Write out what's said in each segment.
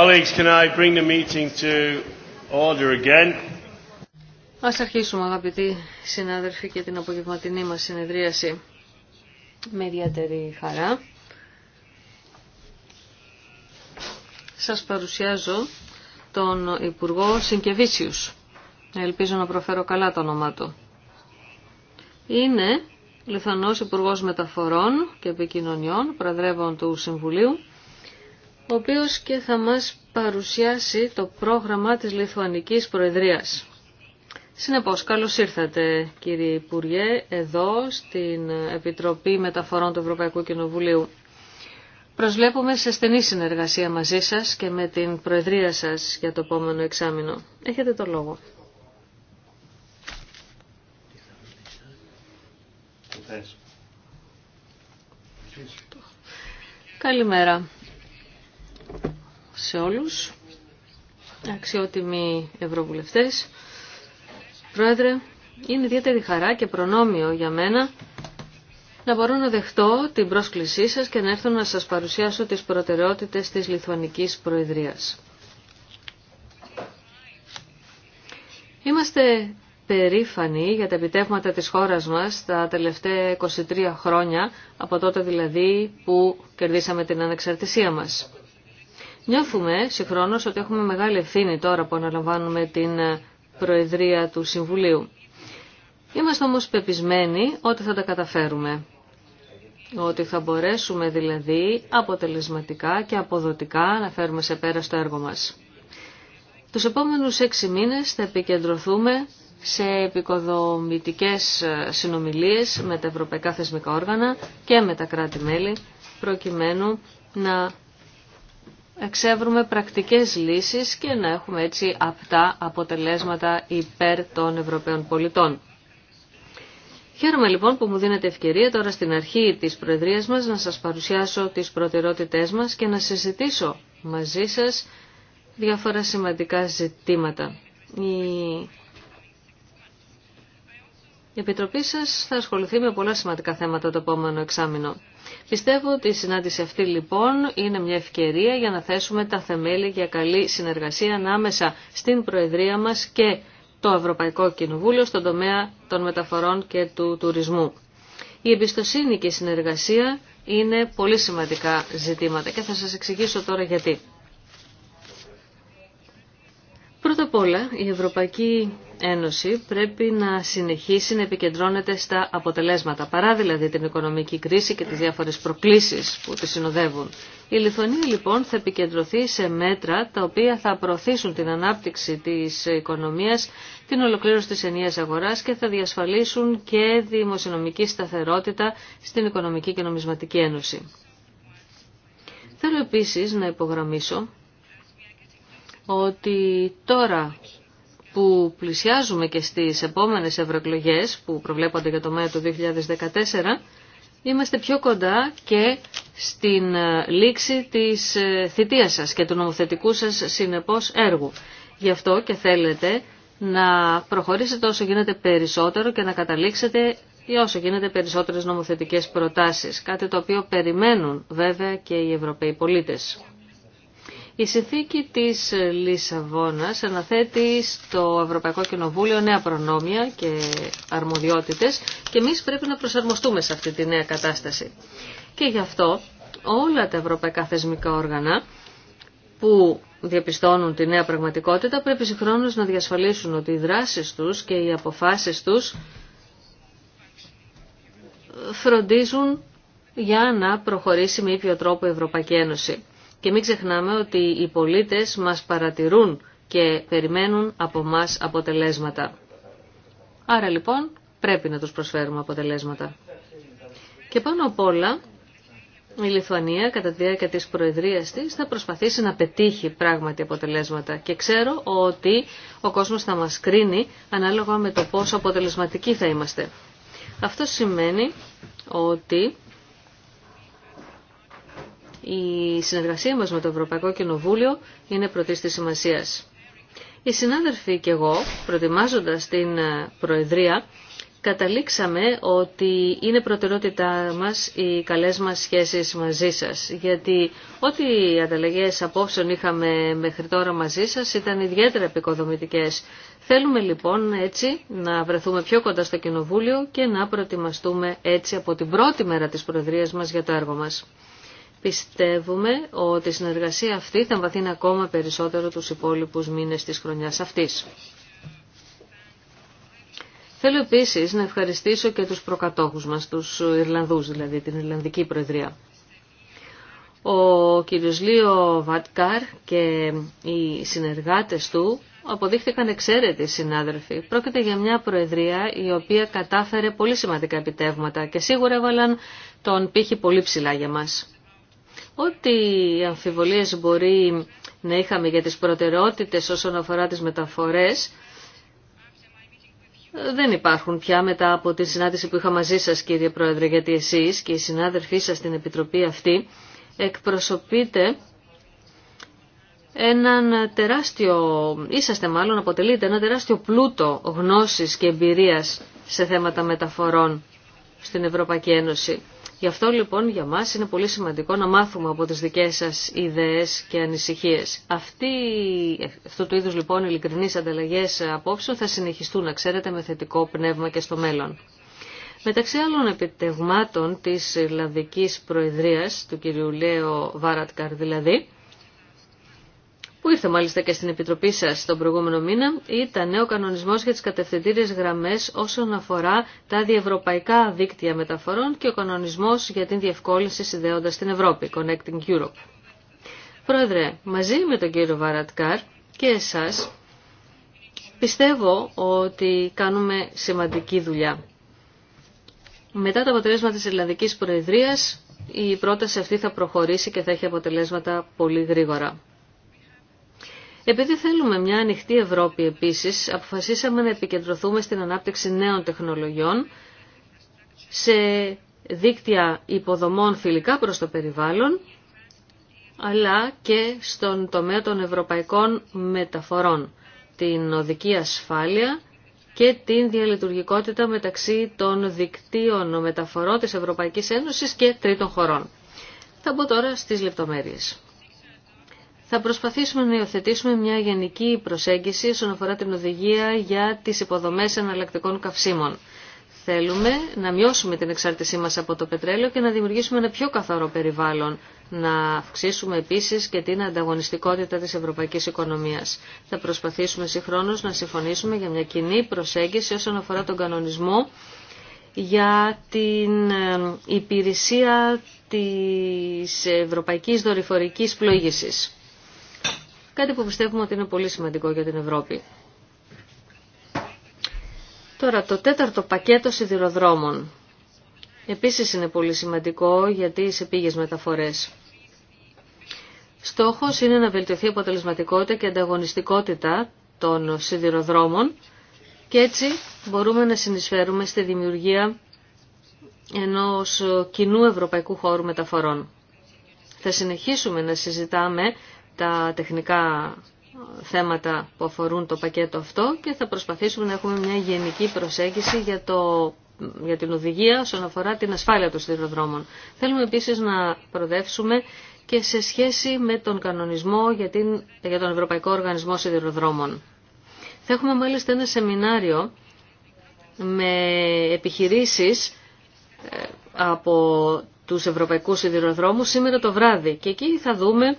Colleagues, can I Ας αρχίσουμε αγαπητοί συνάδελφοι και την απογευματινή μας συνεδρίαση με ιδιαίτερη χαρά. Σας παρουσιάζω τον Υπουργό Συγκεβίσιους. Ελπίζω να προφέρω καλά το όνομά του. Είναι Λιθανός Υπουργός Μεταφορών και Επικοινωνιών, Προεδρεύων του Συμβουλίου ο οποίος και θα μας παρουσιάσει το πρόγραμμα της Λιθουανικής Προεδρίας. Συνεπώς, καλώς ήρθατε κύριε Υπουργέ εδώ στην Επιτροπή Μεταφορών του Ευρωπαϊκού Κοινοβουλίου. Προσβλέπουμε σε στενή συνεργασία μαζί σας και με την Προεδρία σας για το επόμενο εξάμεινο. Έχετε το λόγο. Καλημέρα σε όλους, αξιότιμοι ευρωβουλευτές. Πρόεδρε, είναι ιδιαίτερη χαρά και προνόμιο για μένα να μπορώ να δεχτώ την πρόσκλησή σας και να έρθω να σας παρουσιάσω τις προτεραιότητες της Λιθουανικής Προεδρίας. Είμαστε περήφανοι για τα επιτεύγματα της χώρας μας τα τελευταία 23 χρόνια, από τότε δηλαδή που κερδίσαμε την ανεξαρτησία μας. Νιώθουμε συγχρόνω ότι έχουμε μεγάλη ευθύνη τώρα που αναλαμβάνουμε την Προεδρία του Συμβουλίου. Είμαστε όμως πεπισμένοι ότι θα τα καταφέρουμε. Ότι θα μπορέσουμε δηλαδή αποτελεσματικά και αποδοτικά να φέρουμε σε πέρα στο έργο μας. Τους επόμενους έξι μήνες θα επικεντρωθούμε σε επικοδομητικές συνομιλίες με τα ευρωπαϊκά θεσμικά όργανα και με τα κράτη-μέλη προκειμένου να εξεύρουμε πρακτικές λύσεις και να έχουμε έτσι απτά αποτελέσματα υπέρ των Ευρωπαίων πολιτών. Χαίρομαι λοιπόν που μου δίνετε ευκαιρία τώρα στην αρχή της Προεδρίας μας να σας παρουσιάσω τις προτεραιότητές μας και να συζητήσω μαζί σας διάφορα σημαντικά ζητήματα. Η Επιτροπή σας θα ασχοληθεί με πολλά σημαντικά θέματα το επόμενο εξάμεινο. Πιστεύω ότι η συνάντηση αυτή λοιπόν είναι μια ευκαιρία για να θέσουμε τα θεμέλια για καλή συνεργασία ανάμεσα στην Προεδρία μας και το Ευρωπαϊκό Κοινοβούλιο στον τομέα των μεταφορών και του τουρισμού. Η εμπιστοσύνη και η συνεργασία είναι πολύ σημαντικά ζητήματα και θα σας εξηγήσω τώρα γιατί. Πρώτα απ' όλα, η Ευρωπαϊκή Ένωση πρέπει να συνεχίσει να επικεντρώνεται στα αποτελέσματα, παρά δηλαδή την οικονομική κρίση και τις διάφορες προκλήσεις που τη συνοδεύουν. Η λιθωνία λοιπόν θα επικεντρωθεί σε μέτρα τα οποία θα προωθήσουν την ανάπτυξη της οικονομίας, την ολοκλήρωση της ενιαίας αγοράς και θα διασφαλίσουν και δημοσιονομική σταθερότητα στην Οικονομική και Νομισματική Ένωση. Θέλω επίσης να υπογραμμίσω ότι τώρα που πλησιάζουμε και στις επόμενες ευρωεκλογέ που προβλέπονται για το Μάιο του 2014, είμαστε πιο κοντά και στην ε, λήξη της ε, θητείας σας και του νομοθετικού σας συνεπώς έργου. Γι' αυτό και θέλετε να προχωρήσετε όσο γίνεται περισσότερο και να καταλήξετε ή όσο γίνεται περισσότερες νομοθετικές προτάσεις, κάτι το οποίο περιμένουν βέβαια και οι Ευρωπαίοι πολίτες. Η συνθήκη της Λισαβόνας αναθέτει στο Ευρωπαϊκό Κοινοβούλιο νέα προνόμια και αρμοδιότητες και εμείς πρέπει να προσαρμοστούμε σε αυτή τη νέα κατάσταση. Και γι' αυτό όλα τα ευρωπαϊκά θεσμικά όργανα που διαπιστώνουν τη νέα πραγματικότητα πρέπει συγχρόνως να διασφαλίσουν ότι οι δράσεις τους και οι αποφάσεις τους φροντίζουν για να προχωρήσει με ήπιο τρόπο η Ευρωπαϊκή Ένωση. Και μην ξεχνάμε ότι οι πολίτες μας παρατηρούν και περιμένουν από μας αποτελέσματα. Άρα λοιπόν πρέπει να τους προσφέρουμε αποτελέσματα. Και πάνω απ' όλα η Λιθουανία κατά τη διάρκεια της προεδρίας της θα προσπαθήσει να πετύχει πράγματι αποτελέσματα και ξέρω ότι ο κόσμος θα μας κρίνει ανάλογα με το πόσο αποτελεσματικοί θα είμαστε. Αυτό σημαίνει ότι η συνεργασία μας με το Ευρωπαϊκό Κοινοβούλιο είναι πρωτής της σημασίας. Οι συνάδελφοι και εγώ, προετοιμάζοντας την ε, Προεδρία, καταλήξαμε ότι είναι προτεραιότητά μας οι καλές μας σχέσεις μαζί σας. Γιατί ό,τι οι ανταλλαγές απόψεων είχαμε μέχρι τώρα μαζί σας ήταν ιδιαίτερα επικοδομητικές. Θέλουμε λοιπόν έτσι να βρεθούμε πιο κοντά στο Κοινοβούλιο και να προετοιμαστούμε έτσι από την πρώτη μέρα της Προεδρίας μας για το έργο μας. Πιστεύουμε ότι η συνεργασία αυτή θα βαθύνει ακόμα περισσότερο τους υπόλοιπους μήνες της χρονιάς αυτής. Θέλω επίσης να ευχαριστήσω και τους προκατόχους μας, τους Ιρλανδούς δηλαδή, την Ιρλανδική Προεδρία. Ο κύριος Λίο Βατκάρ και οι συνεργάτες του αποδείχθηκαν εξαίρετοι συνάδελφοι. Πρόκειται για μια Προεδρία η οποία κατάφερε πολύ σημαντικά επιτεύγματα και σίγουρα έβαλαν τον πύχη πολύ ψηλά για μας. Ό,τι αμφιβολίες μπορεί να είχαμε για τις προτεραιότητες όσον αφορά τις μεταφορές, δεν υπάρχουν πια μετά από τη συνάντηση που είχα μαζί σας κύριε Πρόεδρε, γιατί εσείς και οι συνάδελφοί σας στην Επιτροπή αυτή εκπροσωπείτε έναν τεράστιο, είσαστε μάλλον αποτελείτε ένα τεράστιο πλούτο γνώσης και εμπειρίας σε θέματα μεταφορών στην Ευρωπαϊκή Ένωση. Γι' αυτό λοιπόν για μας είναι πολύ σημαντικό να μάθουμε από τις δικές σας ιδέες και ανησυχίες. Αυτή, αυτού του είδους λοιπόν ειλικρινείς ανταλλαγές απόψεων θα συνεχιστούν, να ξέρετε, με θετικό πνεύμα και στο μέλλον. Μεταξύ άλλων επιτευγμάτων της Ιρλανδικής Προεδρίας, του κυρίου Λέο Βάρατκαρ δηλαδή, που ήρθε μάλιστα και στην Επιτροπή σας τον προηγούμενο μήνα, ήταν ο κανονισμός για τις κατευθυντήριες γραμμές όσον αφορά τα διευρωπαϊκά δίκτυα μεταφορών και ο κανονισμός για την διευκόλυνση συνδέοντα την Ευρώπη, Connecting Europe. Πρόεδρε, μαζί με τον κύριο Βαρατκάρ και εσάς, πιστεύω ότι κάνουμε σημαντική δουλειά. Μετά το αποτελέσμα της Ιρλανδικής Προεδρίας, η πρόταση αυτή θα προχωρήσει και θα έχει αποτελέσματα πολύ γρήγορα. Επειδή θέλουμε μια ανοιχτή Ευρώπη επίσης, αποφασίσαμε να επικεντρωθούμε στην ανάπτυξη νέων τεχνολογιών σε δίκτυα υποδομών φιλικά προς το περιβάλλον, αλλά και στον τομέα των ευρωπαϊκών μεταφορών, την οδική ασφάλεια και την διαλειτουργικότητα μεταξύ των δικτύων μεταφορών της Ευρωπαϊκής Ένωσης και τρίτων χωρών. Θα μπω τώρα στις λεπτομέρειες. Θα προσπαθήσουμε να υιοθετήσουμε μια γενική προσέγγιση όσον αφορά την οδηγία για τις υποδομές εναλλακτικών καυσίμων. Θέλουμε να μειώσουμε την εξάρτησή μας από το πετρέλαιο και να δημιουργήσουμε ένα πιο καθαρό περιβάλλον, να αυξήσουμε επίσης και την ανταγωνιστικότητα της ευρωπαϊκής οικονομίας. Θα προσπαθήσουμε συγχρόνως να συμφωνήσουμε για μια κοινή προσέγγιση όσον αφορά τον κανονισμό για την ε, υπηρεσία της ευρωπαϊκής δορυφορικής πλοήγησης κάτι που πιστεύουμε ότι είναι πολύ σημαντικό για την Ευρώπη. Τώρα, το τέταρτο πακέτο σιδηροδρόμων. Επίσης είναι πολύ σημαντικό γιατί σε πήγες μεταφορές. Στόχος είναι να βελτιωθεί η αποτελεσματικότητα και ανταγωνιστικότητα των σιδηροδρόμων και έτσι μπορούμε να συνεισφέρουμε στη δημιουργία ενός κοινού ευρωπαϊκού χώρου μεταφορών. Θα συνεχίσουμε να συζητάμε τα τεχνικά θέματα που αφορούν το πακέτο αυτό και θα προσπαθήσουμε να έχουμε μια γενική προσέγγιση για, το, για την οδηγία όσον αφορά την ασφάλεια των σιδηροδρόμων. Θέλουμε επίσης να προδεύσουμε και σε σχέση με τον κανονισμό για, την, για τον Ευρωπαϊκό Οργανισμό Σιδηροδρόμων. Θα έχουμε μάλιστα ένα σεμινάριο με επιχειρήσεις ε, από τους Ευρωπαϊκούς Σιδηροδρόμους σήμερα το βράδυ και εκεί θα δούμε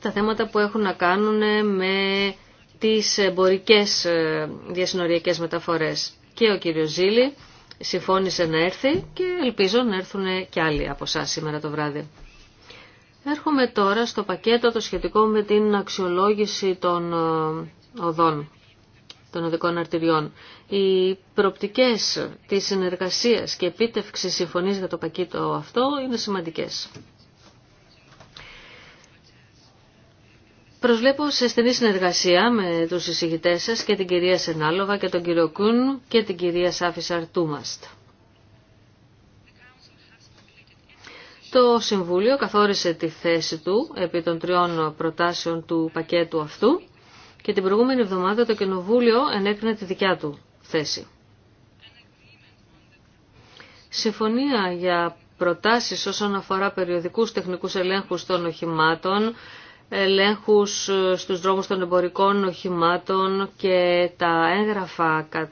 τα θέματα που έχουν να κάνουν με τις εμπορικές ε, διασυνοριακές μεταφορές. Και ο κύριος Ζήλη συμφώνησε να έρθει και ελπίζω να έρθουν και άλλοι από εσά σήμερα το βράδυ. Έρχομαι τώρα στο πακέτο το σχετικό με την αξιολόγηση των ε, οδών, των οδικών αρτηριών. Οι προπτικές της συνεργασίας και επίτευξης συμφωνής για το πακέτο αυτό είναι σημαντικές. Προσβλέπω σε στενή συνεργασία με τους εισηγητές σας και την κυρία Σενάλοβα και τον κύριο Κούν και την κυρία Σάφη Αρτούμαστ. Το Συμβούλιο καθόρισε τη θέση του επί των τριών προτάσεων του πακέτου αυτού και την προηγούμενη εβδομάδα το Κοινοβούλιο ενέκρινε τη δικιά του θέση. Συμφωνία για προτάσεις όσον αφορά περιοδικούς τεχνικούς ελέγχους των οχημάτων, ελέγχους ε, στους δρόμους των εμπορικών οχημάτων και τα έγγραφα κα...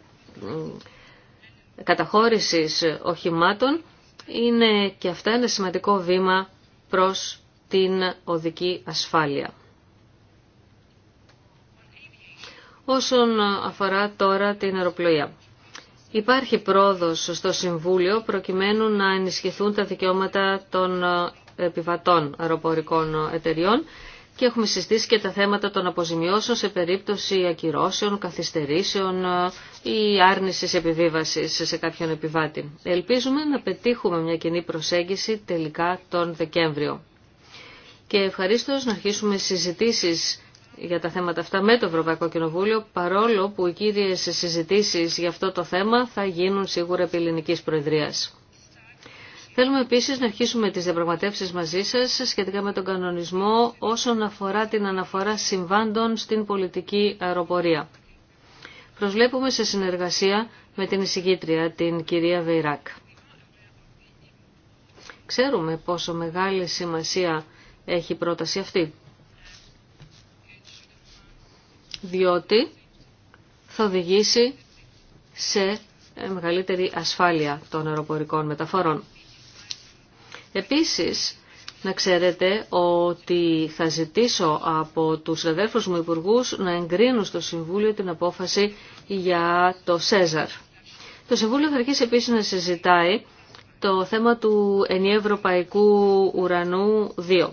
καταχώρησης οχημάτων είναι και αυτά ένα σημαντικό βήμα προς την οδική ασφάλεια. Όσον αφορά τώρα την αεροπλοεία. Υπάρχει πρόοδος στο Συμβούλιο προκειμένου να ενισχυθούν τα δικαιώματα των επιβατών αεροπορικών εταιριών και έχουμε συζητήσει και τα θέματα των αποζημιώσεων σε περίπτωση ακυρώσεων, καθυστερήσεων ε, ή άρνησης επιβίβασης σε κάποιον επιβάτη. Ελπίζουμε να πετύχουμε μια κοινή προσέγγιση τελικά τον Δεκέμβριο. Και ευχαρίστω να αρχίσουμε συζητήσεις για τα θέματα αυτά με το Ευρωπαϊκό Κοινοβούλιο, παρόλο που οι κύριες συζητήσεις για αυτό το θέμα θα γίνουν σίγουρα επί ελληνικής προεδρίας. Θέλουμε επίσης να αρχίσουμε τις διαπραγματεύσει μαζί σας σχετικά με τον κανονισμό όσον αφορά την αναφορά συμβάντων στην πολιτική αεροπορία. Προσβλέπουμε σε συνεργασία με την εισηγήτρια, την κυρία Βεϊράκ. Ξέρουμε πόσο μεγάλη σημασία έχει η πρόταση αυτή. Διότι θα οδηγήσει σε μεγαλύτερη ασφάλεια των αεροπορικών μεταφορών. Επίσης, να ξέρετε ότι θα ζητήσω από τους αδέρφους μου υπουργού να εγκρίνουν στο Συμβούλιο την απόφαση για το ΣΕΖΑΡ. Το Συμβούλιο θα αρχίσει επίσης να συζητάει το θέμα του ενιαίου ουρανού 2.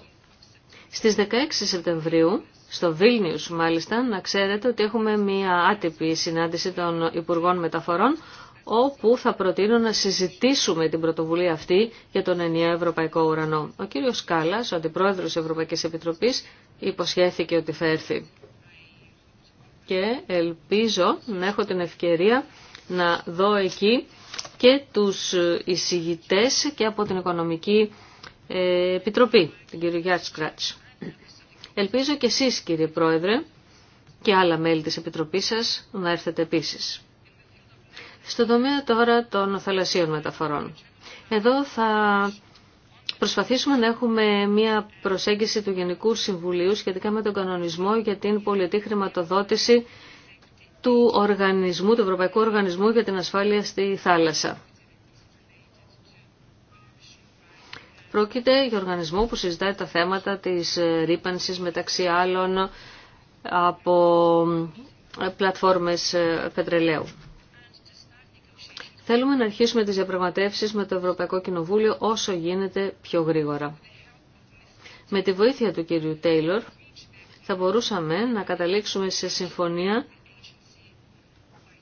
Στις 16 Σεπτεμβρίου, στο Βίλνιους μάλιστα, να ξέρετε ότι έχουμε μια άτυπη συνάντηση των Υπουργών Μεταφορών, όπου θα προτείνω να συζητήσουμε την πρωτοβουλία αυτή για τον ενιαίο Ευρωπαϊκό Ουρανό. Ο κύριος Κάλλας, ο Αντιπρόεδρος της Ευρωπαϊκής Επιτροπής, υποσχέθηκε ότι θα έρθει. Και ελπίζω να έχω την ευκαιρία να δω εκεί και τους εισηγητές και από την Οικονομική ε, Επιτροπή, την κύριο Γιάτ Ελπίζω και εσείς κύριε Πρόεδρε και άλλα μέλη της Επιτροπής σας να έρθετε επίσης. Στον τομέα τώρα των θαλασσίων μεταφορών. Εδώ θα προσπαθήσουμε να έχουμε μια προσέγγιση του Γενικού Συμβουλίου σχετικά με τον κανονισμό για την πολιτική χρηματοδότηση του, οργανισμού, του Ευρωπαϊκού Οργανισμού για την Ασφάλεια στη Θάλασσα. Πρόκειται για οργανισμό που συζητάει τα θέματα της ρήπανσης μεταξύ άλλων από πλατφόρμες ε, πετρελαίου. Θέλουμε να αρχίσουμε τις διαπραγματεύσεις με το Ευρωπαϊκό Κοινοβούλιο όσο γίνεται πιο γρήγορα. Με τη βοήθεια του κύριου Τέιλορ θα μπορούσαμε να καταλήξουμε σε συμφωνία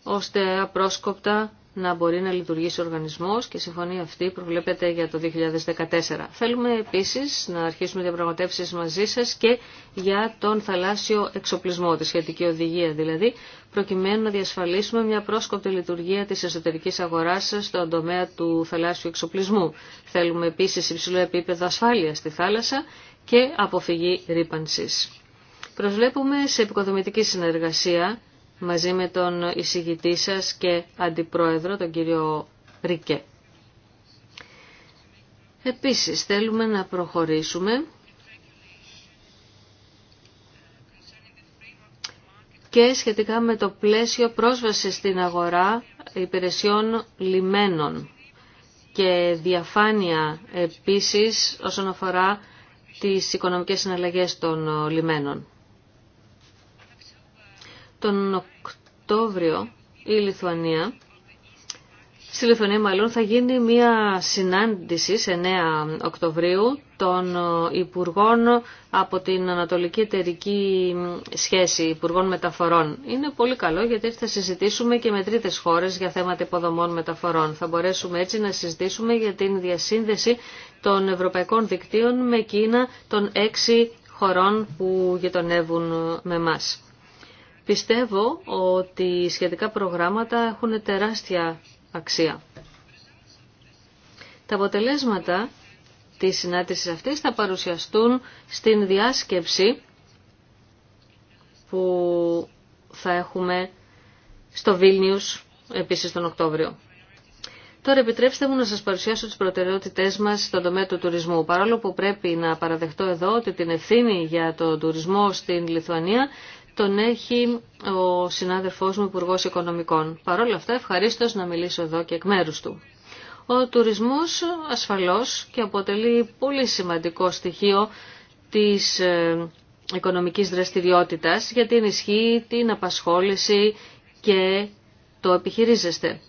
ώστε απρόσκοπτα να μπορεί να λειτουργήσει ο οργανισμός και η συμφωνία αυτή προβλέπεται για το 2014. Θέλουμε επίσης να αρχίσουμε διαπραγματεύσεις μαζί σας και για τον θαλάσσιο εξοπλισμό, τη σχετική οδηγία δηλαδή, προκειμένου να διασφαλίσουμε μια πρόσκοπτη λειτουργία της εσωτερικής αγοράς στον τομέα του θαλάσσιου εξοπλισμού. Θέλουμε επίσης υψηλό επίπεδο ασφάλειας στη θάλασσα και αποφυγή ρήπανσης. Προσβλέπουμε σε επικοδομητική συνεργασία μαζί με τον εισηγητή σας και αντιπρόεδρο, τον κύριο Ρίκε. Επίσης, θέλουμε να προχωρήσουμε και σχετικά με το πλαίσιο πρόσβαση στην αγορά υπηρεσιών λιμένων και διαφάνεια επίσης όσον αφορά τις οικονομικές συναλλαγές των λιμένων τον Οκτώβριο η Λιθουανία, στη Λιθουανία μάλλον θα γίνει μια συνάντηση σε 9 Οκτωβρίου των Υπουργών από την Ανατολική Εταιρική Σχέση Υπουργών Μεταφορών. Είναι πολύ καλό γιατί θα συζητήσουμε και με τρίτες χώρες για θέματα υποδομών μεταφορών. Θα μπορέσουμε έτσι να συζητήσουμε για την διασύνδεση των ευρωπαϊκών δικτύων με Κίνα των έξι χωρών που γειτονεύουν με μας. Πιστεύω ότι σχετικά προγράμματα έχουν τεράστια αξία. Τα αποτελέσματα της συνάντησης αυτής θα παρουσιαστούν στην διάσκεψη που θα έχουμε στο Βίλνιους επίσης τον Οκτώβριο. Τώρα επιτρέψτε μου να σας παρουσιάσω τις προτεραιότητές μας στον τομέα του τουρισμού. Παρόλο που πρέπει να παραδεχτώ εδώ ότι την ευθύνη για τον τουρισμό στην Λιθουανία τον έχει ο συνάδελφός μου υπουργό Οικονομικών. Παρ' όλα αυτά ευχαρίστω να μιλήσω εδώ και εκ μέρους του. Ο τουρισμός ασφαλώς και αποτελεί πολύ σημαντικό στοιχείο της ε, οικονομικής δραστηριότητας γιατί ενισχύει την απασχόληση και το επιχειρίζεστε.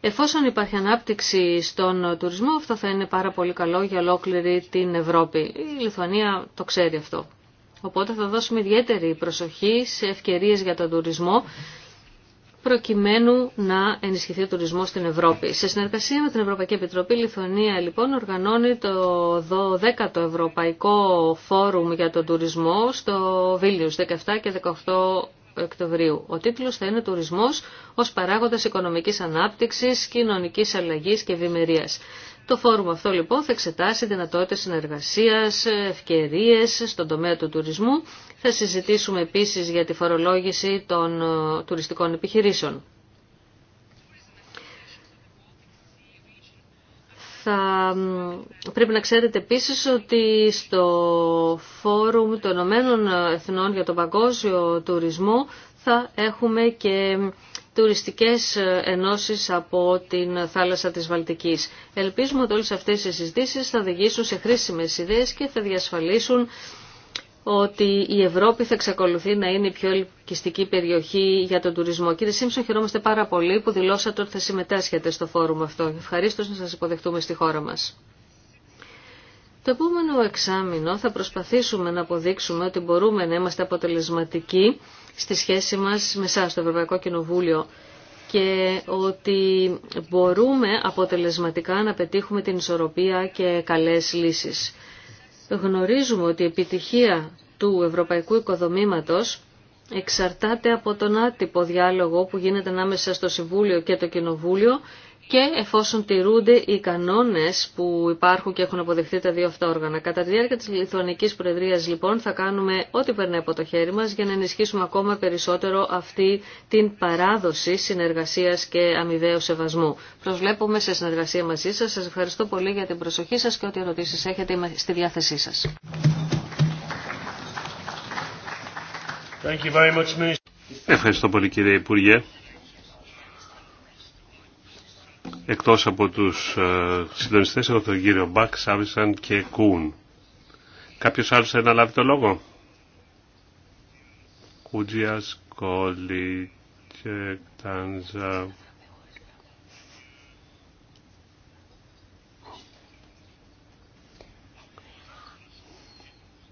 Εφόσον υπάρχει ανάπτυξη στον τουρισμό, αυτό θα είναι πάρα πολύ καλό για ολόκληρη την Ευρώπη. Η Λιθουανία το ξέρει αυτό. Οπότε θα δώσουμε ιδιαίτερη προσοχή σε ευκαιρίες για τον τουρισμό προκειμένου να ενισχυθεί ο τουρισμό στην Ευρώπη. Σε συνεργασία με την Ευρωπαϊκή Επιτροπή, η Λιθουανία λοιπόν οργανώνει το 12ο Ευρωπαϊκό Φόρουμ για τον τουρισμό στο Βίλιο, 17 και 18 Οκτωβρίου. Ο τίτλος θα είναι «Τουρισμός ω παράγοντα οικονομική ανάπτυξη, κοινωνική αλλαγή και ευημερία. Το φόρουμ αυτό λοιπόν θα εξετάσει δυνατότητες συνεργασίας, ευκαιρίες στον τομέα του τουρισμού. Θα συζητήσουμε επίσης για τη φορολόγηση των ε, τουριστικών επιχειρήσεων. θα πρέπει να ξέρετε επίσης ότι στο Φόρουμ των Ηνωμένων Εθνών για τον Παγκόσμιο Τουρισμό θα έχουμε και τουριστικές ε, ενώσεις από την θάλασσα της Βαλτικής. Ελπίζουμε ότι όλες αυτές οι συζητήσεις θα οδηγήσουν σε χρήσιμες ιδέες και θα διασφαλίσουν ότι η Ευρώπη θα εξακολουθεί να είναι η πιο ελκυστική περιοχή για τον τουρισμό. Κύριε Σίμψον, χαιρόμαστε πάρα πολύ που δηλώσατε ότι θα συμμετάσχετε στο φόρουμ αυτό. Ευχαρίστω να σας υποδεχτούμε στη χώρα μας. Το επόμενο εξάμεινο θα προσπαθήσουμε να αποδείξουμε ότι μπορούμε να είμαστε αποτελεσματικοί στη σχέση μας με εσάς, το Ευρωπαϊκό Κοινοβούλιο και ότι μπορούμε αποτελεσματικά να πετύχουμε την ισορροπία και καλές λύσεις. Γνωρίζουμε ότι η επιτυχία του Ευρωπαϊκού Οικοδομήματος εξαρτάται από τον άτυπο διάλογο που γίνεται ανάμεσα στο Συμβούλιο και το Κοινοβούλιο και εφόσον τηρούνται οι κανόνες που υπάρχουν και έχουν αποδεχθεί τα δύο αυτά όργανα. Κατά τη διάρκεια της Λιθουανικής Προεδρίας λοιπόν θα κάνουμε ό,τι περνάει από το χέρι μας για να ενισχύσουμε ακόμα περισσότερο αυτή την παράδοση συνεργασίας και αμοιβαίου σεβασμού. Προσβλέπουμε σε συνεργασία μαζί σας. Σας ευχαριστώ πολύ για την προσοχή σας και ό,τι ερωτήσεις έχετε στη διάθεσή σας. Ευχαριστώ πολύ κύριε Υπουργέ. Εκτός από τους ε, συντονιστές εδώ τον κύριο Μπακ, Σάβησαν και Κούν. Κάποιος άλλος θέλει να λάβει το λόγο. Κούτζιας, Κόλλη, Τάνζα.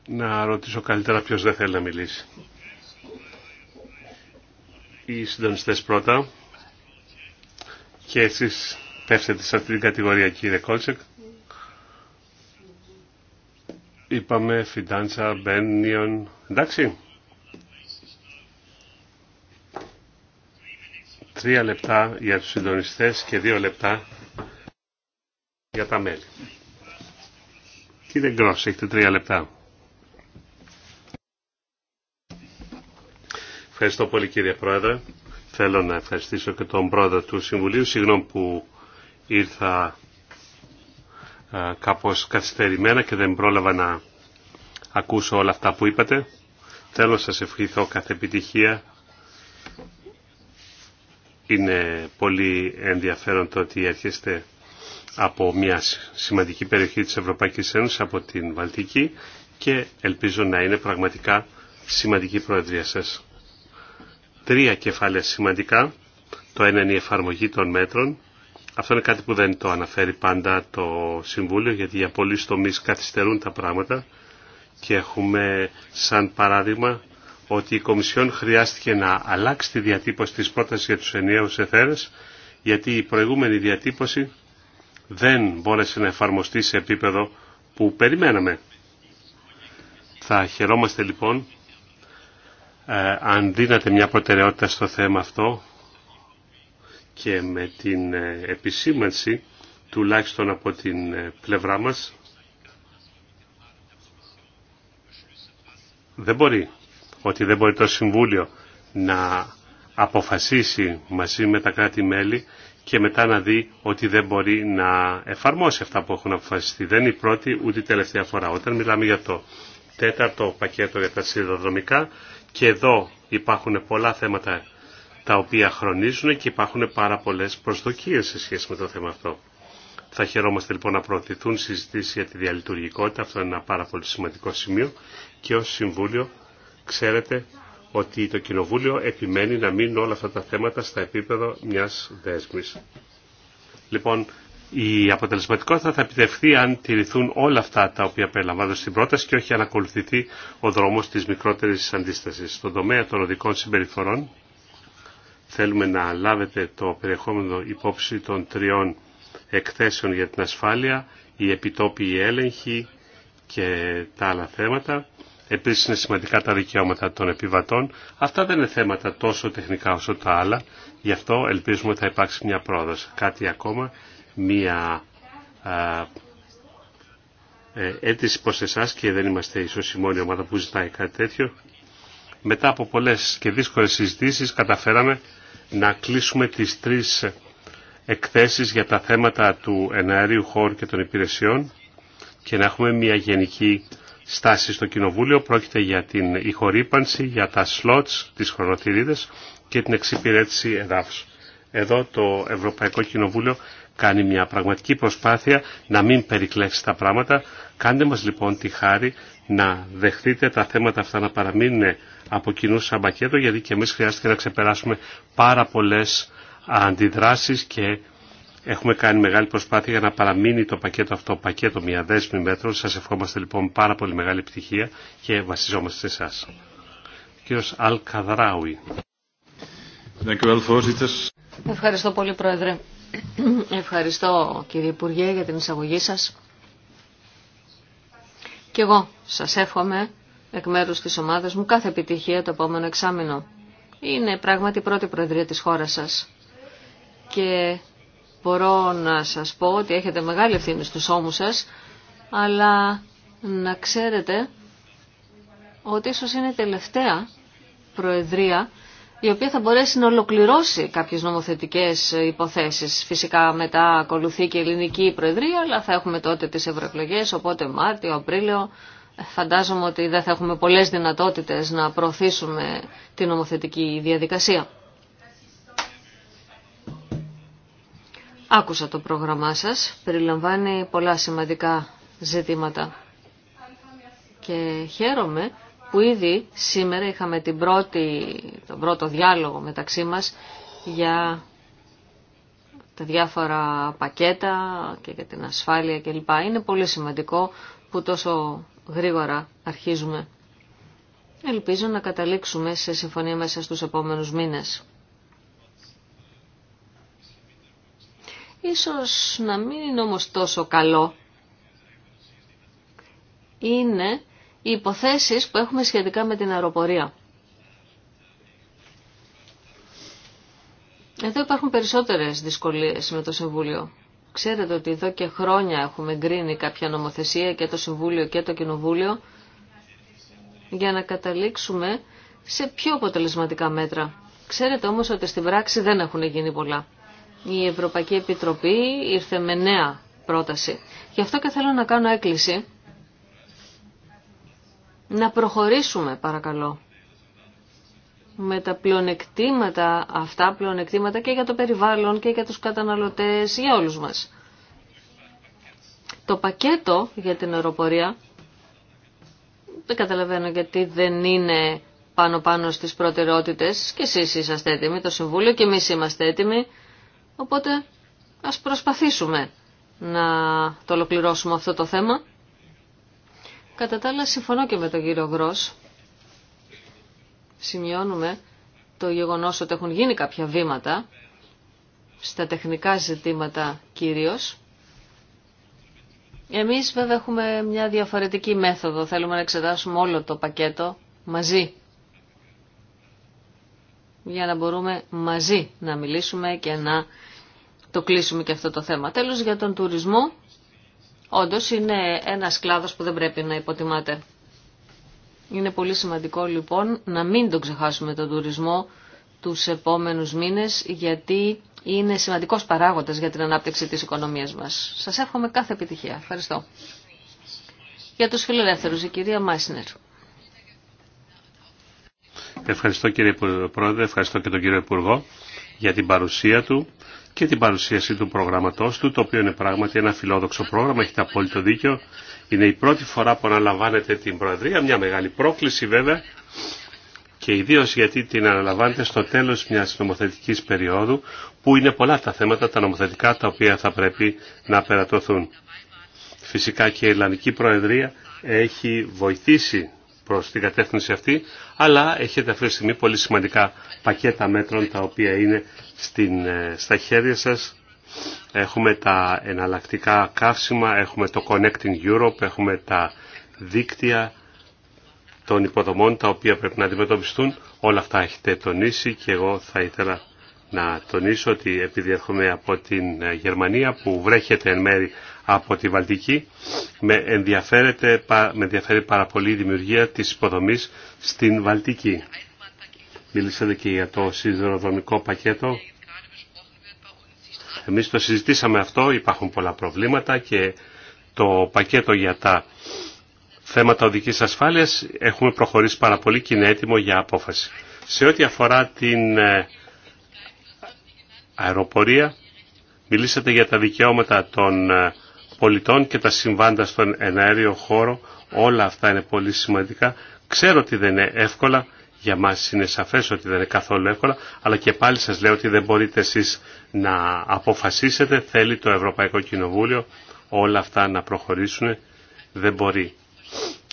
Να ρωτήσω καλύτερα ποιος δεν θέλει να μιλήσει. Οι συντονιστές πρώτα και εσείς πέφτετε σε αυτήν την κατηγορία κύριε Κόλτσεκ. Είπαμε Φιντάντσα, Μπένιον, εντάξει. Τρία λεπτά για τους συντονιστές και δύο λεπτά για τα μέλη. Κύριε Γκρός, έχετε τρία λεπτά. Ευχαριστώ πολύ κύριε Πρόεδρε. Θέλω να ευχαριστήσω και τον πρόεδρο του Συμβουλίου. Συγγνώμη που ήρθα ε, κάπως καθυστερημένα και δεν πρόλαβα να ακούσω όλα αυτά που είπατε. Θέλω να σας ευχηθώ κάθε επιτυχία. Είναι πολύ ενδιαφέρον το ότι έρχεστε από μια σημαντική περιοχή της Ευρωπαϊκής Ένωσης, από την Βαλτική και ελπίζω να είναι πραγματικά σημαντική προεδρία σας. Τρία κεφάλαια σημαντικά. Το ένα είναι η εφαρμογή των μέτρων αυτό είναι κάτι που δεν το αναφέρει πάντα το Συμβούλιο, γιατί για πολλοί τομεί καθυστερούν τα πράγματα και έχουμε σαν παράδειγμα ότι η Κομισιόν χρειάστηκε να αλλάξει τη διατύπωση της πρότασης για τους ενιαίους εθέρες, γιατί η προηγούμενη διατύπωση δεν μπόρεσε να εφαρμοστεί σε επίπεδο που περιμέναμε. Θα χαιρόμαστε λοιπόν ε, αν δίνατε μια προτεραιότητα στο θέμα αυτό και με την ε, επισήμανση τουλάχιστον από την ε, πλευρά μας δεν μπορεί ότι δεν μπορεί το Συμβούλιο να αποφασίσει μαζί με τα κράτη-μέλη και μετά να δει ότι δεν μπορεί να εφαρμόσει αυτά που έχουν αποφασιστεί. Δεν είναι η πρώτη ούτε η τελευταία φορά. Όταν μιλάμε για το τέταρτο πακέτο για τα σιδηροδρομικά και εδώ υπάρχουν πολλά θέματα τα οποία χρονίζουν και υπάρχουν πάρα πολλές προσδοκίες σε σχέση με το θέμα αυτό. Θα χαιρόμαστε λοιπόν να προωθηθούν συζητήσει για τη διαλειτουργικότητα, αυτό είναι ένα πάρα πολύ σημαντικό σημείο και ως Συμβούλιο ξέρετε ότι το Κοινοβούλιο επιμένει να μείνουν όλα αυτά τα θέματα στα επίπεδο μιας δέσμης. Λοιπόν, η αποτελεσματικότητα θα επιτευχθεί αν τηρηθούν όλα αυτά τα οποία περιλαμβάνονται στην πρόταση και όχι αν ακολουθηθεί ο δρόμος της μικρότερης αντίστασης. Στον τομέα των οδικών συμπεριφορών θέλουμε να λάβετε το περιεχόμενο υπόψη των τριών εκθέσεων για την ασφάλεια, η επιτόπιοι έλεγχη και τα άλλα θέματα. Επίσης είναι σημαντικά τα δικαιώματα των επιβατών. Αυτά δεν είναι θέματα τόσο τεχνικά όσο τα άλλα. Γι' αυτό ελπίζουμε ότι θα υπάρξει μια πρόοδος. Κάτι ακόμα, μια α, ε, αίτηση προς εσάς και δεν είμαστε ίσως η μόνη ομάδα που ζητάει κάτι τέτοιο. Μετά από πολλές και δύσκολες συζητήσεις καταφέραμε να κλείσουμε τις τρεις εκθέσεις για τα θέματα του εναέριου χώρου και των υπηρεσιών και να έχουμε μια γενική στάση στο Κοινοβούλιο. Πρόκειται για την ηχορύπανση, για τα σλότς, τις χρονοθυρίδες και την εξυπηρέτηση εδάφους. Εδώ το Ευρωπαϊκό Κοινοβούλιο κάνει μια πραγματική προσπάθεια να μην περικλέψει τα πράγματα. Κάντε μας λοιπόν τη χάρη να δεχτείτε τα θέματα αυτά να παραμείνουν από κοινού σαν πακέτο, γιατί και εμείς χρειάστηκε να ξεπεράσουμε πάρα πολλές αντιδράσεις και έχουμε κάνει μεγάλη προσπάθεια για να παραμείνει το πακέτο αυτό πακέτο μια δέσμη μέτρων. Σας ευχόμαστε λοιπόν πάρα πολύ μεγάλη επιτυχία και βασιζόμαστε σε εσάς. Κύριος Καδράουι. Ευχαριστώ πολύ Πρόεδρε. Ευχαριστώ κύριε Υπουργέ για την εισαγωγή σας. Και εγώ σας εύχομαι εκ μέρους της ομάδας μου κάθε επιτυχία το επόμενο εξάμεινο. Είναι πράγματι η πρώτη προεδρία της χώρας σας. Και μπορώ να σας πω ότι έχετε μεγάλη ευθύνη στους ώμους σας, αλλά να ξέρετε ότι ίσως είναι η τελευταία προεδρία η οποία θα μπορέσει να ολοκληρώσει κάποιες νομοθετικές υποθέσεις. Φυσικά μετά ακολουθεί και η ελληνική προεδρία, αλλά θα έχουμε τότε τις ευρωεκλογέ, οπότε Μάρτιο, Απρίλιο. Φαντάζομαι ότι δεν θα έχουμε πολλές δυνατότητες να προωθήσουμε την νομοθετική διαδικασία. Άκουσα το πρόγραμμά σας, περιλαμβάνει πολλά σημαντικά ζητήματα και χαίρομαι που ήδη σήμερα είχαμε την πρώτη, τον πρώτο διάλογο μεταξύ μας για τα διάφορα πακέτα και για την ασφάλεια κλπ. Είναι πολύ σημαντικό που τόσο γρήγορα αρχίζουμε. Ελπίζω να καταλήξουμε σε συμφωνία μέσα στους επόμενους μήνες. Ίσως να μην είναι όμως τόσο καλό. Είναι οι υποθέσεις που έχουμε σχετικά με την αεροπορία. Εδώ υπάρχουν περισσότερες δυσκολίες με το Συμβούλιο. Ξέρετε ότι εδώ και χρόνια έχουμε γκρίνει κάποια νομοθεσία και το Συμβούλιο και το Κοινοβούλιο για να καταλήξουμε σε πιο αποτελεσματικά μέτρα. Ξέρετε όμως ότι στην πράξη δεν έχουν γίνει πολλά. Η Ευρωπαϊκή Επιτροπή ήρθε με νέα πρόταση. Γι' αυτό και θέλω να κάνω έκκληση να προχωρήσουμε παρακαλώ με τα πλεονεκτήματα, αυτά πλεονεκτήματα και για το περιβάλλον και για τους καταναλωτές, για όλους μας. Το πακέτο για την αεροπορία, δεν καταλαβαίνω γιατί δεν είναι πάνω-πάνω στις προτεραιότητες και εσείς είσαστε έτοιμοι, το Συμβούλιο και εμείς είμαστε έτοιμοι, οπότε ας προσπαθήσουμε να το ολοκληρώσουμε αυτό το θέμα. Κατά τα άλλα συμφωνώ και με τον κύριο Γρός. Σημειώνουμε το γεγονός ότι έχουν γίνει κάποια βήματα στα τεχνικά ζητήματα κυρίως. Εμείς βέβαια έχουμε μια διαφορετική μέθοδο. Θέλουμε να εξετάσουμε όλο το πακέτο μαζί για να μπορούμε μαζί να μιλήσουμε και να το κλείσουμε και αυτό το θέμα. Τέλος για τον τουρισμό Όντω είναι ένα κλάδος που δεν πρέπει να υποτιμάται. Είναι πολύ σημαντικό λοιπόν να μην τον ξεχάσουμε τον τουρισμό τους επόμενους μήνες γιατί είναι σημαντικός παράγοντας για την ανάπτυξη της οικονομίας μας. Σας εύχομαι κάθε επιτυχία. Ευχαριστώ. Για τους φιλελεύθερους, η κυρία Μάισνερ. Ευχαριστώ κύριε Πρόεδρε, ευχαριστώ και τον κύριο Υπουργό για την παρουσία του και την παρουσίαση του προγραμματός του, το οποίο είναι πράγματι ένα φιλόδοξο πρόγραμμα, έχετε απόλυτο δίκιο. Είναι η πρώτη φορά που αναλαμβάνετε την Προεδρία, μια μεγάλη πρόκληση βέβαια και ιδίως γιατί την αναλαμβάνετε στο τέλος μιας νομοθετικής περίοδου που είναι πολλά τα θέματα, τα νομοθετικά τα οποία θα πρέπει να περατωθούν. Φυσικά και η Ιρλανδική Προεδρία έχει βοηθήσει προς την κατεύθυνση αυτή, αλλά έχετε αυτή τη στιγμή πολύ σημαντικά πακέτα μέτρων τα οποία είναι στην, ε, στα χέρια σας. Έχουμε τα εναλλακτικά καύσιμα, έχουμε το Connecting Europe, έχουμε τα δίκτυα των υποδομών τα οποία πρέπει να αντιμετωπιστούν. Όλα αυτά έχετε τονίσει και εγώ θα ήθελα να τονίσω ότι επειδή έρχομαι από την ε, Γερμανία που βρέχεται εν μέρη από τη Βαλτική με, ενδιαφέρεται, με ενδιαφέρει πάρα πολύ η δημιουργία της υποδομής στην Βαλτική. Μίλησατε και για το σιδηροδρομικό πακέτο εμείς το συζητήσαμε αυτό, υπάρχουν πολλά προβλήματα και το πακέτο για τα θέματα οδικής ασφάλειας έχουμε προχωρήσει πάρα πολύ και είναι έτοιμο για απόφαση. Σε ό,τι αφορά την ε, αεροπορία, μιλήσατε για τα δικαιώματα των ε, πολιτών και τα συμβάντα στον εναέριο χώρο. Όλα αυτά είναι πολύ σημαντικά. Ξέρω ότι δεν είναι εύκολα. Για μας είναι σαφές ότι δεν είναι καθόλου εύκολα, αλλά και πάλι σας λέω ότι δεν μπορείτε εσείς να αποφασίσετε, θέλει το Ευρωπαϊκό Κοινοβούλιο όλα αυτά να προχωρήσουν. Δεν μπορεί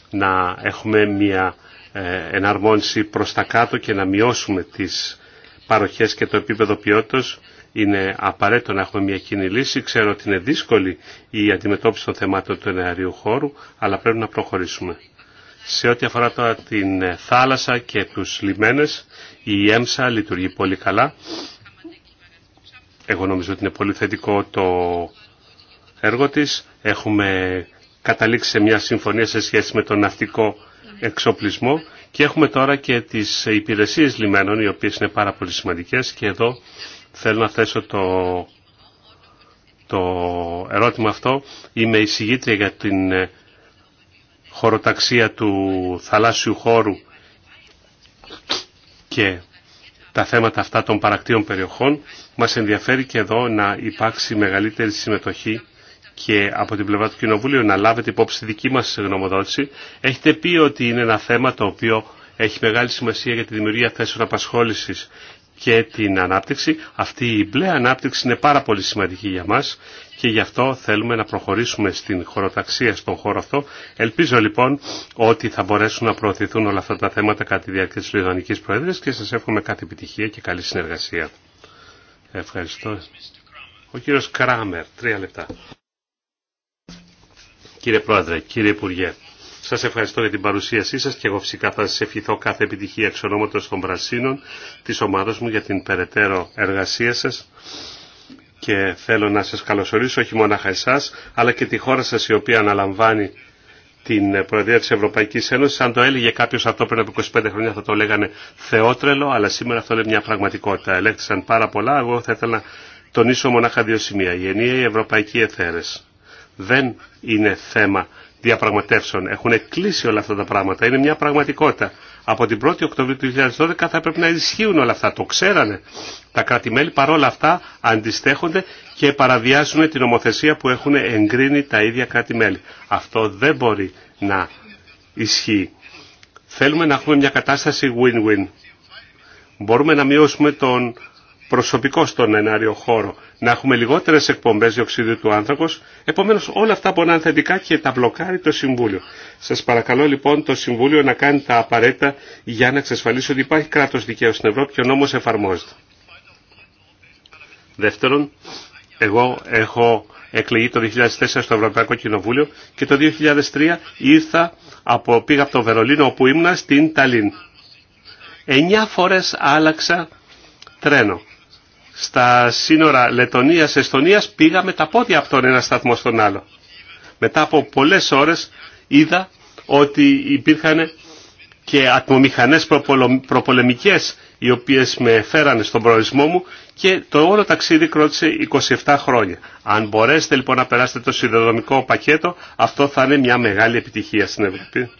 να έχουμε μια ε, εναρμόνιση προς τα κάτω και να μειώσουμε τις παροχές και το επίπεδο ποιότητας. Είναι απαραίτητο να έχουμε μια κοινή λύση. Ξέρω ότι είναι δύσκολη η αντιμετώπιση των θεμάτων του νεαρίου χώρου, αλλά πρέπει να προχωρήσουμε. Σε ό,τι αφορά τώρα την ε, θάλασσα και τους λιμένες, η ΕΜΣΑ λειτουργεί πολύ καλά. Εγώ νομίζω ότι είναι πολύ θετικό το έργο της. Έχουμε καταλήξει σε μια συμφωνία σε σχέση με τον ναυτικό εξοπλισμό και έχουμε τώρα και τις υπηρεσίες λιμένων οι οποίες είναι πάρα πολύ σημαντικές και εδώ θέλω να θέσω το, το ερώτημα αυτό. Είμαι εισηγήτρια για την ε, χωροταξία του θαλάσσιου χώρου και τα θέματα αυτά των παρακτήων περιοχών, μας ενδιαφέρει και εδώ να υπάρξει μεγαλύτερη συμμετοχή και από την πλευρά του Κοινοβουλίου να λάβετε υπόψη δική μας γνωμοδότηση. Έχετε πει ότι είναι ένα θέμα το οποίο έχει μεγάλη σημασία για τη δημιουργία θέσεων απασχόλησης και την ανάπτυξη. Αυτή η μπλε ανάπτυξη είναι πάρα πολύ σημαντική για μας και γι' αυτό θέλουμε να προχωρήσουμε στην χωροταξία στον χώρο αυτό. Ελπίζω λοιπόν ότι θα μπορέσουν να προωθηθούν όλα αυτά τα θέματα κατά τη διάρκεια της Λιδανικής Προέδρειας και σας εύχομαι κάθε επιτυχία και καλή συνεργασία. Ευχαριστώ. Ο κύριος Κράμερ, τρία λεπτά. Κύριε Πρόεδρε, κύριε Υπουργέ, Σα ευχαριστώ για την παρουσίασή σα και εγώ φυσικά θα σα ευχηθώ κάθε επιτυχία εξ ονόματο των Πρασίνων τη ομάδα μου για την περαιτέρω εργασία σα. και θέλω να σα καλωσορίσω όχι μόνο εσά, αλλά και τη χώρα σα η οποία αναλαμβάνει την Προεδρία της Ευρωπαϊκής Ένωσης. Αν το έλεγε κάποιος αυτό πριν από 25 χρόνια θα το λέγανε θεότρελο, αλλά σήμερα αυτό είναι μια πραγματικότητα. Ελέγχθησαν πάρα πολλά, εγώ θα ήθελα να τονίσω μονάχα δύο σημεία. Η ενία η ευρωπαϊκή εθέρες. Δεν είναι θέμα διαπραγματεύσεων. Έχουν κλείσει όλα αυτά τα πράγματα. Είναι μια πραγματικότητα. Από την 1η Οκτωβρίου του 2012 θα πρέπει να ισχύουν όλα αυτά. Το ξέρανε τα κράτη-μέλη. Παρόλα αυτά αντιστέχονται και παραβιάζουν την ομοθεσία που έχουν εγκρίνει τα ίδια κράτη-μέλη. Αυτό δεν μπορεί να ισχύει. Θέλουμε να έχουμε μια κατάσταση win-win. Μπορούμε να μειώσουμε τον προσωπικό στον ενάριο χώρο, να έχουμε λιγότερες εκπομπές διοξιδίου του άνθρακος. Επομένως όλα αυτά μπορεί να είναι θετικά και τα μπλοκάρει το Συμβούλιο. Σας παρακαλώ λοιπόν το Συμβούλιο να κάνει τα απαραίτητα για να εξασφαλίσει ότι υπάρχει κράτος δικαίου στην Ευρώπη και ο νόμος εφαρμόζεται. Δεύτερον, εγώ έχω εκλεγεί το 2004 στο Ευρωπαϊκό Κοινοβούλιο και το 2003 ήρθα από, πήγα από το Βερολίνο όπου ήμουνα στην Ταλίν. Εννιά φορές άλλαξα τρένο στα σύνορα Λετωνίας-Εστονίας πήγα με τα πόδια από τον ένα σταθμό στον άλλο. Μετά από πολλές ώρες είδα ότι υπήρχαν και ατμομηχανές προπολεμικές οι οποίες με φέρανε στον προορισμό μου και το όλο ταξίδι κρότησε 27 χρόνια. Αν μπορέσετε λοιπόν να περάσετε το συνδρομικό πακέτο, αυτό θα είναι μια μεγάλη επιτυχία στην Ευρώπη.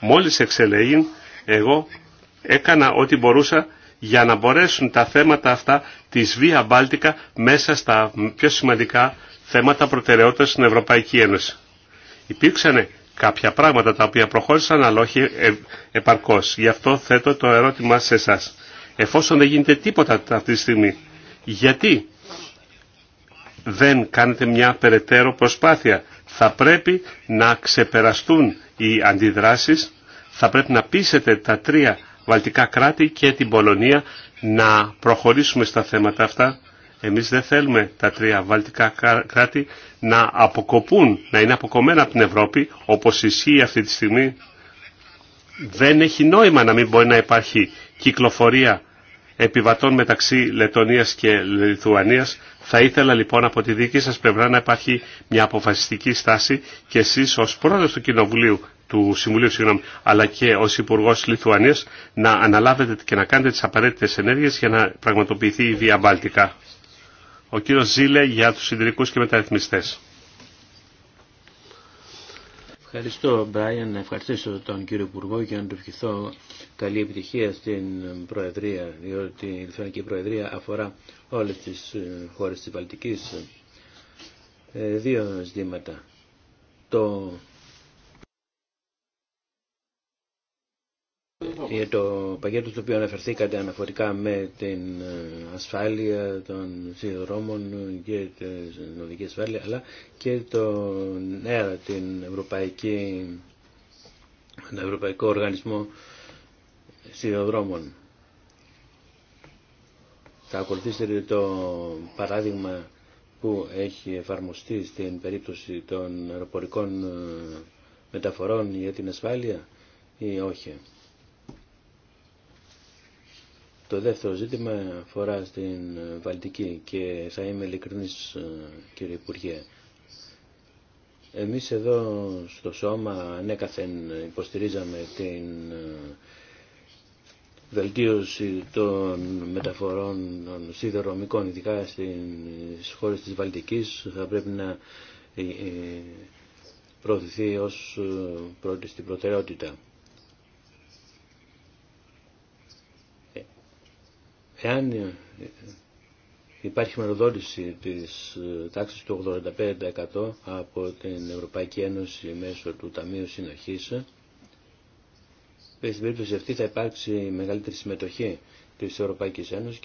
Μόλις εξελέγην, εγώ έκανα ό,τι μπορούσα για να μπορέσουν τα θέματα αυτά της Βία Μπάλτικα μέσα στα πιο σημαντικά θέματα προτεραιότητας στην Ευρωπαϊκή Ένωση. Υπήρξαν κάποια πράγματα τα οποία προχώρησαν αλλά όχι ε, επαρκώς. Γι' αυτό θέτω το ερώτημα σε εσά. Εφόσον δεν γίνεται τίποτα αυτή τη στιγμή, γιατί δεν κάνετε μια περαιτέρω προσπάθεια. Θα πρέπει να ξεπεραστούν οι αντιδράσεις, θα πρέπει να πείσετε τα τρία βαλτικά κράτη και την Πολωνία να προχωρήσουμε στα θέματα αυτά. Εμείς δεν θέλουμε τα τρία βαλτικά κράτη να αποκοπούν, να είναι αποκομμένα από την Ευρώπη, όπως ισχύει αυτή τη στιγμή. Δεν έχει νόημα να μην μπορεί να υπάρχει κυκλοφορία επιβατών μεταξύ Λετωνίας και Λιθουανίας. Θα ήθελα λοιπόν από τη δική σας πλευρά να υπάρχει μια αποφασιστική στάση και εσείς ως πρόεδρος του Κοινοβουλίου του Συμβουλίου, συγγνώμη, αλλά και ω Υπουργό Λιθουανία να αναλάβετε και να κάνετε τι απαραίτητε ενέργειε για να πραγματοποιηθεί η Βία Ο κύριο Ζήλε για του συντηρικού και μεταρρυθμιστέ. Ευχαριστώ, Μπράιαν. Να ευχαριστήσω τον κύριο Υπουργό και να του ευχηθώ καλή επιτυχία στην Προεδρία, διότι η Λιθουανική Προεδρία αφορά όλε τι ε, χώρε τη Βαλτική. Ε, δύο ζητήματα. Το για ε, το πακέτο στο οποίο αναφερθήκατε αναφορικά με την ε, ασφάλεια των σιδηροδρόμων και την οδική ασφάλεια αλλά και το νέα την ευρωπαϊκή τον Ευρωπαϊκό Οργανισμό Σιδηροδρόμων. Θα ακολουθήσετε το παράδειγμα που έχει εφαρμοστεί στην περίπτωση των αεροπορικών ε, μεταφορών για την ασφάλεια ή όχι. Το δεύτερο ζήτημα αφορά στην Βαλτική και θα είμαι ειλικρινής ε, κύριε Υπουργέ. Εμείς εδώ στο σώμα ανέκαθεν υποστηρίζαμε την ε, βελτίωση των μεταφορών των ειδικά στις χώρες της Βαλτικής, θα πρέπει να ε, προωθηθεί ως πρώτη στην προτεραιότητα. Εάν υπάρχει μεροδότηση της ε, τάξης του 85% από την Ευρωπαϊκή Ένωση μέσω του Ταμείου Συνοχής, στην περίπτωση αυτή θα υπάρξει μεγαλύτερη συμμετοχή της Ευρωπαϊκής Ένωσης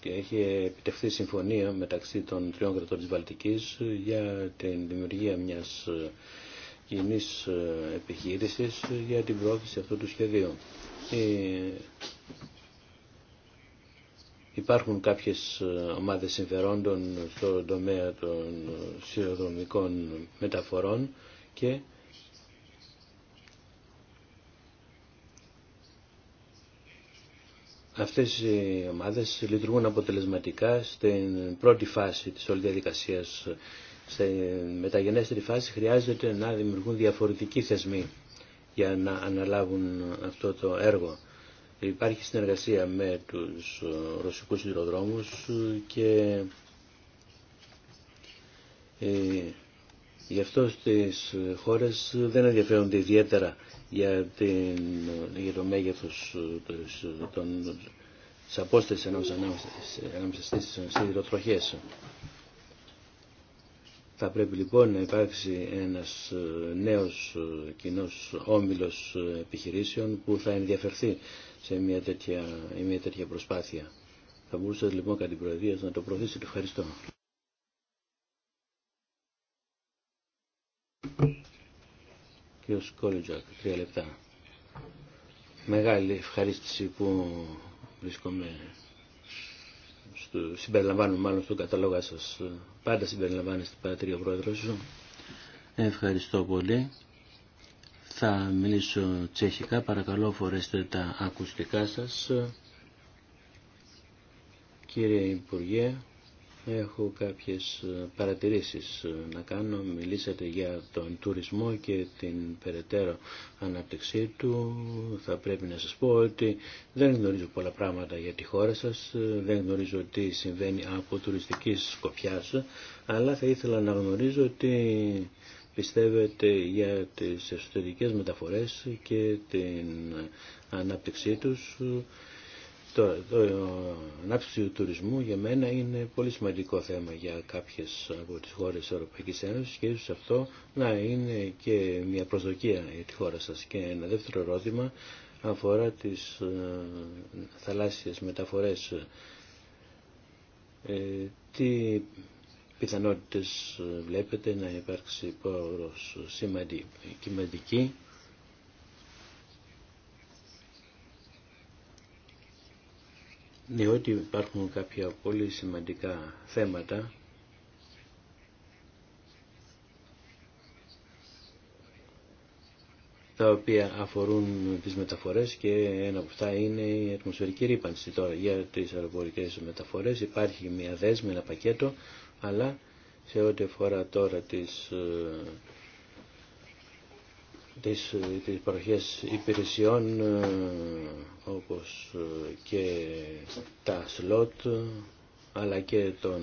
και έχει επιτευχθεί συμφωνία μεταξύ των τριών κρατών της Βαλτικής για την δημιουργία μιας ε, κοινή ε, επιχείρηση για την πρόθεση αυτού του σχεδίου. Υπάρχουν κάποιες ε, ομάδες συμφερόντων στον τομέα των σειροδρομικών μεταφορών και αυτές οι ομάδες λειτουργούν αποτελεσματικά στην πρώτη φάση της όλη διαδικασίας. Στη μεταγενέστερη φάση χρειάζεται να δημιουργούν διαφορετικοί θεσμοί για να αναλάβουν αυτό το έργο. Υπάρχει συνεργασία με τους ε, ρωσικούς υδροδρόμους και ε, γι' αυτό στις χώρες δεν ενδιαφέρονται ιδιαίτερα για, την, για το μέγεθος ε, των, της απόστασης ανάμεσα στις σιδηροτροχές. Θα πρέπει λοιπόν να υπάρξει ένας νέος κοινός όμιλος επιχειρήσεων που θα ενδιαφερθεί σε μια τέτοια, μια τέτοια προσπάθεια. Θα μπορούσα λοιπόν κατά την Προεδρία να το προωθήσετε. Ευχαριστώ. Κύριο Κόλιτζακ, τρία λεπτά. Μεγάλη ευχαρίστηση που βρίσκομαι στο, συμπεριλαμβάνω μάλλον στον καταλόγα σας. Πάντα συμπεριλαμβάνεστε παρατηρία πρόεδρο Πρόεδρος. Ευχαριστώ πολύ. Θα μιλήσω τσεχικά, παρακαλώ φορέστε τα ακουστικά σας. Κύριε Υπουργέ, έχω κάποιες παρατηρήσεις να κάνω. Μιλήσατε για τον τουρισμό και την περαιτέρω ανάπτυξή του. Θα πρέπει να σας πω ότι δεν γνωρίζω πολλά πράγματα για τη χώρα σας, δεν γνωρίζω τι συμβαίνει από τουριστικής σκοπιάς, αλλά θα ήθελα να γνωρίζω ότι πιστεύετε για τις εσωτερικές μεταφορές και την ανάπτυξή τους. Το, το, ανάπτυξη του τουρισμού για μένα είναι πολύ σημαντικό θέμα για κάποιες από τις χώρες της Ευρωπαϊκής Ένωσης και ίσως αυτό να είναι και μια προσδοκία για τη χώρα σας. Και ένα δεύτερο ερώτημα αφορά τις ε, θαλάσσιες μεταφορές. Ε, πιθανότητες ε, βλέπετε να υπάρξει πόρος σημαντική διότι υπάρχουν κάποια πολύ σημαντικά θέματα τα οποία αφορούν τις μεταφορές και ένα από αυτά είναι η ατμοσφαιρική ρήπανση. Τώρα για τις αεροπορικές μεταφορές υπάρχει μια δέσμη, ένα πακέτο αλλά σε ό,τι αφορά τώρα τις, ε, τις, ε, τις παροχές υπηρεσιών ε, όπως και τα σλότ αλλά και τον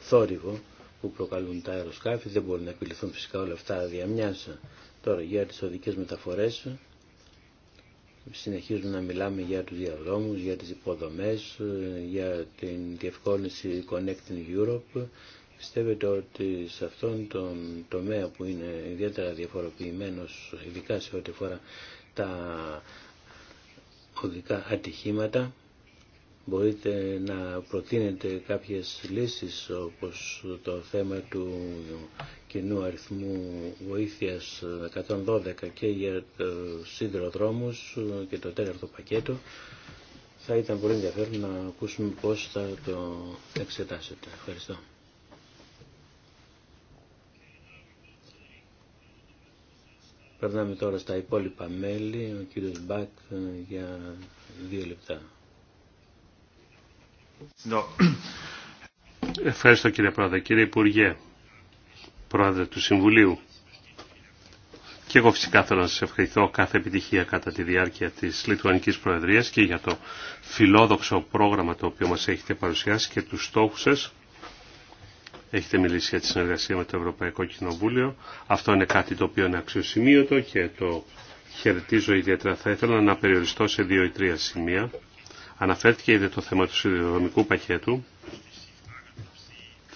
θόρυβο που προκαλούν τα αεροσκάφη δεν μπορούν να επιληθούν φυσικά όλα αυτά δια Τώρα για τις οδικές μεταφορές συνεχίζουμε να μιλάμε για τους διαδρόμους, για τις υποδομές, για την διευκόλυνση Connecting Europe. Πιστεύετε ότι σε αυτόν τον τομέα που είναι ιδιαίτερα διαφοροποιημένος, ειδικά σε ό,τι φορά τα οδικά ατυχήματα, μπορείτε να προτείνετε κάποιες λύσεις όπως το θέμα του κοινού αριθμού βοήθειας 112 και για σύνδερο δρόμους και το τέταρτο πακέτο θα ήταν πολύ ενδιαφέρον να ακούσουμε πώς θα το εξετάσετε. Ευχαριστώ. Περνάμε τώρα στα υπόλοιπα μέλη. Ο κύριος Μπακ για δύο λεπτά. Ευχαριστώ κύριε Πρόεδρε. Κύριε Υπουργέ, Πρόεδρε του Συμβουλίου. Και εγώ φυσικά θέλω να σας ευχηθώ κάθε επιτυχία κατά τη διάρκεια της Λιτουανικής Προεδρίας και για το φιλόδοξο πρόγραμμα το οποίο μας έχετε παρουσιάσει και τους στόχους σας. Έχετε μιλήσει για τη συνεργασία με το Ευρωπαϊκό Κοινοβούλιο. Αυτό είναι κάτι το οποίο είναι αξιοσημείωτο και το χαιρετίζω ιδιαίτερα. Θα ήθελα να περιοριστώ σε δύο ή τρία σημεία. Αναφέρθηκε ήδη το θέμα του σιδηροδρομικού πακέτου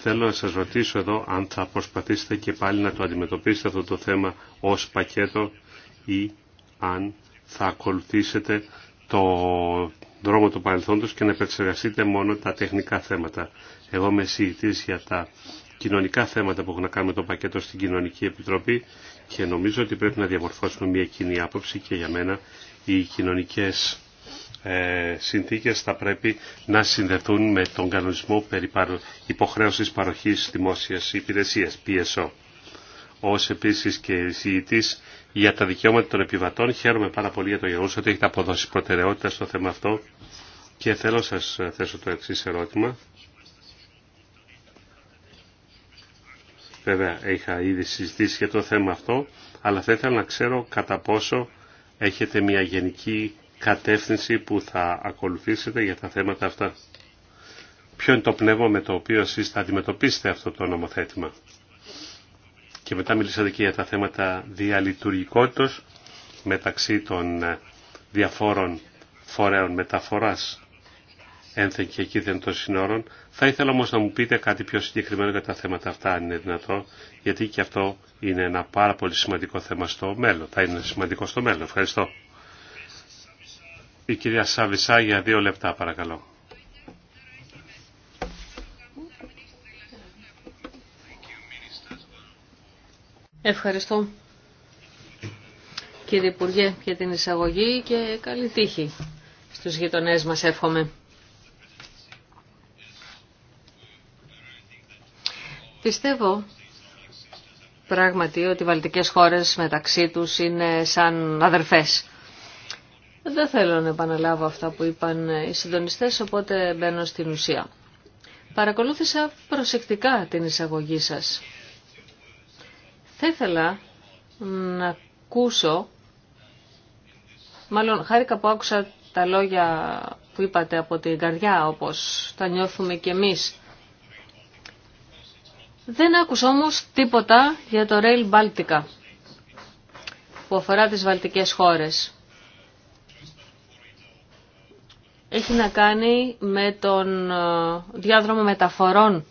θέλω να σας ρωτήσω εδώ αν θα προσπαθήσετε και πάλι να το αντιμετωπίσετε αυτό το θέμα ως πακέτο ή αν θα ακολουθήσετε το δρόμο του παρελθόντος και να επεξεργαστείτε μόνο τα τεχνικά θέματα. Εγώ είμαι συγητής για τα κοινωνικά θέματα που έχουν να κάνουν το πακέτο στην Κοινωνική Επιτροπή και νομίζω ότι πρέπει να διαμορφώσουμε μια κοινή άποψη και για μένα οι κοινωνικές ε, συνθήκες θα πρέπει να συνδεθούν με τον κανονισμό περί υποχρέωσης παροχής δημόσιας υπηρεσίας, PSO. Ως επίσης και εισηγητής για τα δικαιώματα των επιβατών, χαίρομαι πάρα πολύ για το γεγονός ότι έχετε αποδώσει προτεραιότητα στο θέμα αυτό και θέλω να σας θέσω το εξής ερώτημα. Βέβαια, είχα ήδη συζητήσει για το θέμα αυτό, αλλά θα ήθελα να ξέρω κατά πόσο έχετε μια γενική κατεύθυνση που θα ακολουθήσετε για τα θέματα αυτά. Ποιο είναι το πνεύμα με το οποίο εσείς θα αντιμετωπίσετε αυτό το νομοθέτημα. Και μετά μιλήσατε και για τα θέματα διαλειτουργικότητας μεταξύ των ε, διαφόρων φορέων μεταφοράς ένθεν και εκεί δεν των συνόρων. Θα ήθελα όμως να μου πείτε κάτι πιο συγκεκριμένο για τα θέματα αυτά, αν είναι δυνατό, γιατί και αυτό είναι ένα πάρα πολύ σημαντικό θέμα στο μέλλον. Θα είναι σημαντικό στο μέλλον. Ευχαριστώ. Η κυρία Σαβισά για δύο λεπτά παρακαλώ. Ευχαριστώ κύριε Υπουργέ για την εισαγωγή και καλή τύχη στους γειτονές μας εύχομαι. Πιστεύω πράγματι ότι οι βαλτικές χώρες μεταξύ τους είναι σαν αδερφές. Δεν θέλω να επαναλάβω αυτά που είπαν οι συντονιστές, οπότε μπαίνω στην ουσία. Παρακολούθησα προσεκτικά την εισαγωγή σας. Θα ήθελα να ακούσω, μάλλον χάρηκα που άκουσα τα λόγια που είπατε από την καρδιά, όπως τα νιώθουμε και εμείς. Δεν άκουσα όμως τίποτα για το Rail Baltica, που αφορά τις βαλτικές χώρες. έχει να κάνει με τον ε, διάδρομο μεταφορών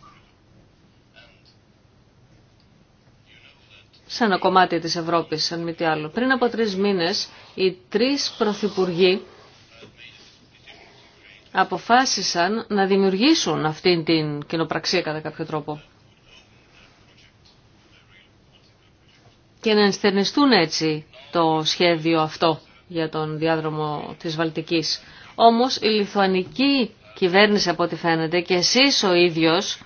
σε ένα κομμάτι της Ευρώπης, αν μη τι άλλο. Πριν από τρεις μήνες, οι τρεις πρωθυπουργοί αποφάσισαν να δημιουργήσουν αυτήν την κοινοπραξία κατά κάποιο τρόπο. Και να ενστερνιστούν έτσι το σχέδιο αυτό για τον διάδρομο της Βαλτικής. Όμως η λιθουανική κυβέρνηση από ό,τι φαίνεται και εσείς ο ίδιος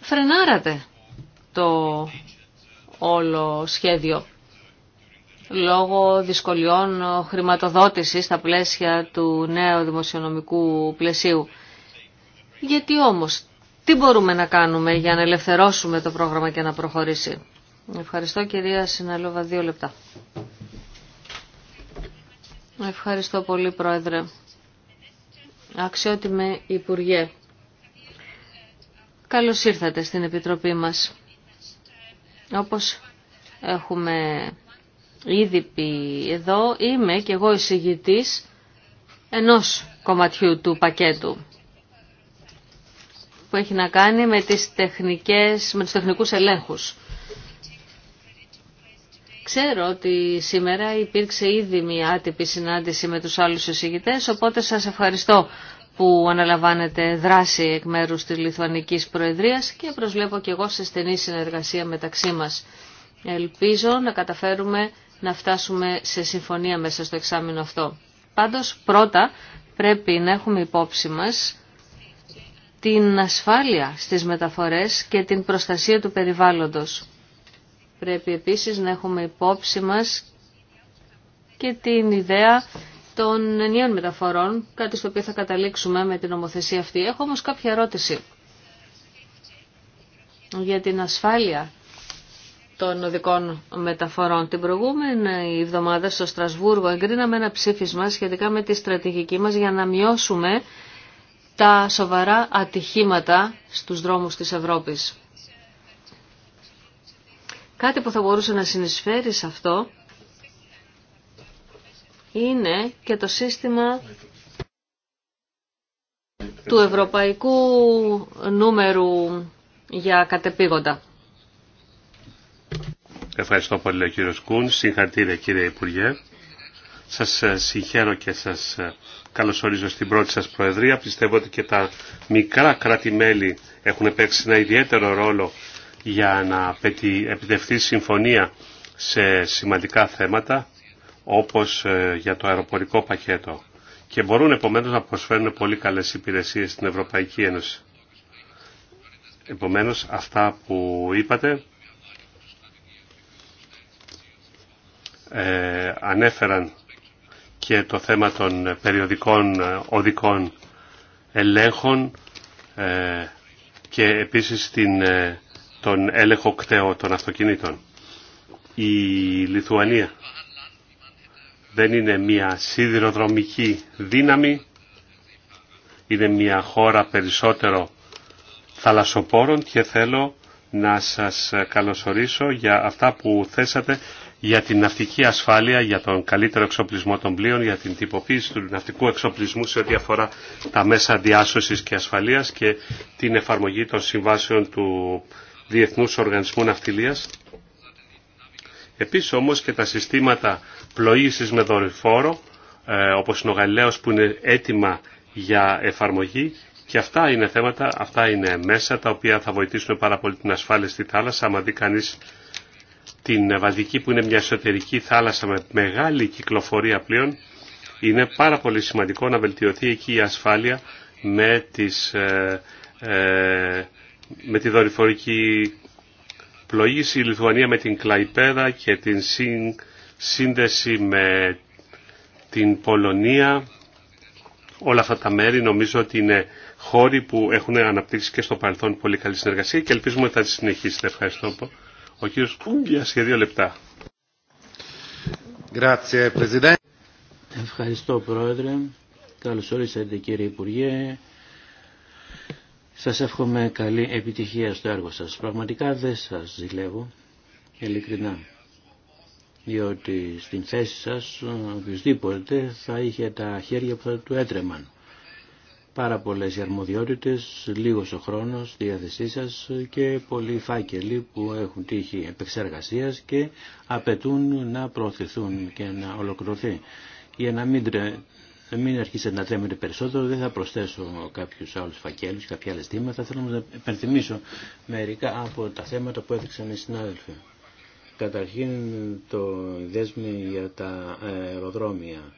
φρενάρατε το όλο σχέδιο λόγω δυσκολιών χρηματοδότησης στα πλαίσια του νέου δημοσιονομικού πλαισίου. Γιατί όμως, τι μπορούμε να κάνουμε για να ελευθερώσουμε το πρόγραμμα και να προχωρήσει. Ευχαριστώ κυρία Συναλόβα, δύο λεπτά. Ευχαριστώ πολύ πρόεδρε αξιότιμε Υπουργέ. Καλώς ήρθατε στην Επιτροπή μας. Όπως έχουμε ήδη πει εδώ, είμαι και εγώ εισηγητής ενός κομματιού του πακέτου που έχει να κάνει με, τις τεχνικές, με τους τεχνικούς ελέγχους. Ξέρω ότι σήμερα υπήρξε ήδη μια άτυπη συνάντηση με τους άλλους εισηγητές, οπότε σας ευχαριστώ που αναλαμβάνετε δράση εκ μέρους της Λιθουανικής Προεδρίας και προσβλέπω και εγώ σε στενή συνεργασία μεταξύ μας. Ελπίζω να καταφέρουμε να φτάσουμε σε συμφωνία μέσα στο εξάμεινο αυτό. Πάντως πρώτα πρέπει να έχουμε υπόψη μας την ασφάλεια στις μεταφορές και την προστασία του περιβάλλοντος. Πρέπει επίσης να έχουμε υπόψη μας και την ιδέα των ενιών μεταφορών, κάτι στο οποίο θα καταλήξουμε με την νομοθεσία αυτή. Έχω όμως κάποια ερώτηση για την ασφάλεια των οδικών μεταφορών. Την προηγούμενη εβδομάδα στο Στρασβούργο εγκρίναμε ένα ψήφισμα σχετικά με τη στρατηγική μας για να μειώσουμε τα σοβαρά ατυχήματα στους δρόμους της Ευρώπης. Κάτι που θα μπορούσε να συνεισφέρει σε αυτό είναι και το σύστημα του ευρωπαϊκού νούμερου για κατεπήγοντα. Ευχαριστώ πολύ ο κύριος Κούν. Συγχαρητήρια κύριε Υπουργέ. Σας ε, συγχαίρω και σας ε, καλωσορίζω στην πρώτη σας Προεδρία. Πιστεύω ότι και τα μικρά κράτη-μέλη έχουν παίξει ένα ιδιαίτερο ρόλο για να επιτευχθεί συμφωνία σε σημαντικά θέματα όπως ε, για το αεροπορικό πακέτο και μπορούν επομένως να προσφέρουν πολύ καλές υπηρεσίες στην Ευρωπαϊκή Ένωση. Επομένως αυτά που είπατε ε, ανέφεραν και το θέμα των περιοδικών ε, οδικών ελέγχων και επίσης την τον έλεγχο κταίω των αυτοκινήτων. Η Λιθουανία δεν είναι μια σιδηροδρομική δύναμη, είναι μια χώρα περισσότερο θαλασσοπόρων και θέλω να σας καλωσορίσω για αυτά που θέσατε για την ναυτική ασφάλεια, για τον καλύτερο εξοπλισμό των πλοίων, για την τυποποίηση του ναυτικού εξοπλισμού σε ό,τι αφορά τα μέσα διάσωσης και ασφαλείας και την εφαρμογή των συμβάσεων του Διεθνούς Οργανισμού Ναυτιλίας. Επίσης όμως και τα συστήματα πλοήγησης με δορυφόρο, ε, όπως είναι ο Γαλιλαίος που είναι έτοιμα για εφαρμογή και αυτά είναι θέματα, αυτά είναι μέσα τα οποία θα βοηθήσουν πάρα πολύ την ασφάλεια στη θάλασσα. Άμα δει κανεί την Βαλτική που είναι μια εσωτερική θάλασσα με μεγάλη κυκλοφορία πλοίων, είναι πάρα πολύ σημαντικό να βελτιωθεί εκεί η ασφάλεια με τις ε, ε, με τη δορυφορική πλοήγηση, η Λιθουανία με την Κλαϊπέδα και την σύνδεση με την Πολωνία. Όλα αυτά τα μέρη νομίζω ότι είναι χώροι που έχουν αναπτύξει και στο παρελθόν πολύ καλή συνεργασία και ελπίζουμε ότι θα τη συνεχίσετε. Ευχαριστώ. Ο κύριο Κούγκια για δύο λεπτά. Ευχαριστώ Πρόεδρε. Καλώς όρισατε κύριε Υπουργέ. Σας εύχομαι καλή επιτυχία στο έργο σας. Πραγματικά δεν σας ζηλεύω, ειλικρινά. Διότι στην θέση σας οποιοδήποτε θα είχε τα χέρια που θα του έτρεμαν. Πάρα πολλές αρμοδιότητες, λίγος ο χρόνος, διάθεσή σας και πολλοί φάκελοι που έχουν τύχει επεξεργασίας και απαιτούν να προωθηθούν και να ολοκληρωθεί για να μην μην αρχίσετε να τρέμετε περισσότερο, δεν θα προσθέσω κάποιου άλλου φακέλου, κάποια άλλα ζητήματα. Θέλω να υπενθυμίσω μερικά από τα θέματα που έδειξαν οι συνάδελφοι. Καταρχήν το δέσμι για τα αεροδρόμια.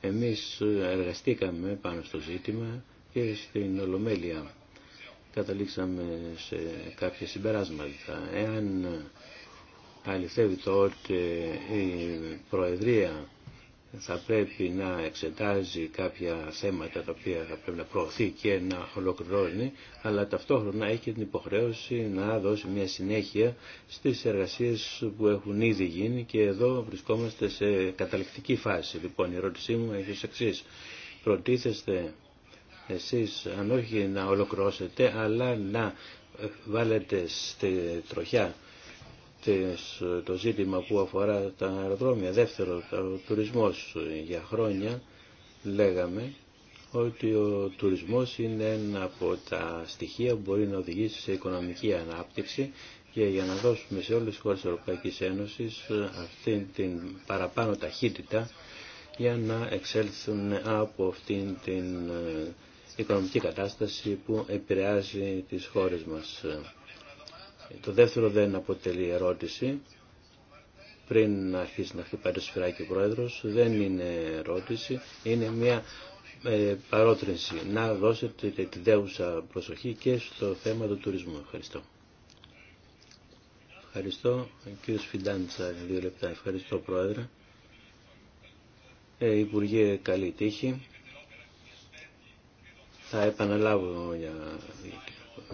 Εμείς εργαστήκαμε πάνω στο ζήτημα και στην Ολομέλεια καταλήξαμε σε κάποια συμπεράσματα. Εάν αληθεύει το ότι η Προεδρία θα πρέπει να εξετάζει κάποια θέματα τα οποία θα πρέπει να προωθεί και να ολοκληρώνει, αλλά ταυτόχρονα έχει την υποχρέωση να δώσει μια συνέχεια στις εργασίες που έχουν ήδη γίνει και εδώ βρισκόμαστε σε καταληκτική φάση. Λοιπόν, η ερώτησή μου έχει ως εξής. Προτίθεστε εσείς, αν όχι να ολοκληρώσετε, αλλά να βάλετε στη τροχιά το ζήτημα που αφορά τα αεροδρόμια. Δεύτερο, ο τουρισμός. Για χρόνια λέγαμε ότι ο τουρισμός είναι ένα από τα στοιχεία που μπορεί να οδηγήσει σε οικονομική ανάπτυξη και για να δώσουμε σε όλες τις χώρες της Ευρωπαϊκής Ένωσης ε, αυτή την παραπάνω ταχύτητα για να εξέλθουν από αυτήν την ε, οικονομική κατάσταση που επηρεάζει τις χώρες μας. Το δεύτερο δεν αποτελεί ερώτηση. Πριν αρχίσει να χτυπάει το σφυράκι ο Πρόεδρος, δεν είναι ερώτηση, είναι μια ε, παρότρινση. Να δώσετε την δέουσα προσοχή και στο θέμα του τουρισμού. Ευχαριστώ. Ευχαριστώ. Κύριος Φιντάντσα, δύο λεπτά. Ευχαριστώ, Πρόεδρε. Ε, Υπουργέ, καλή τύχη. Θα επαναλάβω για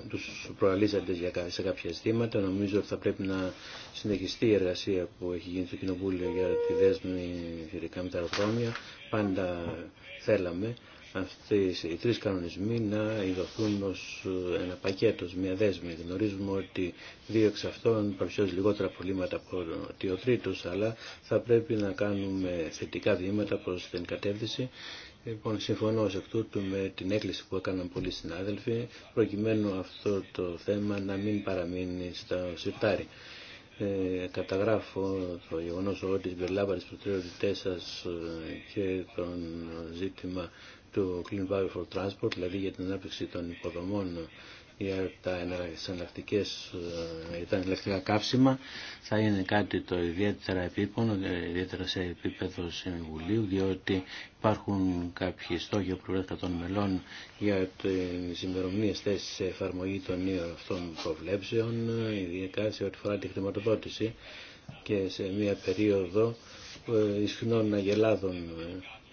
τους προαλήσατε σε κάποια ζητήματα. Νομίζω ότι θα πρέπει να συνεχιστεί η εργασία που έχει γίνει στο Κοινοβούλιο για τη δέσμη ειδικά με τα αεροδρόμια. Πάντα θέλαμε αυτοί οι τρεις κανονισμοί να ειδωθούν ως ένα πακέτο, μια δέσμη. Γνωρίζουμε ότι δύο εξ αυτών παρουσιάζουν λιγότερα προβλήματα από ότι ο τρίτος, αλλά θα πρέπει να κάνουμε θετικά βήματα προς την κατεύθυνση Λοιπόν, συμφωνώ σε εκ του με την έκκληση που έκαναν πολλοί συνάδελφοι, προκειμένου αυτό το θέμα να μην παραμείνει στα σιρτάρι. Ε, καταγράφω το γεγονό ότι συμπεριλάβατε τι προτεραιότητέ σα ε, και το ζήτημα του Clean Power for Transport, δηλαδή για την ανάπτυξη των υποδομών για τα ήταν ε, τα εναλλακτικά καύσιμα θα είναι κάτι το ιδιαίτερα επίπονο, ε, ιδιαίτερα σε επίπεδο Συμβουλίου, διότι υπάρχουν κάποιοι στόχοι ο των μελών για τις ημερομηνίε θέσει εφαρμογή των νέων αυτών προβλέψεων, σε ό,τι φορά τη χρηματοδότηση και σε μια περίοδο ε, ισχυνών αγελάδων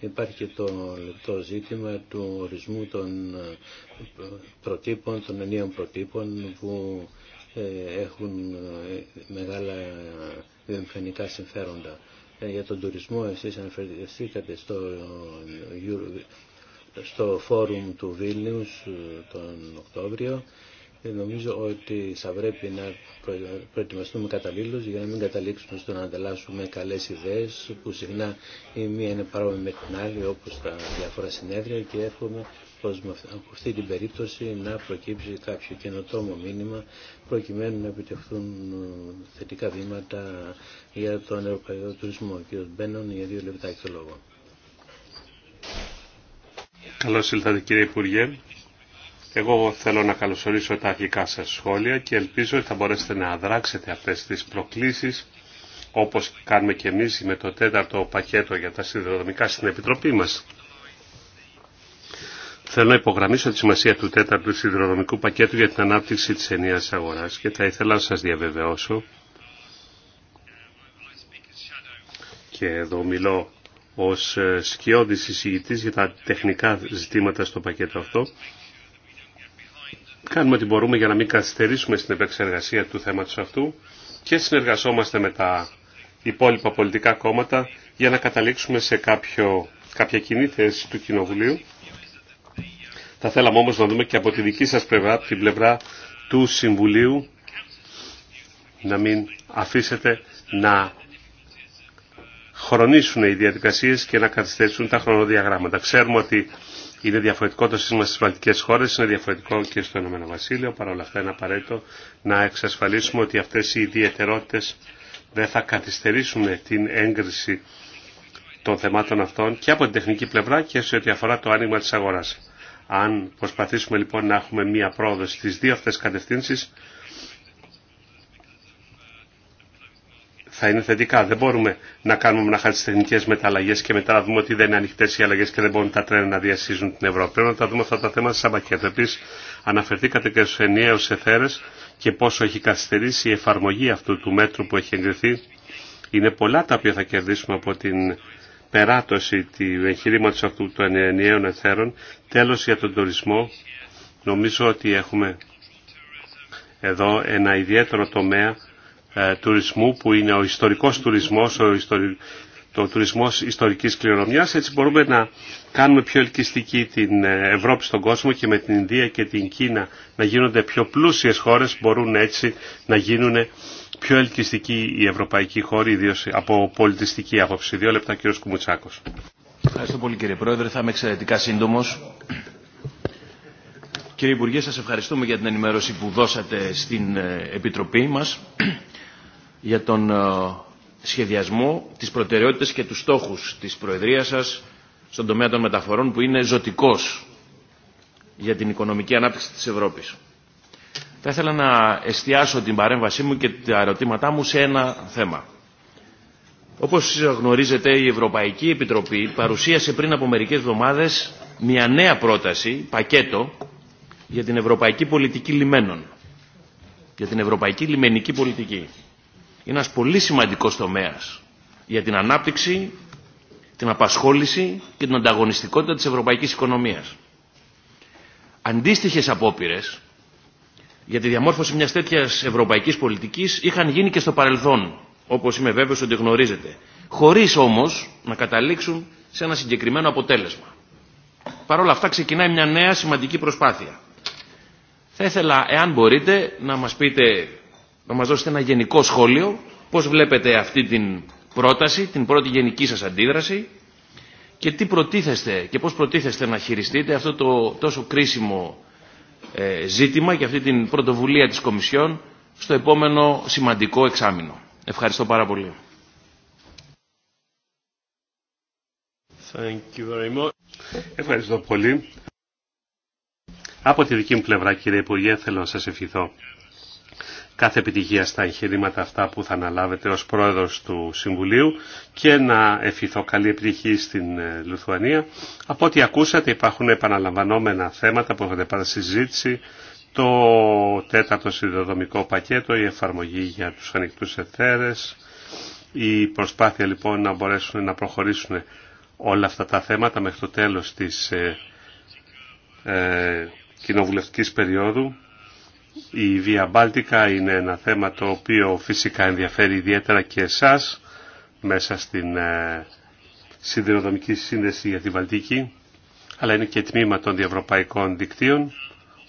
Υπάρχει και το λεπτό ζήτημα του ορισμού των ε, προτύπων, των ενίων προτύπων που ε, έχουν ε, μεγάλα βιομηχανικά συμφέροντα. Για τον τουρισμό εσείς αναφερθήκατε στο, στο φόρουμ του Βίλνιους τον Οκτώβριο ε, νομίζω ότι θα πρέπει να προετοιμαστούμε καταλήλω για να μην καταλήξουμε στο να ανταλλάσσουμε καλές ιδέες που συχνά η μία είναι παρόμοια με την άλλη όπως τα διάφορα συνέδρια και εύχομαι πω με αυτή την περίπτωση να προκύψει κάποιο καινοτόμο μήνυμα προκειμένου να επιτευχθούν ε, θετικά βήματα για τον ευρωπαϊκό τουρισμό. Κύριο Μπένον για δύο λεπτά έχει το λόγο. Καλώς ήλθατε κύριε Υπουργέ. Εγώ θέλω να καλωσορίσω τα αρχικά σας σχόλια και ελπίζω ότι θα μπορέσετε να αδράξετε αυτές τις προκλήσεις όπως κάνουμε και εμείς με το τέταρτο πακέτο για τα σιδηροδρομικά στην Επιτροπή μας. Θέλω να υπογραμμίσω τη σημασία του τέταρτου σιδηροδρομικού πακέτου για την ανάπτυξη της ενίας αγοράς και θα ήθελα να σας διαβεβαιώσω και εδώ μιλώ ως σκιώδης εισηγητής για τα τεχνικά ζητήματα στο πακέτο αυτό Κάνουμε ό,τι μπορούμε για να μην καθυστερήσουμε στην επεξεργασία του θέματος αυτού και συνεργαζόμαστε με τα υπόλοιπα πολιτικά κόμματα για να καταλήξουμε σε κάποιο, κάποια κοινή θέση του Κοινοβουλίου. Θα θέλαμε όμως να δούμε και από τη δική σας πλευρά, από την πλευρά του Συμβουλίου, να μην αφήσετε να χρονίσουν οι διαδικασίες και να καθυστερήσουν τα χρονοδιαγράμματα. Ξέρουμε ότι είναι διαφορετικό το σύστημα στι βαλτικέ χώρε, είναι διαφορετικό και στο Ηνωμένο Βασίλειο. Παρ' όλα αυτά είναι απαραίτητο να εξασφαλίσουμε ότι αυτέ οι ιδιαιτερότητε δεν θα καθυστερήσουν την έγκριση των θεμάτων αυτών και από την τεχνική πλευρά και σε ό,τι αφορά το άνοιγμα τη αγορά. Αν προσπαθήσουμε λοιπόν να έχουμε μία πρόοδο στι δύο αυτέ κατευθύνσει, θα είναι θετικά. Δεν μπορούμε να κάνουμε μοναχά τι τεχνικέ μεταλλαγέ και μετά να δούμε ότι δεν είναι ανοιχτέ οι αλλαγέ και δεν μπορούν τα τρένα να διασύζουν την Ευρώπη. Πρέπει να τα δούμε αυτά τα θέματα σαν πακέτο. Επίση, αναφερθήκατε και στου ενιαίου εθέρε και πόσο έχει καθυστερήσει η εφαρμογή αυτού του μέτρου που έχει εγκριθεί. Είναι πολλά τα οποία θα κερδίσουμε από την περάτωση του εγχειρήματο αυτού των ενιαίων εθέρων. Τέλο, για τον τουρισμό, νομίζω ότι έχουμε εδώ ένα ιδιαίτερο τομέα ε, τουρισμού που είναι ο ιστορικός τουρισμός, ο ιστορι... το τουρισμός ιστορικής κληρονομιάς. Έτσι μπορούμε να κάνουμε πιο ελκυστική την ε, Ευρώπη στον κόσμο και με την Ινδία και την Κίνα να γίνονται πιο πλούσιες χώρες, μπορούν έτσι να γίνουν πιο ελκυστικοί οι ευρωπαϊκοί χώροι, ιδίω από πολιτιστική άποψη. Δύο λεπτά, κύριο Κουμουτσάκος. Ευχαριστώ πολύ, κύριε Πρόεδρε. Θα είμαι εξαιρετικά σύντομο. Κύριε Υπουργέ, σα ευχαριστούμε για την ενημέρωση που δώσατε στην ε, Επιτροπή μα για τον ε, σχεδιασμό, τις προτεραιότητες και τους στόχους της Προεδρίας σας στον τομέα των μεταφορών που είναι ζωτικός για την οικονομική ανάπτυξη της Ευρώπης. Θα ήθελα να εστιάσω την παρέμβασή μου και τα ερωτήματά μου σε ένα θέμα. Όπως γνωρίζετε, η Ευρωπαϊκή Επιτροπή παρουσίασε πριν από μερικές εβδομάδες μια νέα πρόταση, πακέτο, για την Ευρωπαϊκή Πολιτική Λιμένων, για την Ευρωπαϊκή Λιμενική Πολιτική είναι ένας πολύ σημαντικός τομέας για την ανάπτυξη, την απασχόληση και την ανταγωνιστικότητα της ευρωπαϊκής οικονομίας. Αντίστοιχες απόπειρες για τη διαμόρφωση μιας τέτοιας ευρωπαϊκής πολιτικής είχαν γίνει και στο παρελθόν, όπως είμαι βέβαιος ότι γνωρίζετε, χωρίς όμως να καταλήξουν σε ένα συγκεκριμένο αποτέλεσμα. Παρ' όλα αυτά ξεκινάει μια νέα σημαντική προσπάθεια. Θα ήθελα, εάν μπορείτε, να μας πείτε να μας δώσετε ένα γενικό σχόλιο, πώς βλέπετε αυτή την πρόταση, την πρώτη γενική σας αντίδραση και τι προτίθεστε και πώς προτίθεστε να χειριστείτε αυτό το τόσο κρίσιμο ε, ζήτημα και αυτή την πρωτοβουλία της Κομισιόν στο επόμενο σημαντικό εξάμεινο. Ευχαριστώ πάρα πολύ. Thank you very much. Ευχαριστώ πολύ. Από τη δική μου πλευρά κύριε Υπουργέ θέλω να σας ευχηθώ κάθε επιτυχία στα εγχειρήματα αυτά που θα αναλάβετε ως πρόεδρος του Συμβουλίου και να ευχηθώ καλή επιτυχία στην ε, Λουθουανία. Από ό,τι ακούσατε υπάρχουν επαναλαμβανόμενα θέματα που έχετε πάρει συζήτηση, το τέταρτο συνδεδομικό πακέτο, η εφαρμογή για τους ανοιχτούς εθέρες, η προσπάθεια λοιπόν να μπορέσουν να προχωρήσουν όλα αυτά τα θέματα μέχρι το τέλος της ε, ε κοινοβουλευτικής περίοδου η βία Μπάλτικα είναι ένα θέμα το οποίο φυσικά ενδιαφέρει ιδιαίτερα και εσάς μέσα στην ε, συνδυοδομική σύνδεση για τη Βαλτική, αλλά είναι και τμήμα των διευρωπαϊκών δικτύων.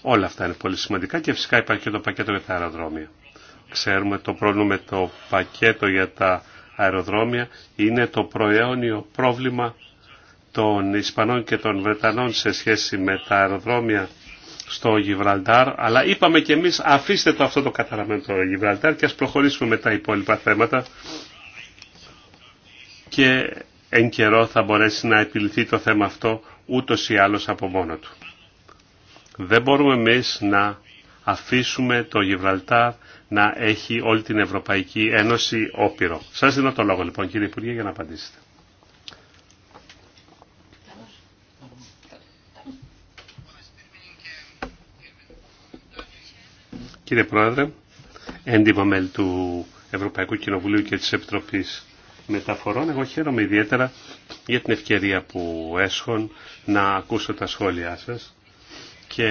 Όλα αυτά είναι πολύ σημαντικά και φυσικά υπάρχει και το πακέτο για τα αεροδρόμια. Ξέρουμε το πρόβλημα με το πακέτο για τα αεροδρόμια είναι το προαιώνιο πρόβλημα των Ισπανών και των Βρετανών σε σχέση με τα αεροδρόμια στο Γιβραλτάρ, αλλά είπαμε και εμείς αφήστε το αυτό το καταραμένο το Γιβραλτάρ και ας προχωρήσουμε με τα υπόλοιπα θέματα και εν καιρό θα μπορέσει να επιληθεί το θέμα αυτό ούτως ή άλλως από μόνο του. Δεν μπορούμε εμείς να αφήσουμε το Γιβραλτάρ να έχει όλη την Ευρωπαϊκή Ένωση όπειρο. Σας δίνω το λόγο λοιπόν κύριε Υπουργέ για να απαντήσετε. Κύριε Πρόεδρε, έντιμα μέλη του Ευρωπαϊκού Κοινοβουλίου και της Επιτροπής Μεταφορών, εγώ χαίρομαι ιδιαίτερα για την ευκαιρία που έσχον να ακούσω τα σχόλιά σας και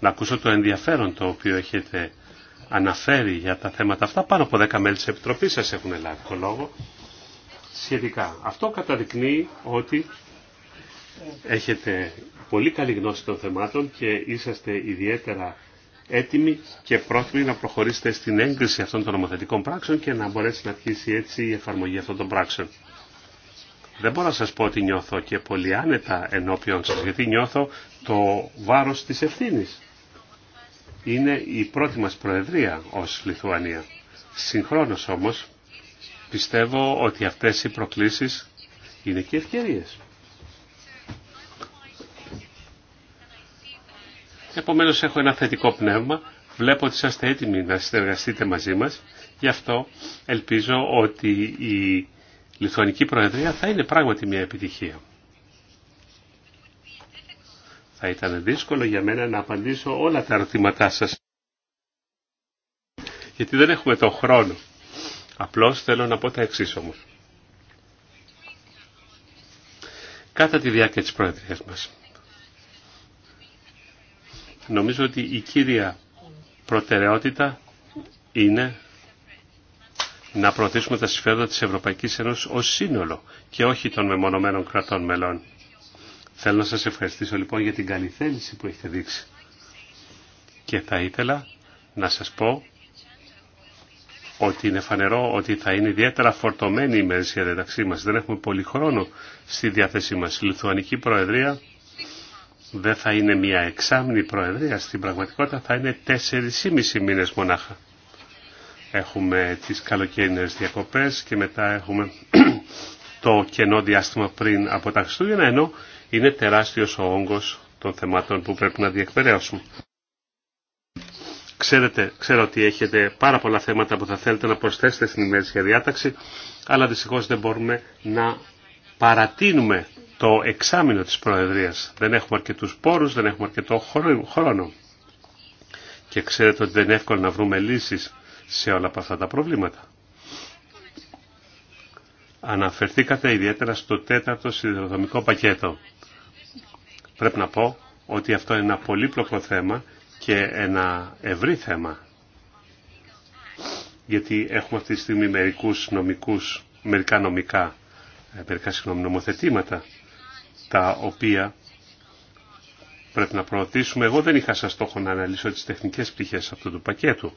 να ακούσω το ενδιαφέρον το οποίο έχετε αναφέρει για τα θέματα αυτά. Πάνω από 10 μέλη της Επιτροπής σας έχουν λάβει το λόγο σχετικά. Αυτό καταδεικνύει ότι έχετε πολύ καλή γνώση των θεμάτων και είσαστε ιδιαίτερα έτοιμοι και πρόθυμοι να προχωρήσετε στην έγκριση αυτών των νομοθετικών πράξεων και να μπορέσει να αρχίσει έτσι η εφαρμογή αυτών των πράξεων. Δεν μπορώ να σας πω ότι νιώθω και πολύ άνετα ενώπιον σας, γιατί νιώθω το βάρος της ευθύνη. Είναι η πρώτη μας προεδρία ως Λιθουανία. Συγχρόνως όμως πιστεύω ότι αυτές οι προκλήσεις είναι και ευκαιρίες. Επομένως έχω ένα θετικό πνεύμα. Βλέπω ότι είστε έτοιμοι να συνεργαστείτε μαζί μας. Γι' αυτό ελπίζω ότι η Λιθουανική Προεδρία θα είναι πράγματι μια επιτυχία. Θα ήταν δύσκολο για μένα να απαντήσω όλα τα ερωτήματά σας. Γιατί δεν έχουμε τον χρόνο. Απλώς θέλω να πω τα εξής όμως. Κατά τη διάρκεια της Προεδρίας μας. Νομίζω ότι η κύρια προτεραιότητα είναι να προωθήσουμε τα συμφέροντα της Ευρωπαϊκής Ένωσης ως σύνολο και όχι των μεμονωμένων κρατών μελών. Θέλω να σας ευχαριστήσω λοιπόν για την καλή θέληση που έχετε δείξει. Και θα ήθελα να σας πω ότι είναι φανερό ότι θα είναι ιδιαίτερα φορτωμένη η μέση διαταξή μας. Δεν έχουμε πολύ χρόνο στη διάθεσή μας. Η Λιθουανική Προεδρία δεν θα είναι μια εξάμηνη προεδρία, στην πραγματικότητα θα είναι 4,5 μήνες μονάχα. Έχουμε τις καλοκαιρινές διακοπές και μετά έχουμε το κενό διάστημα πριν από τα Χριστούγεννα, ενώ είναι τεράστιος ο όγκος των θεμάτων που πρέπει να διεκπαιρέωσουμε. Ξέρετε, ξέρω ότι έχετε πάρα πολλά θέματα που θα θέλετε να προσθέσετε στην ημερήσια διάταξη, αλλά δυστυχώς δεν μπορούμε να παρατείνουμε το εξάμεινο της Προεδρίας. Δεν έχουμε αρκετούς πόρους, δεν έχουμε αρκετό χρόνο. Και ξέρετε ότι δεν είναι εύκολο να βρούμε λύσεις σε όλα αυτά τα προβλήματα. Αναφερθήκατε ιδιαίτερα στο τέταρτο σιδηροδρομικό πακέτο. Πρέπει να πω ότι αυτό είναι ένα πολύπλοκο θέμα και ένα ευρύ θέμα. Γιατί έχουμε αυτή τη στιγμή νομικούς, μερικά νομικά μερικά συγγνώμη, νομοθετήματα τα οποία πρέπει να προωθήσουμε. Εγώ δεν είχα σαν στόχο να αναλύσω τις τεχνικές πτυχές αυτού του πακέτου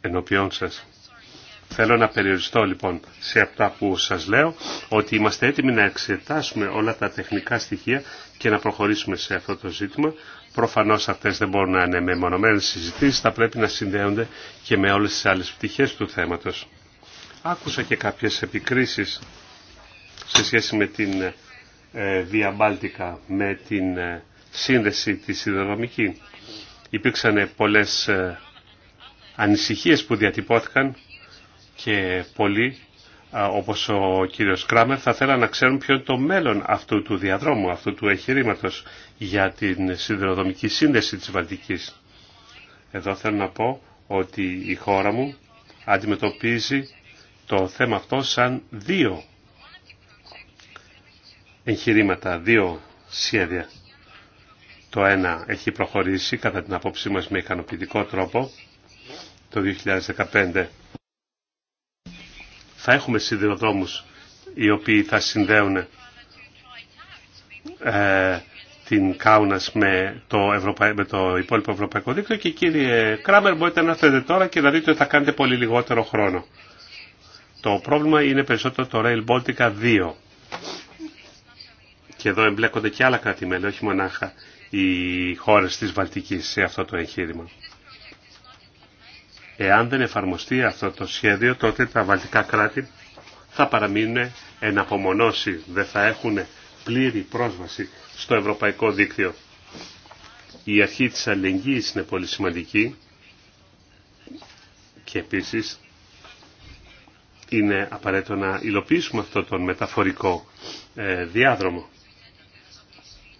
ενώπιόν σας. Θέλω να περιοριστώ λοιπόν σε αυτά που σας λέω, ότι είμαστε έτοιμοι να εξετάσουμε όλα τα τεχνικά στοιχεία και να προχωρήσουμε σε αυτό το ζήτημα. Προφανώς αυτές δεν μπορούν να είναι μεμονωμένες συζητήσεις, θα πρέπει να συνδέονται και με όλες τις άλλες πτυχές του θέματος. Άκουσα και κάποιες επικρίσεις σε σχέση με την διαμπάλτικα, ε, με την ε, σύνδεση της σιδεροδρομική. Υπήρξαν πολλές ε, ανησυχίες που διατυπώθηκαν και πολλοί, όπως ο κύριος Κράμερ, θα θέλαν να ξέρουν ποιο είναι το μέλλον αυτού του διαδρόμου, αυτού του εγχειρήματο για την σιδηροδρομική σύνδεση της Βαλτικής. Εδώ θέλω να πω ότι η χώρα μου αντιμετωπίζει το θέμα αυτό σαν δύο εγχειρήματα, δύο σχέδια. Το ένα έχει προχωρήσει κατά την απόψή μας με ικανοποιητικό τρόπο. Το 2015 θα έχουμε σιδηροδρόμους οι οποίοι θα συνδέουν ε, την Κάουνας με το, Ευρωπα... με το υπόλοιπο Ευρωπαϊκό Δίκτυο και κύριε Κράμερ μπορείτε να έρθετε τώρα και να δείτε ότι θα κάνετε πολύ λιγότερο χρόνο. Το πρόβλημα είναι περισσότερο το Rail Baltica 2. Και εδώ εμπλέκονται και άλλα κράτη-μέλη, όχι μονάχα οι χώρες της Βαλτικής σε αυτό το εγχείρημα. Εάν δεν εφαρμοστεί αυτό το σχέδιο, τότε τα βαλτικά κράτη θα παραμείνουν εναπομονώσει, δεν θα έχουν πλήρη πρόσβαση στο ευρωπαϊκό δίκτυο. Η αρχή της αλληλεγγύης είναι πολύ σημαντική και επίσης είναι απαραίτητο να υλοποιήσουμε αυτό τον μεταφορικό ε, διάδρομο.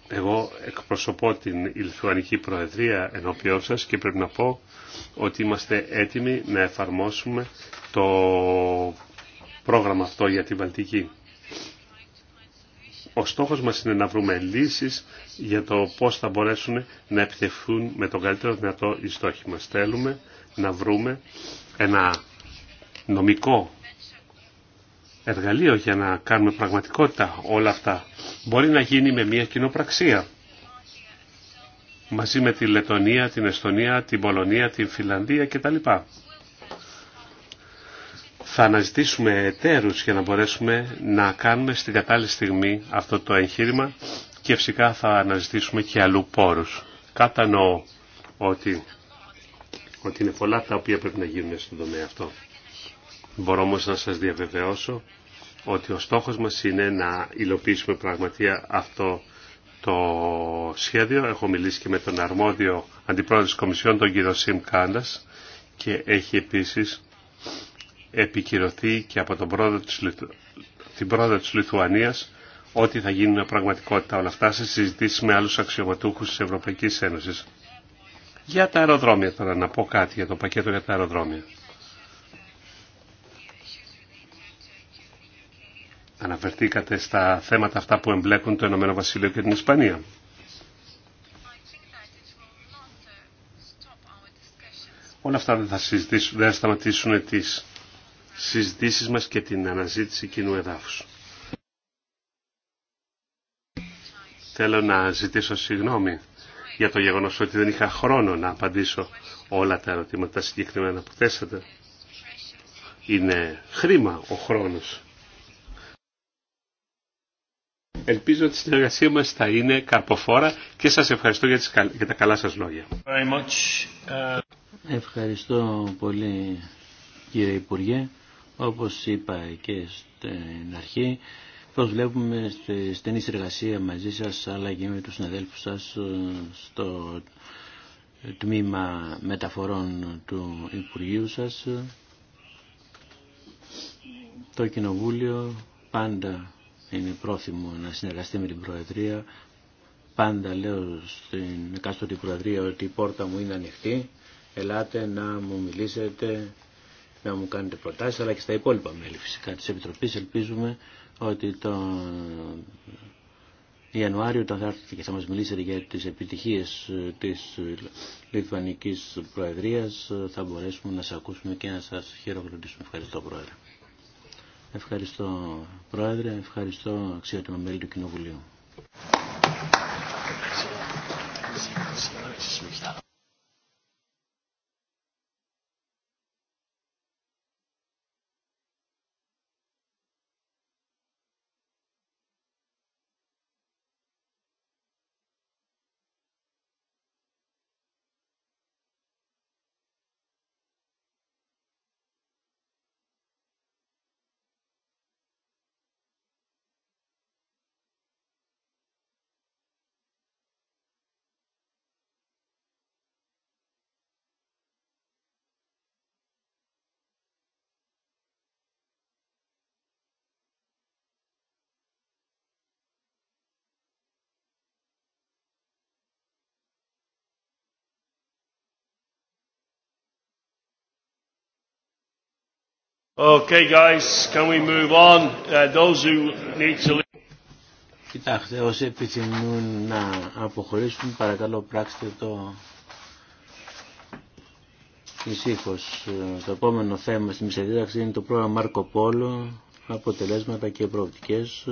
Εγώ εκπροσωπώ την Ιλθουανική Προεδρία ενώπιό σα και πρέπει να πω ότι είμαστε έτοιμοι να εφαρμόσουμε το πρόγραμμα αυτό για την Βαλτική. Ο στόχος μας είναι να βρούμε λύσεις για το πώς θα μπορέσουν να επιτευχθούν με τον καλύτερο δυνατό οι στόχοι μας. Θέλουμε να βρούμε ένα νομικό εργαλείο για να κάνουμε πραγματικότητα όλα αυτά. Μπορεί να γίνει με μια κοινοπραξία. Μαζί με τη Λετωνία, την Εστονία, την Πολωνία, την Φιλανδία κτλ. Θα αναζητήσουμε εταίρους για να μπορέσουμε να κάνουμε στην κατάλληλη στιγμή αυτό το εγχείρημα και φυσικά θα αναζητήσουμε και αλλού πόρους. Κατανοώ ότι, ότι είναι πολλά τα οποία πρέπει να γίνουν στον τομέα αυτό. Μπορώ όμως να σας διαβεβαιώσω ότι ο στόχος μας είναι να υλοποιήσουμε πραγματικά αυτό το σχέδιο. Έχω μιλήσει και με τον αρμόδιο αντιπρόεδρο της Κομισιόν, τον κύριο Σιμ Κάντας και έχει επίσης επικυρωθεί και από τον πρόεδρο της, την πρόεδρο της Λιθουανίας ότι θα γίνουν πραγματικότητα όλα αυτά σε συζητήσει με άλλους αξιωματούχους της Ευρωπαϊκής Ένωσης. Για τα αεροδρόμια τώρα να πω κάτι για το πακέτο για τα αεροδρόμια. Αναφερθήκατε στα θέματα αυτά που εμπλέκουν το Ηνωμένο Βασίλειο και την Ισπανία. Όλα αυτά δεν θα, συζητήσουν, δεν θα σταματήσουν τις συζητήσεις μας και την αναζήτηση κοινού εδάφους. Θέλω να ζητήσω συγγνώμη για το γεγονός ότι δεν είχα χρόνο να απαντήσω όλα τα ερωτήματα συγκεκριμένα που θέσατε. Είναι χρήμα ο χρόνος. Ελπίζω ότι η συνεργασία μας θα είναι καρποφόρα και σας ευχαριστώ για, τις, για τα καλά σας λόγια. Ε, ευχαριστώ πολύ κύριε Υπουργέ. Όπως είπα και στην αρχή, προσβλέπουμε στη στενή συνεργασία μαζί σας αλλά και με τους συναδέλφους σας ε, στο τμήμα μεταφορών του Υπουργείου σας. Το Κοινοβούλιο πάντα είναι πρόθυμο να συνεργαστεί με την Προεδρία. Πάντα λέω στην εκάστοτε Προεδρία ότι η πόρτα μου είναι ανοιχτή. Ελάτε να μου μιλήσετε, να μου κάνετε προτάσεις, αλλά και στα υπόλοιπα μέλη φυσικά της Επιτροπής. Ελπίζουμε ότι τον Ιανουάριο όταν θα έρθετε και θα μας μιλήσετε για τις επιτυχίες της Λιθουανικής Προεδρίας θα μπορέσουμε να σας ακούσουμε και να σας χειροκροτήσουμε. Ευχαριστώ Πρόεδρε. Ευχαριστώ Πρόεδρε, ευχαριστώ αξιότιμα μέλη του Κοινοβουλίου. Okay, guys, can we move on? Uh, those who need to... Κοιτάξτε, όσοι επιθυμούν να αποχωρήσουν, παρακαλώ πράξτε το ησύχως. Ε, το επόμενο θέμα στην μισεδίδαξη είναι το πρόγραμμα Μάρκο Πόλο, αποτελέσματα και προοπτικές.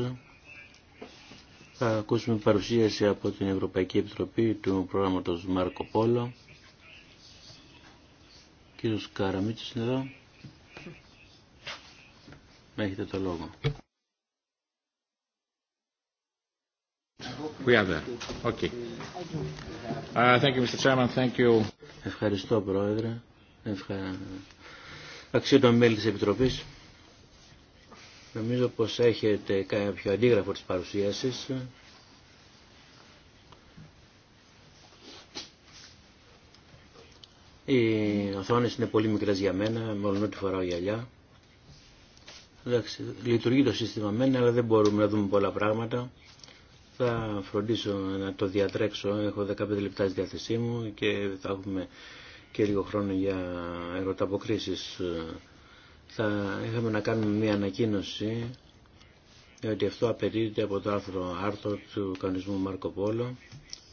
Θα ακούσουμε παρουσίαση από την Ευρωπαϊκή Επιτροπή του πρόγραμματος Μάρκο Πόλο. Κύριος Καραμίτσης είναι εδώ. Έχετε το λόγο. Ευχαριστώ, Πρόεδρε. Ευχα... το μέλη της Επιτροπής. Νομίζω πως έχετε κάποιο αντίγραφο της παρουσίασης. Οι οθόνες είναι πολύ μικρές για μένα, μόνο ότι φοράω γυαλιά. Εντάξει, λειτουργεί το σύστημα μεν, αλλά δεν μπορούμε να δούμε πολλά πράγματα. Θα φροντίσω να το διατρέξω. Έχω 15 λεπτά στη διάθεσή μου και θα έχουμε και λίγο χρόνο για ερωταποκρίσεις. Θα είχαμε να κάνουμε μια ανακοίνωση, ότι αυτό απαιτείται από το άρθρο άρθρο του κανονισμού Μάρκο Πόλο.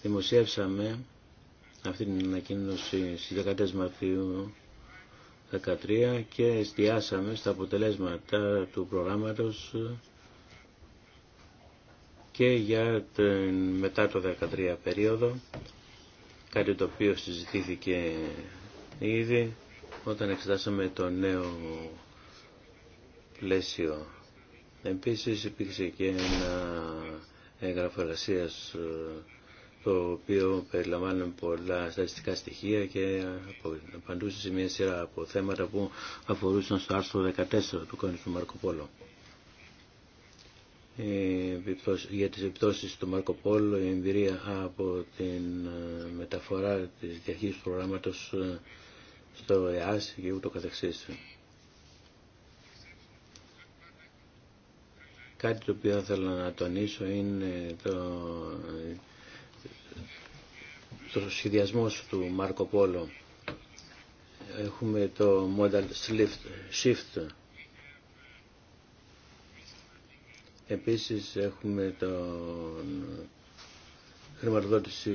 Δημοσιεύσαμε αυτή την ανακοίνωση στις 10 Μαρτίου 2013 και εστιάσαμε στα αποτελέσματα του προγράμματος και για την μετά το 2013 περίοδο, κάτι το οποίο συζητήθηκε ήδη όταν εξετάσαμε το νέο πλαίσιο. Επίσης υπήρξε και ένα έγγραφο ε, το οποίο περιλαμβάνει πολλά στατιστικά στοιχεία και απαντούσε σε μια σειρά από θέματα που αφορούσαν στο άρθρο 14 του κανονισμού του Μαρκοπόλου. Για τις επιπτώσεις του Μαρκοπόλου η εμπειρία από την ε, μεταφορά της διαχείρισης προγράμματος ε, στο ΕΑΣ και ούτω καθεξής. Κάτι το οποίο θέλω να τονίσω είναι το το σχεδιασμό του Μάρκο Πόλο. Έχουμε το Modal Shift. Επίσης έχουμε το χρηματοδότηση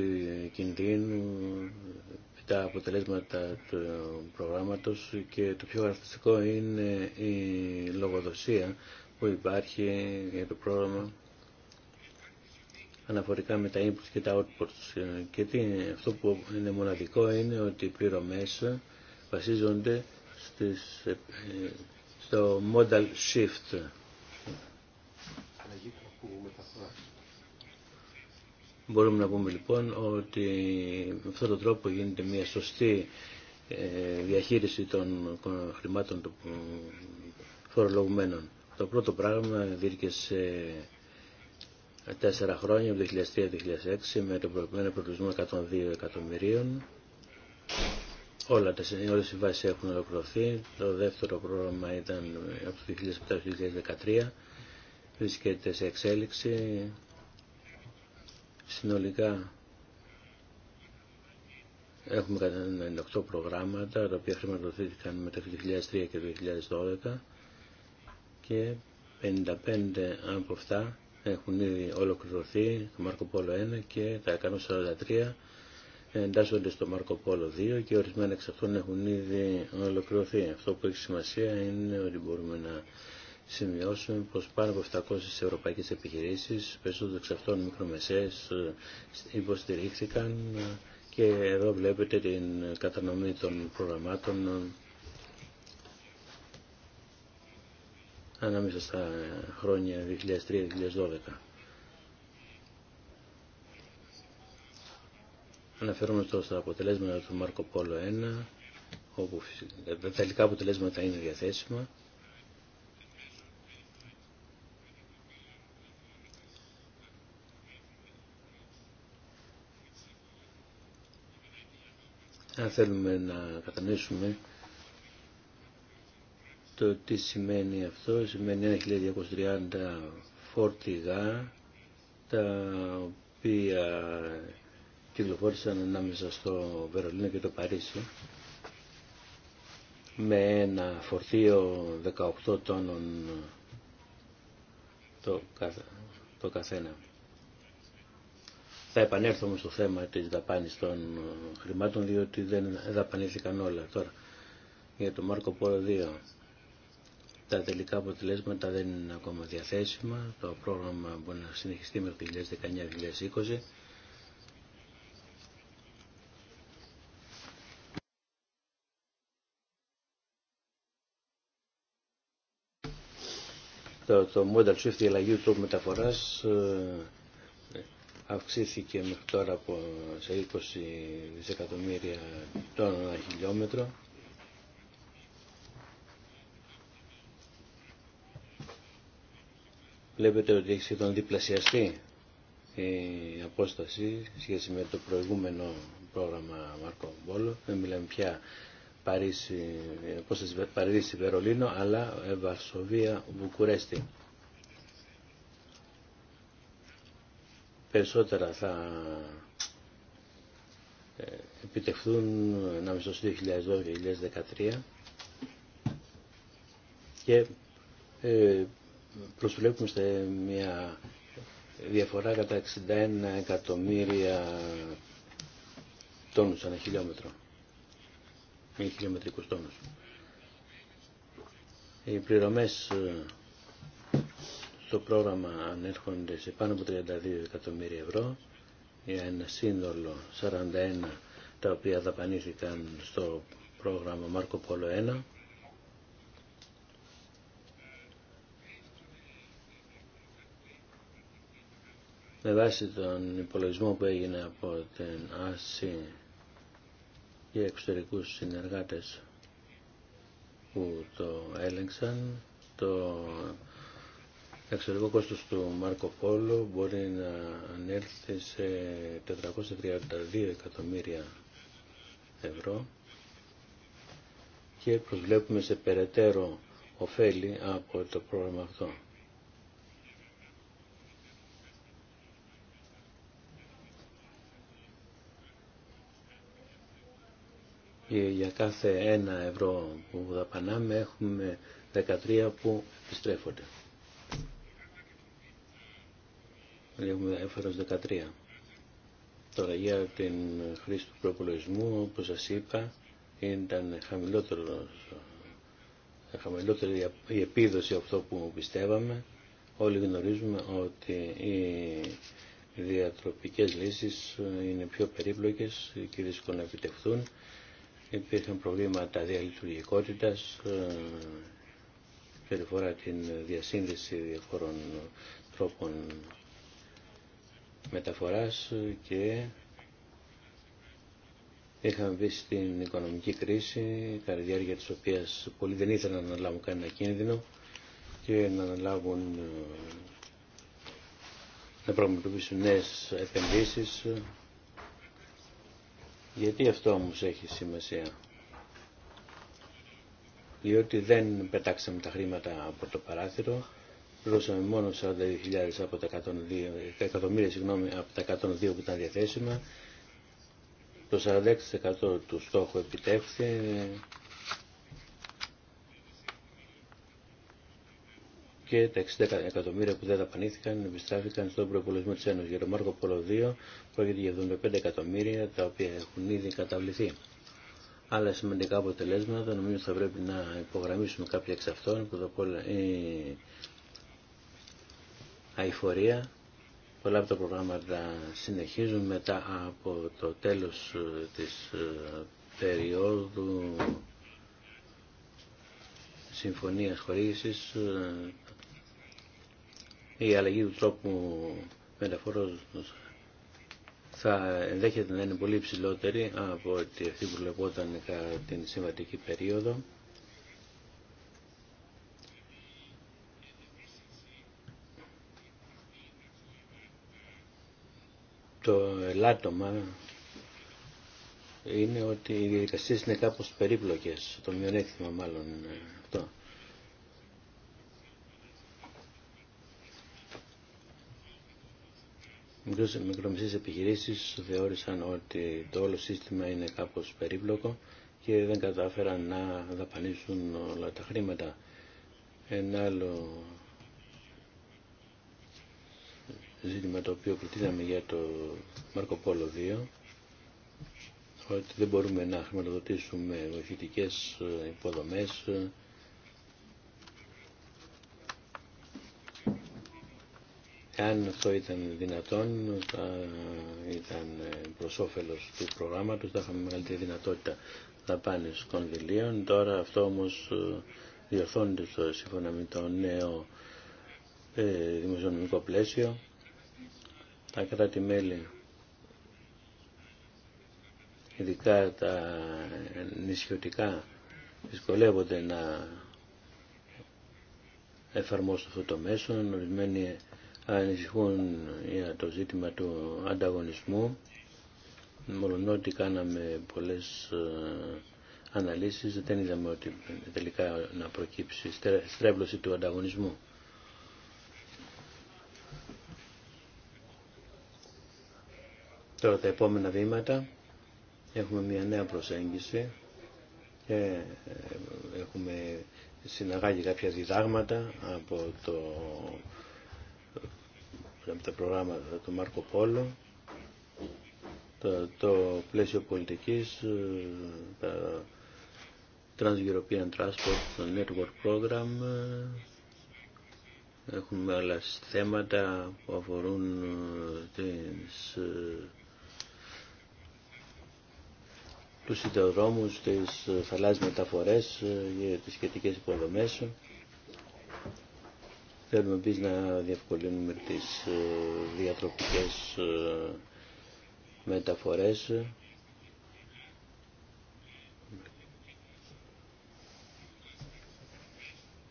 κινδύνου, τα αποτελέσματα του προγράμματος και το πιο χαρακτηριστικό είναι η λογοδοσία που υπάρχει για το πρόγραμμα αναφορικά με τα inputs και τα outputs. Και τι αυτό που είναι μοναδικό είναι ότι οι πληρωμές βασίζονται στις, ε, στο modal shift. Μπορούμε να πούμε λοιπόν ότι με αυτόν τον τρόπο γίνεται μια σωστή ε, διαχείριση των χρημάτων των φορολογουμένων. Το πρώτο πράγμα δίρκε σε τέσσερα χρόνια, από το 2003-2006, με τον προηγούμενο προβλησμό 102 εκατομμυρίων. Όλα τα, όλες οι βάσεις έχουν ολοκληρωθεί. Το δεύτερο πρόγραμμα ήταν από το 2007-2013. Βρίσκεται σε εξέλιξη. Συνολικά έχουμε 98 προγράμματα, τα οποία χρηματοδοτήθηκαν το 2003 και 2012 και 55 από αυτά έχουν ήδη ολοκληρωθεί το Μάρκο Πόλο 1 και τα 143 εντάσσονται στο Μάρκο Πόλο 2 και ορισμένα εξ αυτών έχουν ήδη ολοκληρωθεί. Αυτό που έχει σημασία είναι ότι μπορούμε να σημειώσουμε πως πάνω από 700 ευρωπαϊκές επιχειρήσεις, περισσότερο εξ αυτών μικρομεσαίες, υποστηρίχθηκαν και εδώ βλέπετε την κατανομή των προγραμμάτων ανάμεσα στα χρόνια 2003-2012. Αναφέρομαι τώρα στα αποτελέσματα του Μάρκο Πόλο 1, όπου τα τελικά αποτελέσματα είναι διαθέσιμα. Αν θέλουμε να κατανοήσουμε το τι σημαίνει αυτό, σημαίνει 1230 φόρτιγα τα οποία κυκλοφόρησαν ανάμεσα στο Βερολίνο και το Παρίσι με ένα φορτίο 18 τόνων το, καθένα. Θα επανέλθω στο θέμα της δαπάνης των χρημάτων διότι δεν δαπανήθηκαν όλα τώρα για το Μάρκο Πόλο τα τελικά αποτελέσματα δεν είναι ακόμα διαθέσιμα. Το πρόγραμμα μπορεί να συνεχιστεί μέχρι το 2019-2020. Το, το Model shift, η αλλαγή του μεταφοράς ε, αυξήθηκε μέχρι τώρα από σε 20 δισεκατομμύρια τόνα χιλιόμετρο Βλέπετε ότι έχει σχεδόν διπλασιαστεί η απόσταση σχέση με το προηγούμενο πρόγραμμα Μάρκο Δεν μιλάμε πια Παρίσι, απόσταση Παρίσι Βερολίνο, αλλά ε, Βαρσοβία Βουκουρέστη. Περισσότερα θα ε, επιτευχθούν ανάμεσα στο 2012-2013 και προσβλέπουμε σε μια διαφορά κατά 61 εκατομμύρια τόνους ανά χιλιόμετρο. Ή χιλιομετρικούς τόνους. Οι πληρωμές ε, στο πρόγραμμα ανέρχονται σε πάνω από 32 εκατομμύρια ευρώ για ένα σύνολο 41 τα οποία δαπανήθηκαν στο πρόγραμμα Μάρκο Πόλο 1 με βάση τον υπολογισμό που έγινε από την ΑΣΥ και εξωτερικούς συνεργάτες που το έλεγξαν, το εξωτερικό κόστος του Μάρκο Πόλο μπορεί να ανέλθει σε 432 εκατομμύρια ευρώ και προσβλέπουμε σε περαιτέρω ωφέλη από το πρόγραμμα αυτό. για κάθε ένα ευρώ που δαπανάμε έχουμε 13 που επιστρέφονται. Δηλαδή έχουμε έφερος 13. Τώρα για την χρήση του προπολογισμού, όπως σας είπα, ήταν χαμηλότερο, χαμηλότερη η επίδοση αυτό που πιστεύαμε. Όλοι γνωρίζουμε ότι οι διατροπικές λύσεις είναι πιο περίπλοκες και δύσκολο να επιτευχθούν υπήρχαν προβλήματα διαλειτουργικότητας ε, σε φορά την διασύνδεση διαφορών τρόπων μεταφοράς και είχαμε μπει στην οικονομική κρίση, κατά τη της οποίας πολλοί δεν ήθελαν να αναλάβουν κανένα κίνδυνο και να αναλάβουν ε, να πραγματοποιήσουν νέες επενδύσεις γιατί αυτό όμως έχει σημασία. Διότι δεν πετάξαμε τα χρήματα από το παράθυρο, πλούσαμε μόνο 42.000 από τα 102, εκατομμύρια από τα 102 που ήταν διαθέσιμα. Το 46% του στόχου επιτεύχθη, και τα 60 εκατομμύρια που δεν δαπανήθηκαν επιστράφηκαν στον προπολογισμό της Ένωσης. Για το Μάρκο Πόλο 2 πρόκειται για 75 εκατομμύρια τα οποία έχουν ήδη καταβληθεί. Άλλα σημαντικά αποτελέσματα νομίζω θα πρέπει να υπογραμμίσουμε κάποια εξ αυτών. Πρώτα απ' όλα η αηφορία. Πολλά από τα προγράμματα συνεχίζουν μετά από το τέλος ε, της ε, περίοδου συμφωνίας χορήγησης ε, η αλλαγή του τρόπου μεταφορών θα ενδέχεται να είναι πολύ υψηλότερη από ότι αυτή που λεγόταν κατά την συμβατική περίοδο. Το ελάττωμα είναι ότι οι διαδικασίες είναι κάπως περίπλοκες, το μειονέκτημα μάλλον ε, αυτό. μικρομεσαίες επιχειρήσεις θεώρησαν ότι το όλο σύστημα είναι κάπως περίπλοκο και δεν κατάφεραν να δαπανίσουν όλα τα χρήματα. Ένα άλλο ζήτημα το οποίο προτείναμε για το Μάρκο Πόλο 2 ότι δεν μπορούμε να χρηματοδοτήσουμε βοηθητικές υποδομές Εάν αυτό ήταν δυνατόν, θα ήταν προ όφελο του προγράμματος, θα είχαμε μεγαλύτερη δυνατότητα δαπάνης κονδυλίων. Τώρα αυτό όμως ε, διορθώνεται στο σύμφωνα με το νέο ε, δημοσιονομικό πλαίσιο. Τα κράτη-μέλη, ειδικά τα νησιωτικά, δυσκολεύονται να εφαρμόσουν αυτό το μέσο. Ορισμένοι ανησυχούν για το ζήτημα του ανταγωνισμού μόνο ότι κάναμε πολλές ε, αναλύσεις δεν είδαμε ότι τελικά να προκύψει στρέβλωση του ανταγωνισμού. Τώρα τα επόμενα βήματα έχουμε μια νέα προσέγγιση και ε, έχουμε συναγάγει κάποια διδάγματα από το από τα προγράμματα του Μάρκο Πόλο, το, το πλαίσιο πολιτικής, ε, τα Trans-European Transport Network Program, ε, έχουμε άλλα θέματα που αφορούν ε, τις τους σιδεοδρόμους, τις θαλάσσιες μεταφορές για τις σχετικές υποδομές. Θέλουμε επίση να διευκολύνουμε τις ε, διατροπικές ε, μεταφορές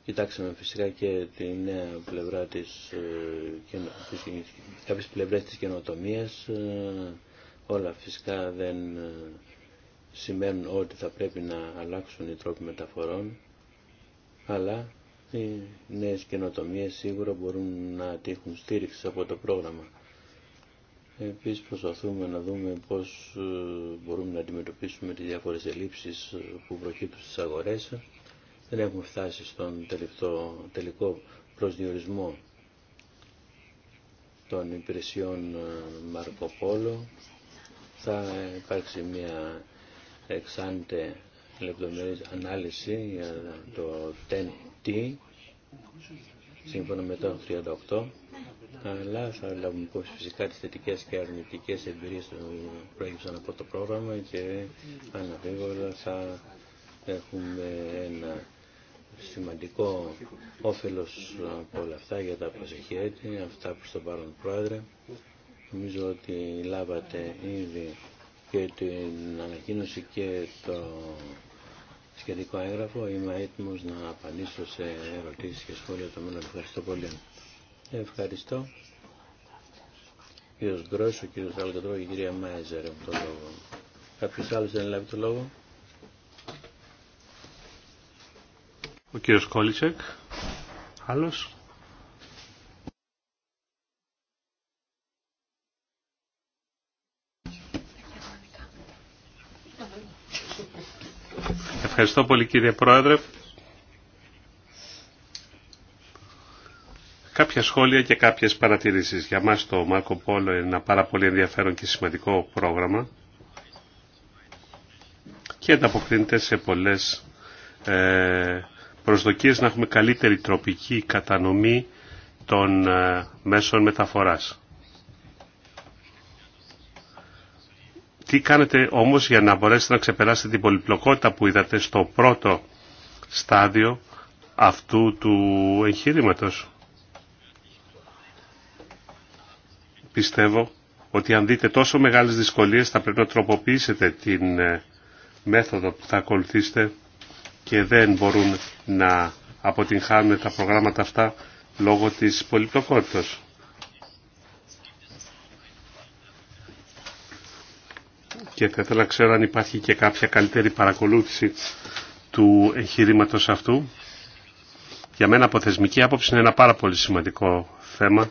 Κοιτάξαμε φυσικά και τη νέα πλευρά της, ε, κάποιες πλευρές της καινοτομίας. Όλα φυσικά δεν σημαίνουν ότι θα πρέπει να αλλάξουν οι τρόποι μεταφορών, αλλά οι νέες καινοτομίες σίγουρα μπορούν να τύχουν στήριξη από το πρόγραμμα. Επίσης προσπαθούμε να δούμε πώς ε, μπορούμε να αντιμετωπίσουμε τις διάφορες ελλείψεις ε, που προκύπτουν στις αγορές. Δεν έχουμε φτάσει στον τελικό, προσδιορισμό των υπηρεσιών Μαρκο ε, Πόλο. Θα υπάρξει μια εξάντε λεπτομερή ανάλυση για το σύμφωνα με το 38 αλλά θα λάβουμε υπόψη φυσικά τις θετικές και αρνητικές εμπειρίες που προέκυψαν από το πρόγραμμα και αναβίβολα θα έχουμε ένα σημαντικό όφελος από όλα αυτά για τα προσεχή αυτά που τον παρόν πρόεδρε. Νομίζω ότι λάβατε ήδη και την ανακοίνωση και το σχετικό έγγραφο. Είμαι έτοιμο να απαντήσω σε ερωτήσεις και σχόλια το μέλλον. Ευχαριστώ πολύ. Ευχαριστώ. Κύριο Γκρόσο, ο κύριος Αλκατρό η κυρία Μάιζερ από το λόγο. Κάποιος άλλος δεν λάβει το λόγο. Ο κύριος Κόλιτσεκ. Άλλος. Ευχαριστώ πολύ κύριε Πρόεδρε. Κάποια σχόλια και κάποιες παρατηρήσεις. Για μας το Μάρκο Πόλο είναι ένα πάρα πολύ ενδιαφέρον και σημαντικό πρόγραμμα και ανταποκρίνεται σε πολλές ε, προσδοκίες να έχουμε καλύτερη τροπική κατανομή των ε, μέσων μεταφοράς. Τι κάνετε όμως για να μπορέσετε να ξεπεράσετε την πολυπλοκότητα που είδατε στο πρώτο στάδιο αυτού του εγχείρηματος. Πιστεύω ότι αν δείτε τόσο μεγάλες δυσκολίες θα πρέπει να τροποποιήσετε την ε, μέθοδο που θα ακολουθήσετε και δεν μπορούν να αποτυγχάνουν τα προγράμματα αυτά λόγω της πολυπλοκότητας. και θα ήθελα να ξέρω αν υπάρχει και κάποια καλύτερη παρακολούθηση του εγχειρήματο αυτού. Για μένα από θεσμική άποψη είναι ένα πάρα πολύ σημαντικό θέμα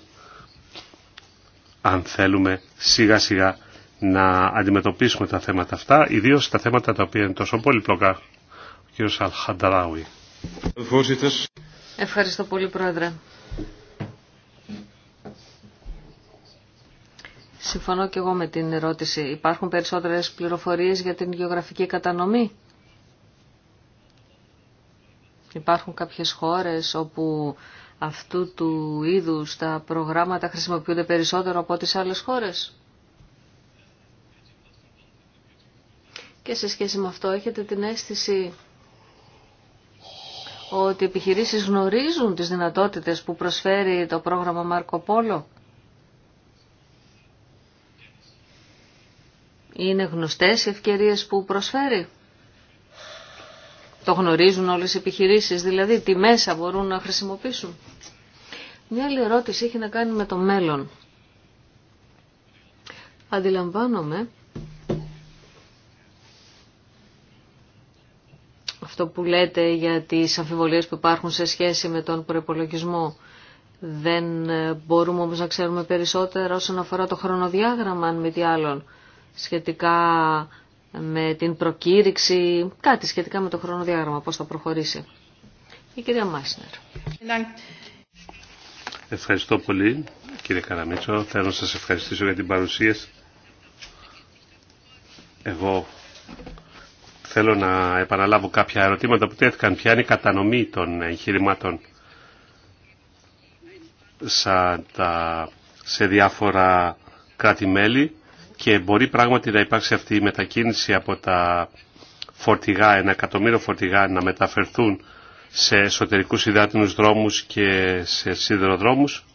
αν θέλουμε σιγά σιγά να αντιμετωπίσουμε τα θέματα αυτά, ιδίως τα θέματα τα οποία είναι τόσο πολύπλοκα. Ο κ. Αλχανταράουι. Ευχαριστώ πολύ, Πρόεδρε. Συμφωνώ και εγώ με την ερώτηση. Υπάρχουν περισσότερες πληροφορίες για την γεωγραφική κατανομή. Υπάρχουν κάποιες χώρες όπου αυτού του είδους τα προγράμματα χρησιμοποιούνται περισσότερο από τις άλλες χώρες. Και σε σχέση με αυτό έχετε την αίσθηση ότι οι επιχειρήσεις γνωρίζουν τις δυνατότητες που προσφέρει το πρόγραμμα Μάρκο Πόλο Είναι γνωστές οι ευκαιρίες που προσφέρει. Το γνωρίζουν όλες οι επιχειρήσεις, δηλαδή τι μέσα μπορούν να χρησιμοποιήσουν. Μια άλλη ερώτηση έχει να κάνει με το μέλλον. Αντιλαμβάνομαι αυτό που λέτε για τις αμφιβολίες που υπάρχουν σε σχέση με τον προπολογισμό. Δεν μπορούμε όμως να ξέρουμε περισσότερα όσον αφορά το χρονοδιάγραμμα, αν μη τι άλλον σχετικά με την προκήρυξη, κάτι σχετικά με το χρονοδιάγραμμα, πώς θα προχωρήσει. Η κυρία Μάισνερ. Ευχαριστώ πολύ κύριε Καραμίτσο. Θέλω να σας ευχαριστήσω για την παρουσία Εγώ θέλω να επαναλάβω κάποια ερωτήματα που τέθηκαν. Ποια είναι η κατανομή των εγχειρημάτων σε διάφορα κράτη-μέλη και μπορεί πράγματι να υπάρξει αυτή η μετακίνηση από τα φορτηγά, ένα εκατομμύριο φορτηγά να μεταφερθούν σε εσωτερικούς υδάτινους δρόμους και σε σιδηροδρόμους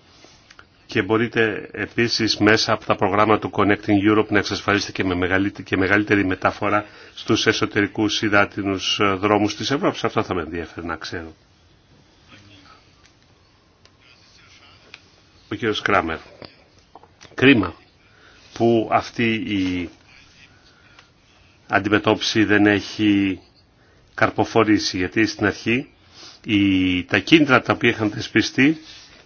και μπορείτε επίσης μέσα από τα προγράμματα του Connecting Europe να εξασφαλίσετε και, με μεγαλύτερη, και μεγαλύτερη μεταφορά στους εσωτερικούς υδάτινους ε, δρόμους της Ευρώπης. Αυτό θα με ενδιαφέρει να ξέρω. Ο κύριος Κράμερ. Κρίμα που αυτή η αντιμετώπιση δεν έχει καρποφορήσει γιατί στην αρχή η, τα κίνητρα τα οποία είχαν θεσπιστεί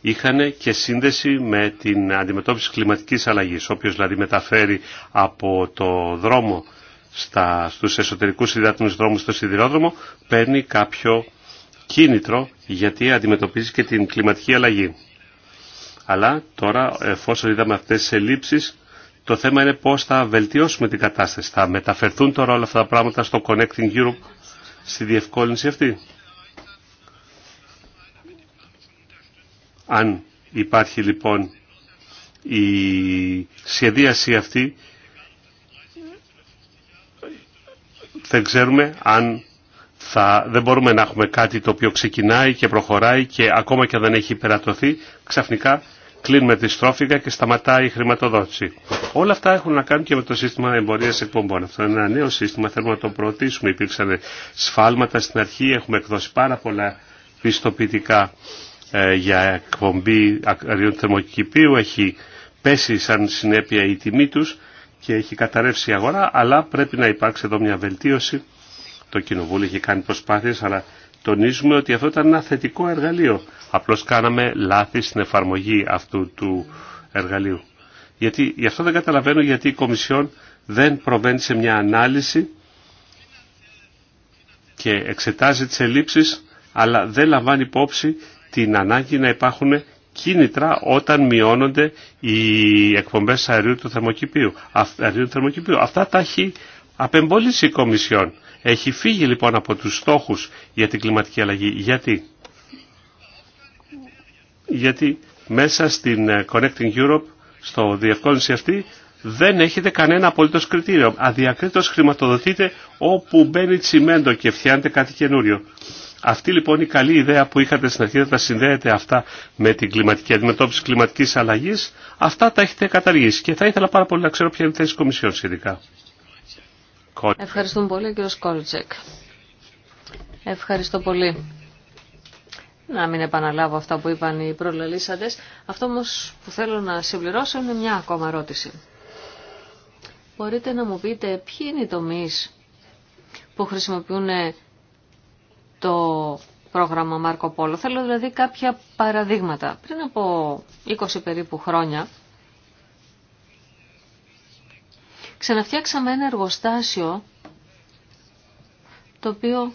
είχαν και σύνδεση με την αντιμετώπιση κλιματικής αλλαγής. Όποιος δηλαδή μεταφέρει από το δρόμο στα, στους εσωτερικούς υδάτινους δρόμους στο σιδηρόδρομο παίρνει κάποιο κίνητρο γιατί αντιμετωπίζει και την κλιματική αλλαγή. Αλλά τώρα εφόσον είδαμε αυτές τις ελλείψεις το θέμα είναι πώς θα βελτιώσουμε την κατάσταση. Θα μεταφερθούν τώρα όλα αυτά τα πράγματα στο Connecting Europe στη διευκόλυνση αυτή. Αν υπάρχει λοιπόν η σχεδίαση αυτή, δεν ξέρουμε αν θα, δεν μπορούμε να έχουμε κάτι το οποίο ξεκινάει και προχωράει και ακόμα και αν δεν έχει υπερατωθεί, ξαφνικά κλείνουμε τη στρόφιγγα και σταματάει η χρηματοδότηση. Όλα αυτά έχουν να κάνουν και με το σύστημα εμπορία εκπομπών. Αυτό είναι ένα νέο σύστημα, θέλουμε να το προωτήσουμε. Υπήρξαν σφάλματα στην αρχή, έχουμε εκδώσει πάρα πολλά πιστοποιητικά ε, για εκπομπή αριών θερμοκηπίου. Έχει πέσει σαν συνέπεια η τιμή του και έχει καταρρεύσει η αγορά, αλλά πρέπει να υπάρξει εδώ μια βελτίωση. Το Κοινοβούλιο έχει κάνει προσπάθειες, αλλά τονίζουμε ότι αυτό ήταν ένα θετικό εργαλείο. Απλώς κάναμε λάθη στην εφαρμογή αυτού του εργαλείου. Γιατί, γι' αυτό δεν καταλαβαίνω γιατί η Κομισιόν δεν προβαίνει σε μια ανάλυση και εξετάζει τις ελλείψεις, αλλά δεν λαμβάνει υπόψη την ανάγκη να υπάρχουν κίνητρα όταν μειώνονται οι εκπομπές αερίου του θερμοκηπίου. Αυτά τα έχει απεμπολίσει η Κομισιόν. Έχει φύγει λοιπόν από τους στόχους για την κλιματική αλλαγή. Γιατί? Γιατί μέσα στην ε, Connecting Europe, στο διευκόλυνση αυτή, δεν έχετε κανένα απολύτως κριτήριο. Αδιακρίτως χρηματοδοτείτε όπου μπαίνει τσιμέντο και φτιάνετε κάτι καινούριο. Αυτή λοιπόν η καλή ιδέα που είχατε στην αρχή, τα συνδέετε αυτά με την κλιματική αντιμετώπιση κλιματικής αλλαγής, αυτά τα έχετε καταργήσει. Και θα ήθελα πάρα πολύ να ξέρω ποια είναι η θέση της Κομισιόν σχετικά. Ευχαριστούμε πολύ κύριο Σκόλτσεκ. Ευχαριστώ πολύ. Να μην επαναλάβω αυτά που είπαν οι προλαλήσαντες. Αυτό όμω που θέλω να συμπληρώσω είναι μια ακόμα ερώτηση. Μπορείτε να μου πείτε ποιοι είναι οι τομείς που χρησιμοποιούν το πρόγραμμα Μάρκο Πόλο. Θέλω δηλαδή κάποια παραδείγματα. Πριν από 20 περίπου χρόνια ξαναφτιάξαμε ένα εργοστάσιο το οποίο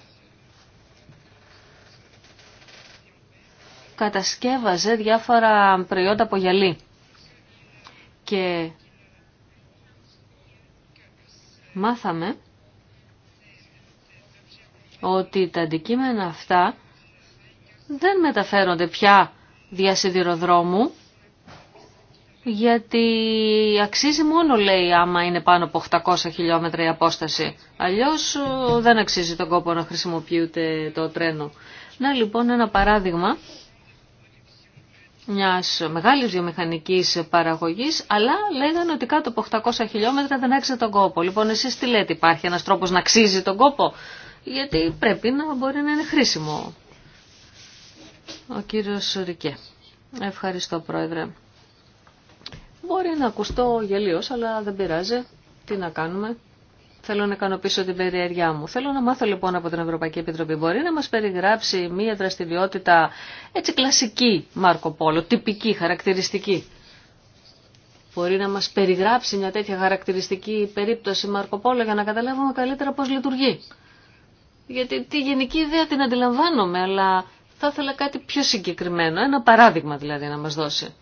κατασκεύαζε διάφορα προϊόντα από γυαλί. Και μάθαμε ότι τα αντικείμενα αυτά δεν μεταφέρονται πια δια γιατί αξίζει μόνο λέει άμα είναι πάνω από 800 χιλιόμετρα η απόσταση. Αλλιώς ε, δεν αξίζει τον κόπο να χρησιμοποιείται το τρένο. Να λοιπόν ένα παράδειγμα μιας μεγάλης βιομηχανικής παραγωγής, αλλά λέγανε ότι κάτω από 800 χιλιόμετρα δεν άξιζε τον κόπο. Λοιπόν, εσείς τι λέτε, υπάρχει ένας τρόπος να αξίζει τον κόπο, γιατί πρέπει να μπορεί να είναι χρήσιμο. Ο κύριος Ρικέ. Ευχαριστώ, Πρόεδρε. Μπορεί να ακουστώ γελίο, αλλά δεν πειράζει. Τι να κάνουμε. Θέλω να ικανοποιήσω την περιέργειά μου. Θέλω να μάθω λοιπόν από την Ευρωπαϊκή Επιτροπή. Μπορεί να μα περιγράψει μία δραστηριότητα έτσι κλασική Μάρκο Πόλο, τυπική, χαρακτηριστική. Μπορεί να μα περιγράψει μια τέτοια χαρακτηριστική περίπτωση Μάρκο Πόλο για να καταλάβουμε καλύτερα πώ λειτουργεί. Γιατί τη γενική ιδέα την αντιλαμβάνομαι, αλλά θα ήθελα κάτι πιο συγκεκριμένο, ένα παράδειγμα δηλαδή να μας δώσει.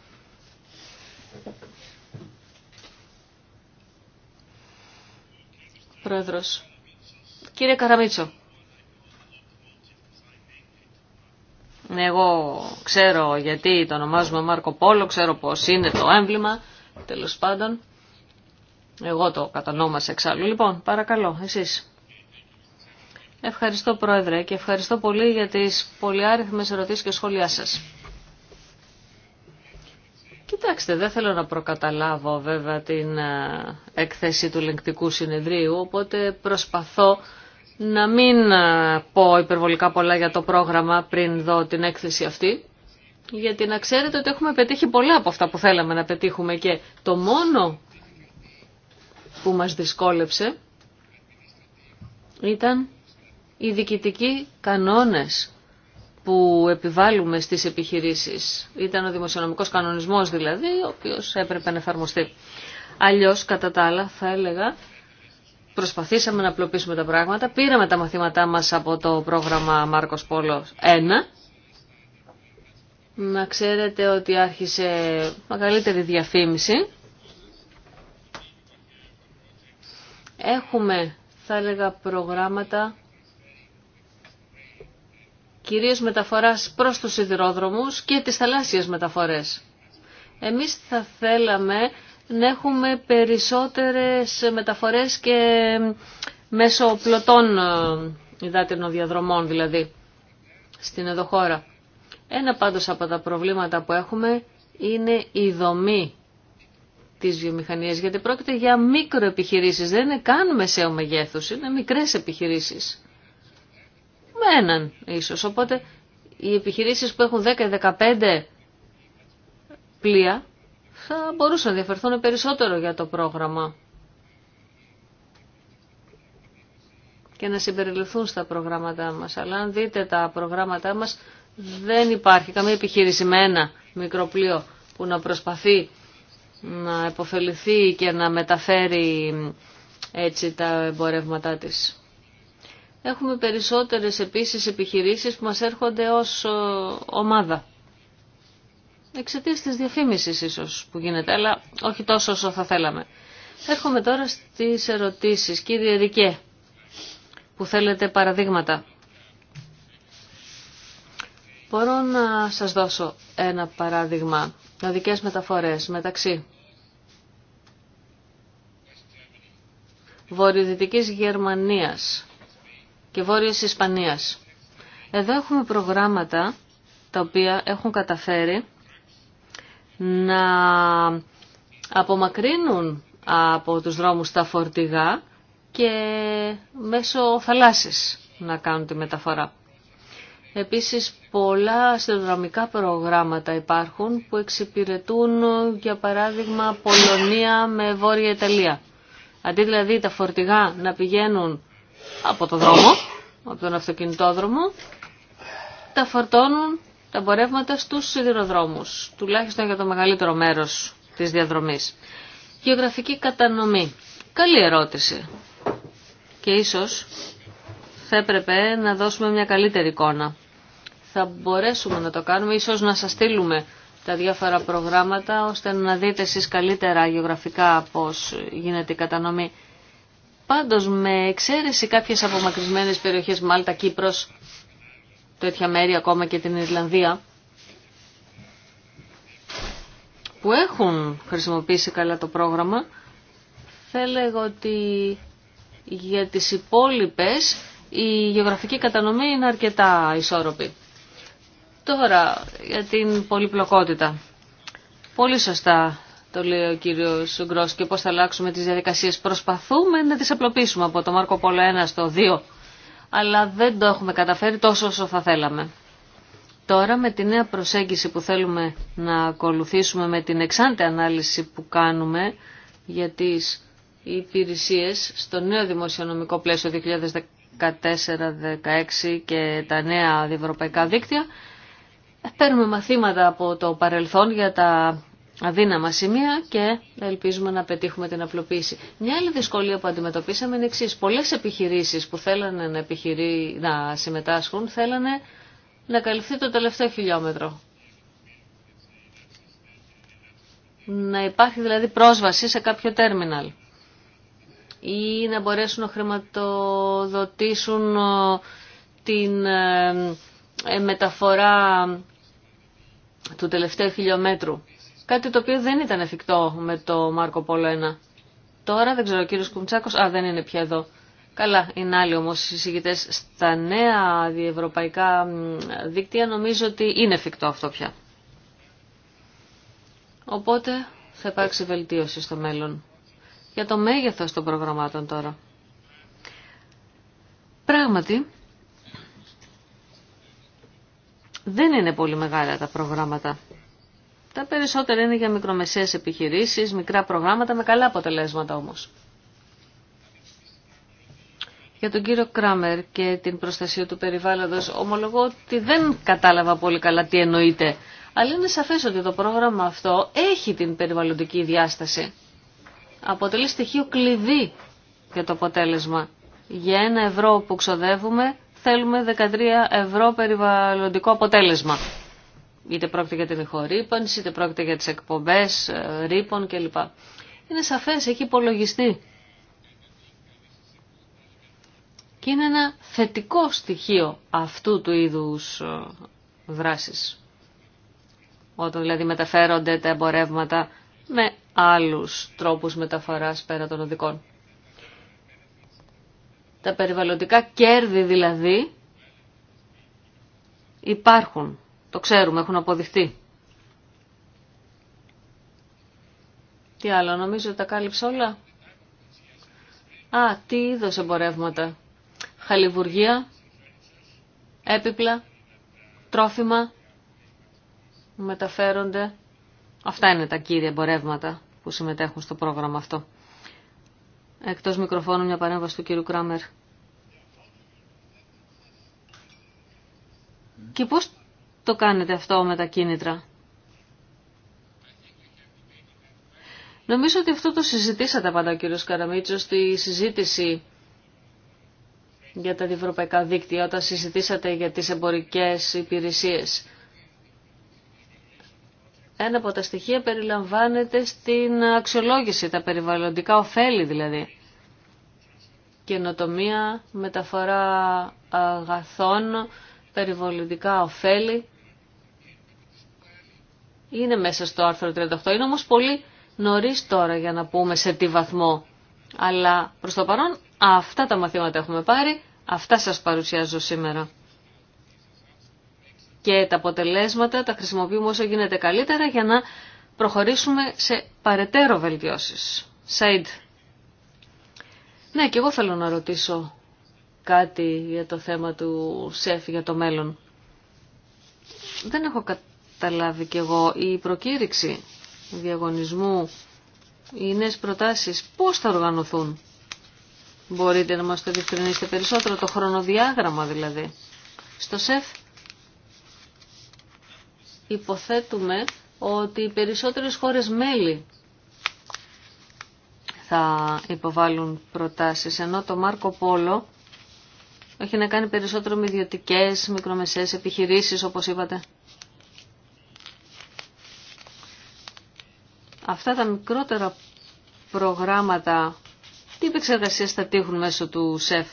Πρόεδρος. Κύριε Καραμίτσο. Ναι, εγώ ξέρω γιατί το ονομάζουμε Μάρκο Πόλο, ξέρω πώς είναι το έμβλημα, τέλος πάντων. Εγώ το κατανόμασα εξάλλου. Λοιπόν, παρακαλώ, εσείς. Ευχαριστώ Πρόεδρε και ευχαριστώ πολύ για τις πολυάριθμες ερωτήσεις και σχόλιά σας. Κοιτάξτε, δεν θέλω να προκαταλάβω βέβαια την ε, έκθεση του λεγκτικού συνεδρίου, οπότε προσπαθώ να μην ε, πω υπερβολικά πολλά για το πρόγραμμα πριν δω την έκθεση αυτή, γιατί να ξέρετε ότι έχουμε πετύχει πολλά από αυτά που θέλαμε να πετύχουμε και το μόνο που μας δυσκόλεψε ήταν οι διοικητικοί κανόνες που επιβάλλουμε στις επιχειρήσεις. Ήταν ο δημοσιονομικός κανονισμός δηλαδή, ο οποίος έπρεπε να εφαρμοστεί. Αλλιώς, κατά τα άλλα, θα έλεγα, προσπαθήσαμε να απλοποιήσουμε τα πράγματα, πήραμε τα μαθήματά μας από το πρόγραμμα Μάρκος Πόλος 1, να ξέρετε ότι άρχισε μεγαλύτερη διαφήμιση. Έχουμε, θα έλεγα, προγράμματα κυρίως μεταφοράς προς τους σιδηρόδρομους και τις θαλάσσιες μεταφορές. Εμείς θα θέλαμε να έχουμε περισσότερες μεταφορές και μέσω πλωτών ε, υδάτινων διαδρομών δηλαδή στην εδώ Ένα πάντως από τα προβλήματα που έχουμε είναι η δομή της βιομηχανίας, γιατί πρόκειται για μικροεπιχειρήσεις, δεν είναι καν μεσαίου μεγέθους, είναι μικρές επιχειρήσεις με έναν ίσως. Οπότε οι επιχειρήσεις που έχουν 10-15 πλοία θα μπορούσαν να διαφερθούν περισσότερο για το πρόγραμμα και να συμπεριληφθούν στα προγράμματά μας. Αλλά αν δείτε τα προγράμματά μας δεν υπάρχει καμία επιχείρηση με ένα μικρό πλοίο που να προσπαθεί να επωφεληθεί και να μεταφέρει έτσι τα εμπορεύματά της. Έχουμε περισσότερες επίσης επιχειρήσεις που μας έρχονται ως ε, ομάδα. Εξαιτίας της διαφήμισης ίσως που γίνεται, αλλά όχι τόσο όσο θα θέλαμε. Έρχομαι τώρα στις ερωτήσεις. Κύριε Ρικέ, που θέλετε παραδείγματα. Μπορώ να σας δώσω ένα παράδειγμα. δικές μεταφορές μεταξύ βορειοδυτικής Γερμανίας και Βόρειας Ισπανίας. Εδώ έχουμε προγράμματα τα οποία έχουν καταφέρει να απομακρύνουν από τους δρόμους τα φορτηγά και μέσω θαλάσσης να κάνουν τη μεταφορά. Επίσης πολλά αστυνομικά προγράμματα υπάρχουν που εξυπηρετούν για παράδειγμα Πολωνία με Βόρεια Ιταλία. Αντί δηλαδή τα φορτηγά να πηγαίνουν από το δρόμο, από τον αυτοκινητόδρομο, τα φορτώνουν τα εμπορεύματα στους σιδηροδρόμους, τουλάχιστον για το μεγαλύτερο μέρος της διαδρομής. Γεωγραφική κατανομή. Καλή ερώτηση. Και ίσως θα έπρεπε να δώσουμε μια καλύτερη εικόνα. Θα μπορέσουμε να το κάνουμε, ίσως να σας στείλουμε τα διάφορα προγράμματα, ώστε να δείτε εσείς καλύτερα γεωγραφικά πώς γίνεται η κατανομή. Πάντως με εξαίρεση κάποιες απομακρυσμένες περιοχές Μάλτα, Κύπρος, τέτοια μέρη ακόμα και την Ιρλανδία, που έχουν χρησιμοποιήσει καλά το πρόγραμμα, θα έλεγα ότι για τις υπόλοιπες η γεωγραφική κατανομή είναι αρκετά ισόρροπη. Τώρα για την πολυπλοκότητα. Πολύ σωστά το λέει ο κύριος Γκρός και πώς θα αλλάξουμε τις διαδικασίες. Προσπαθούμε να τις απλοποιήσουμε από το Μάρκο Πόλο 1 στο 2, αλλά δεν το έχουμε καταφέρει τόσο όσο θα θέλαμε. Τώρα με τη νέα προσέγγιση που θέλουμε να ακολουθήσουμε με την εξάντια ανάλυση που κάνουμε για τις υπηρεσίες στο νέο δημοσιονομικό πλαίσιο 2014-2016 και τα νέα διευρωπαϊκά δίκτυα, παίρνουμε μαθήματα από το παρελθόν για τα αδύναμα σημεία και ελπίζουμε να πετύχουμε την απλοποίηση. Μια άλλη δυσκολία που αντιμετωπίσαμε είναι εξή. Πολλέ επιχειρήσει που θέλανε να, να συμμετάσχουν θέλανε να καλυφθεί το τελευταίο χιλιόμετρο. Να υπάρχει δηλαδή πρόσβαση σε κάποιο τέρμιναλ ή να μπορέσουν να χρηματοδοτήσουν ε, την ε, ε, μεταφορά του τελευταίου χιλιόμετρου. Κάτι το οποίο δεν ήταν εφικτό με το Μάρκο Πόλο 1. Τώρα δεν ξέρω ο κύριος Κουμτσάκος, α δεν είναι πια εδώ. Καλά, είναι άλλοι όμως οι συζητητές στα νέα διευρωπαϊκά δίκτυα νομίζω ότι είναι εφικτό αυτό πια. Οπότε θα υπάρξει βελτίωση στο μέλλον. Για το μέγεθος των προγραμμάτων τώρα. Πράγματι, δεν είναι πολύ μεγάλα τα προγράμματα. Τα περισσότερα είναι για μικρομεσαίες επιχειρήσεις, μικρά προγράμματα με καλά αποτελέσματα όμως. Για τον κύριο Κράμερ και την προστασία του περιβάλλοντος ομολογώ ότι δεν κατάλαβα πολύ καλά τι εννοείται. Αλλά είναι σαφές ότι το πρόγραμμα αυτό έχει την περιβαλλοντική διάσταση. Αποτελεί στοιχείο κλειδί για το αποτέλεσμα. Για ένα ευρώ που ξοδεύουμε θέλουμε 13 ευρώ περιβαλλοντικό αποτέλεσμα είτε πρόκειται για την ηχορύπανση, είτε πρόκειται για τις εκπομπές ε, ρήπων κλπ. Είναι σαφές, έχει υπολογιστεί. Και είναι ένα θετικό στοιχείο αυτού του είδους ε, δράσης. Όταν δηλαδή μεταφέρονται τα εμπορεύματα με άλλους τρόπους μεταφοράς πέρα των οδικών. Τα περιβαλλοντικά κέρδη δηλαδή υπάρχουν το ξέρουμε, έχουν αποδειχτεί. Τι άλλο, νομίζω ότι τα κάλυψα όλα. Α, τι είδο εμπορεύματα. Χαλιβουργία, έπιπλα, τρόφιμα, μεταφέρονται. Αυτά είναι τα κύρια εμπορεύματα που συμμετέχουν στο πρόγραμμα αυτό. Εκτός μικροφώνου μια παρέμβαση του κύριου Κράμερ. Και πώς το κάνετε αυτό με τα κίνητρα. Νομίζω ότι αυτό το συζητήσατε πάντα ο κύριος στη συζήτηση για τα ευρωπαϊκά δίκτυα όταν συζητήσατε για τις εμπορικές υπηρεσίες. Ένα από τα στοιχεία περιλαμβάνεται στην αξιολόγηση, τα περιβαλλοντικά ωφέλη δηλαδή. Καινοτομία, μεταφορά αγαθών, περιβαλλοντικά ωφέλη είναι μέσα στο άρθρο 38. Είναι όμως πολύ νωρίς τώρα για να πούμε σε τι βαθμό. Αλλά προς το παρόν αυτά τα μαθήματα έχουμε πάρει, αυτά σας παρουσιάζω σήμερα. Και τα αποτελέσματα τα χρησιμοποιούμε όσο γίνεται καλύτερα για να προχωρήσουμε σε παρετέρω βελτιώσεις. Σαϊντ. Ναι, και εγώ θέλω να ρωτήσω κάτι για το θέμα του ΣΕΦ για το μέλλον. Δεν έχω καταλάβει κι εγώ. Η προκήρυξη διαγωνισμού, οι νέες προτάσεις, πώς θα οργανωθούν. Μπορείτε να μας το διευκρινίσετε περισσότερο, το χρονοδιάγραμμα δηλαδή. Στο ΣΕΦ υποθέτουμε ότι οι περισσότερες χώρες μέλη θα υποβάλουν προτάσεις, ενώ το Μάρκο Πόλο έχει να κάνει περισσότερο με ιδιωτικέ μικρομεσαίες επιχειρήσεις, όπως είπατε. αυτά τα μικρότερα προγράμματα, τι επεξεργασίες θα τύχουν μέσω του ΣΕΦ.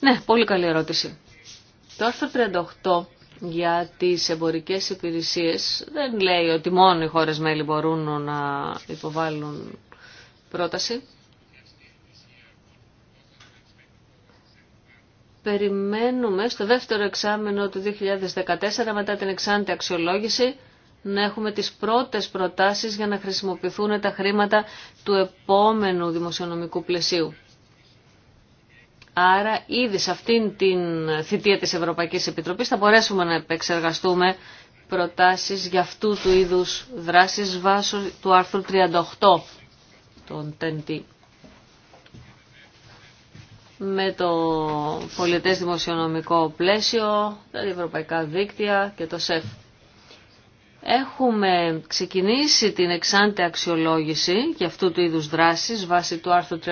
Ναι, πολύ καλή ερώτηση. Το άρθρο 38 για τις εμπορικές υπηρεσίες δεν λέει ότι μόνο οι χώρες μέλη μπορούν να υποβάλουν πρόταση. περιμένουμε στο δεύτερο εξάμεινο του 2014 μετά την εξάντη αξιολόγηση να έχουμε τις πρώτες προτάσεις για να χρησιμοποιηθούν τα χρήματα του επόμενου δημοσιονομικού πλαισίου. Άρα ήδη σε αυτήν την θητεία της Ευρωπαϊκής Επιτροπής θα μπορέσουμε να επεξεργαστούμε προτάσεις για αυτού του είδους δράσεις βάσω του άρθρου 38 των ΤΕΝΤΗ με το πολιτές δημοσιονομικό πλαίσιο, τα ευρωπαϊκά δίκτυα και το ΣΕΦ. Έχουμε ξεκινήσει την εξάντια αξιολόγηση για αυτού του είδους δράσεις βάσει του άρθρου 38,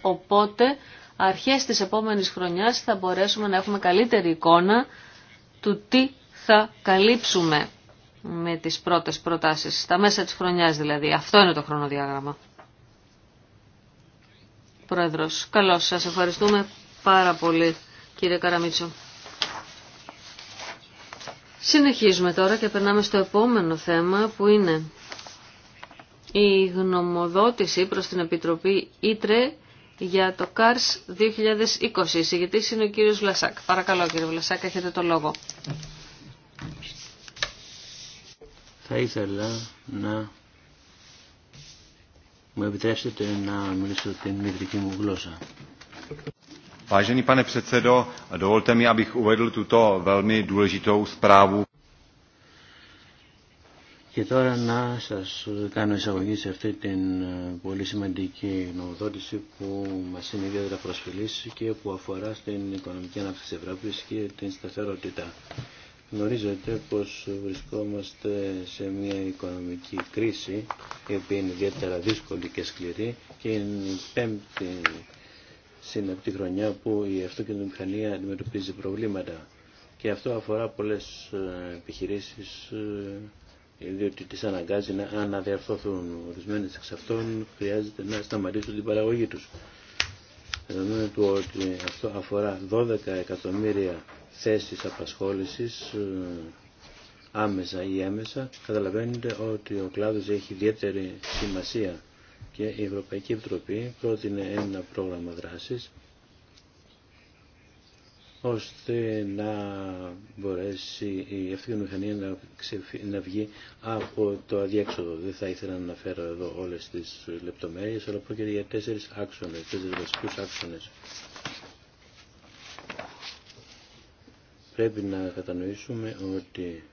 οπότε αρχές της επόμενης χρονιάς θα μπορέσουμε να έχουμε καλύτερη εικόνα του τι θα καλύψουμε με τις πρώτες προτάσεις, τα μέσα της χρονιάς δηλαδή. Αυτό είναι το χρονοδιάγραμμα. Πρόεδρος. Καλώς σας ευχαριστούμε πάρα πολύ κύριε Καραμίτσο. Συνεχίζουμε τώρα και περνάμε στο επόμενο θέμα που είναι η γνωμοδότηση προς την Επιτροπή Ήτρε για το ΚΑΡΣ 2020. Εισηγητής είναι ο κύριος Βλασάκ. Παρακαλώ κύριε Βλασάκ, έχετε το λόγο. Θα ήθελα να μου επιτρέψετε να μιλήσω την μητρική μου γλώσσα. Και τώρα να σας κάνω εισαγωγή σε αυτή την ε, πολύ σημαντική νομοδότηση που μας είναι ιδιαίτερα προσφυλής και που αφορά στην οικονομική ανάπτυξη της Ευρώπης και την σταθερότητα. Γνωρίζετε πως βρισκόμαστε σε μια οικονομική κρίση η οποία είναι ιδιαίτερα δύσκολη και σκληρή και είναι η πέμπτη συνεπτή χρονιά που η αυτοκινητομηχανία αντιμετωπίζει προβλήματα και αυτό αφορά πολλές ε, επιχειρήσεις ε, διότι τις αναγκάζει να αναδιαρθώθουν ορισμένες εξ αυτών χρειάζεται να σταματήσουν την παραγωγή τους. Δεδομένου του ότι αυτό αφορά 12 εκατομμύρια θέσεις απασχόλησης ε, άμεσα ή έμεσα, καταλαβαίνετε ότι ο κλάδος έχει ιδιαίτερη σημασία και η Ευρωπαϊκή Επιτροπή πρότεινε ένα πρόγραμμα δράσης ώστε να μπορέσει η αυτοκινομηχανία να, ξεφυ... να βγει από το αδιέξοδο. Δεν θα ήθελα να αναφέρω εδώ όλες τις λεπτομέρειες, αλλά πρόκειται για τέσσερις άξονες, τέσσερις βασικούς άξονες. πρέπει να κατανοήσουμε ότι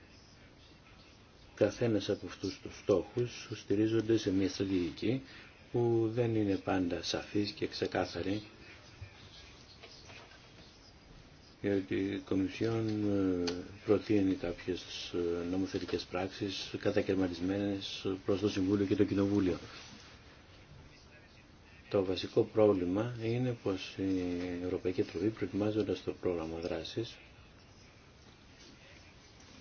καθένας από αυτούς τους στόχους στηρίζονται σε μια στρατηγική που δεν είναι πάντα σαφής και ξεκάθαρη γιατί η Κομισιόν ε, προτείνει κάποιες ε, νομοθετικές πράξεις κατακαιρματισμένες προς το Συμβούλιο και το Κοινοβούλιο. Το βασικό πρόβλημα είναι πως η Ευρωπαϊκή Τροπή προετοιμάζοντας το πρόγραμμα δράσης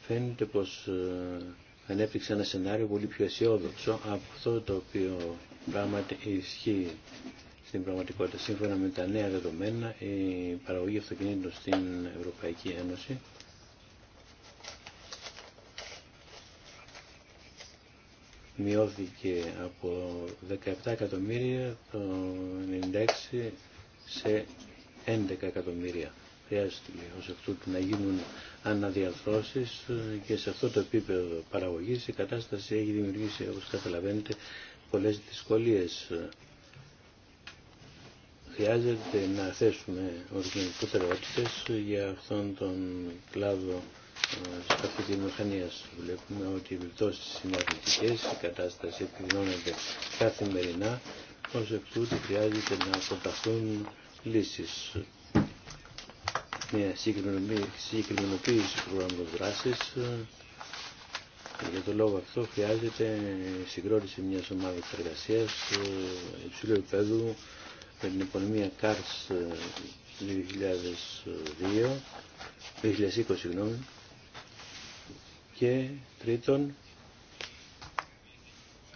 φαίνεται πως ε, ανέπτυξε ένα σενάριο πολύ πιο αισιόδοξο από αυτό το οποίο πράγματι ισχύει στην πραγματικότητα. Σύμφωνα με τα νέα δεδομένα, η παραγωγή αυτοκινήτων στην Ευρωπαϊκή Ένωση μειώθηκε από 17 εκατομμύρια το 96 σε 11 εκατομμύρια χρειάζεται ως εκ τούτου να γίνουν αναδιαρθρώσεις ε, και σε αυτό το επίπεδο παραγωγής η κατάσταση έχει δημιουργήσει όπως καταλαβαίνετε πολλές δυσκολίες. Χρειάζεται να θέσουμε ορισμένες προτεραιότητες για αυτόν τον κλάδο ε, αυτή τη μηχανία βλέπουμε ότι οι επιπτώσεις είναι αρνητικές, η κατάσταση επιδεινώνεται καθημερινά, ως εκ τούτου χρειάζεται να αποταθούν λύσεις μια συγκεκριμενοποίηση προγράμματος δράσης. Ε, για τον λόγο αυτό χρειάζεται συγκρότηση μιας ομάδας εργασίας ε, υψηλού επίπεδου με την οικονομία CARS 2002, 2020 και τρίτον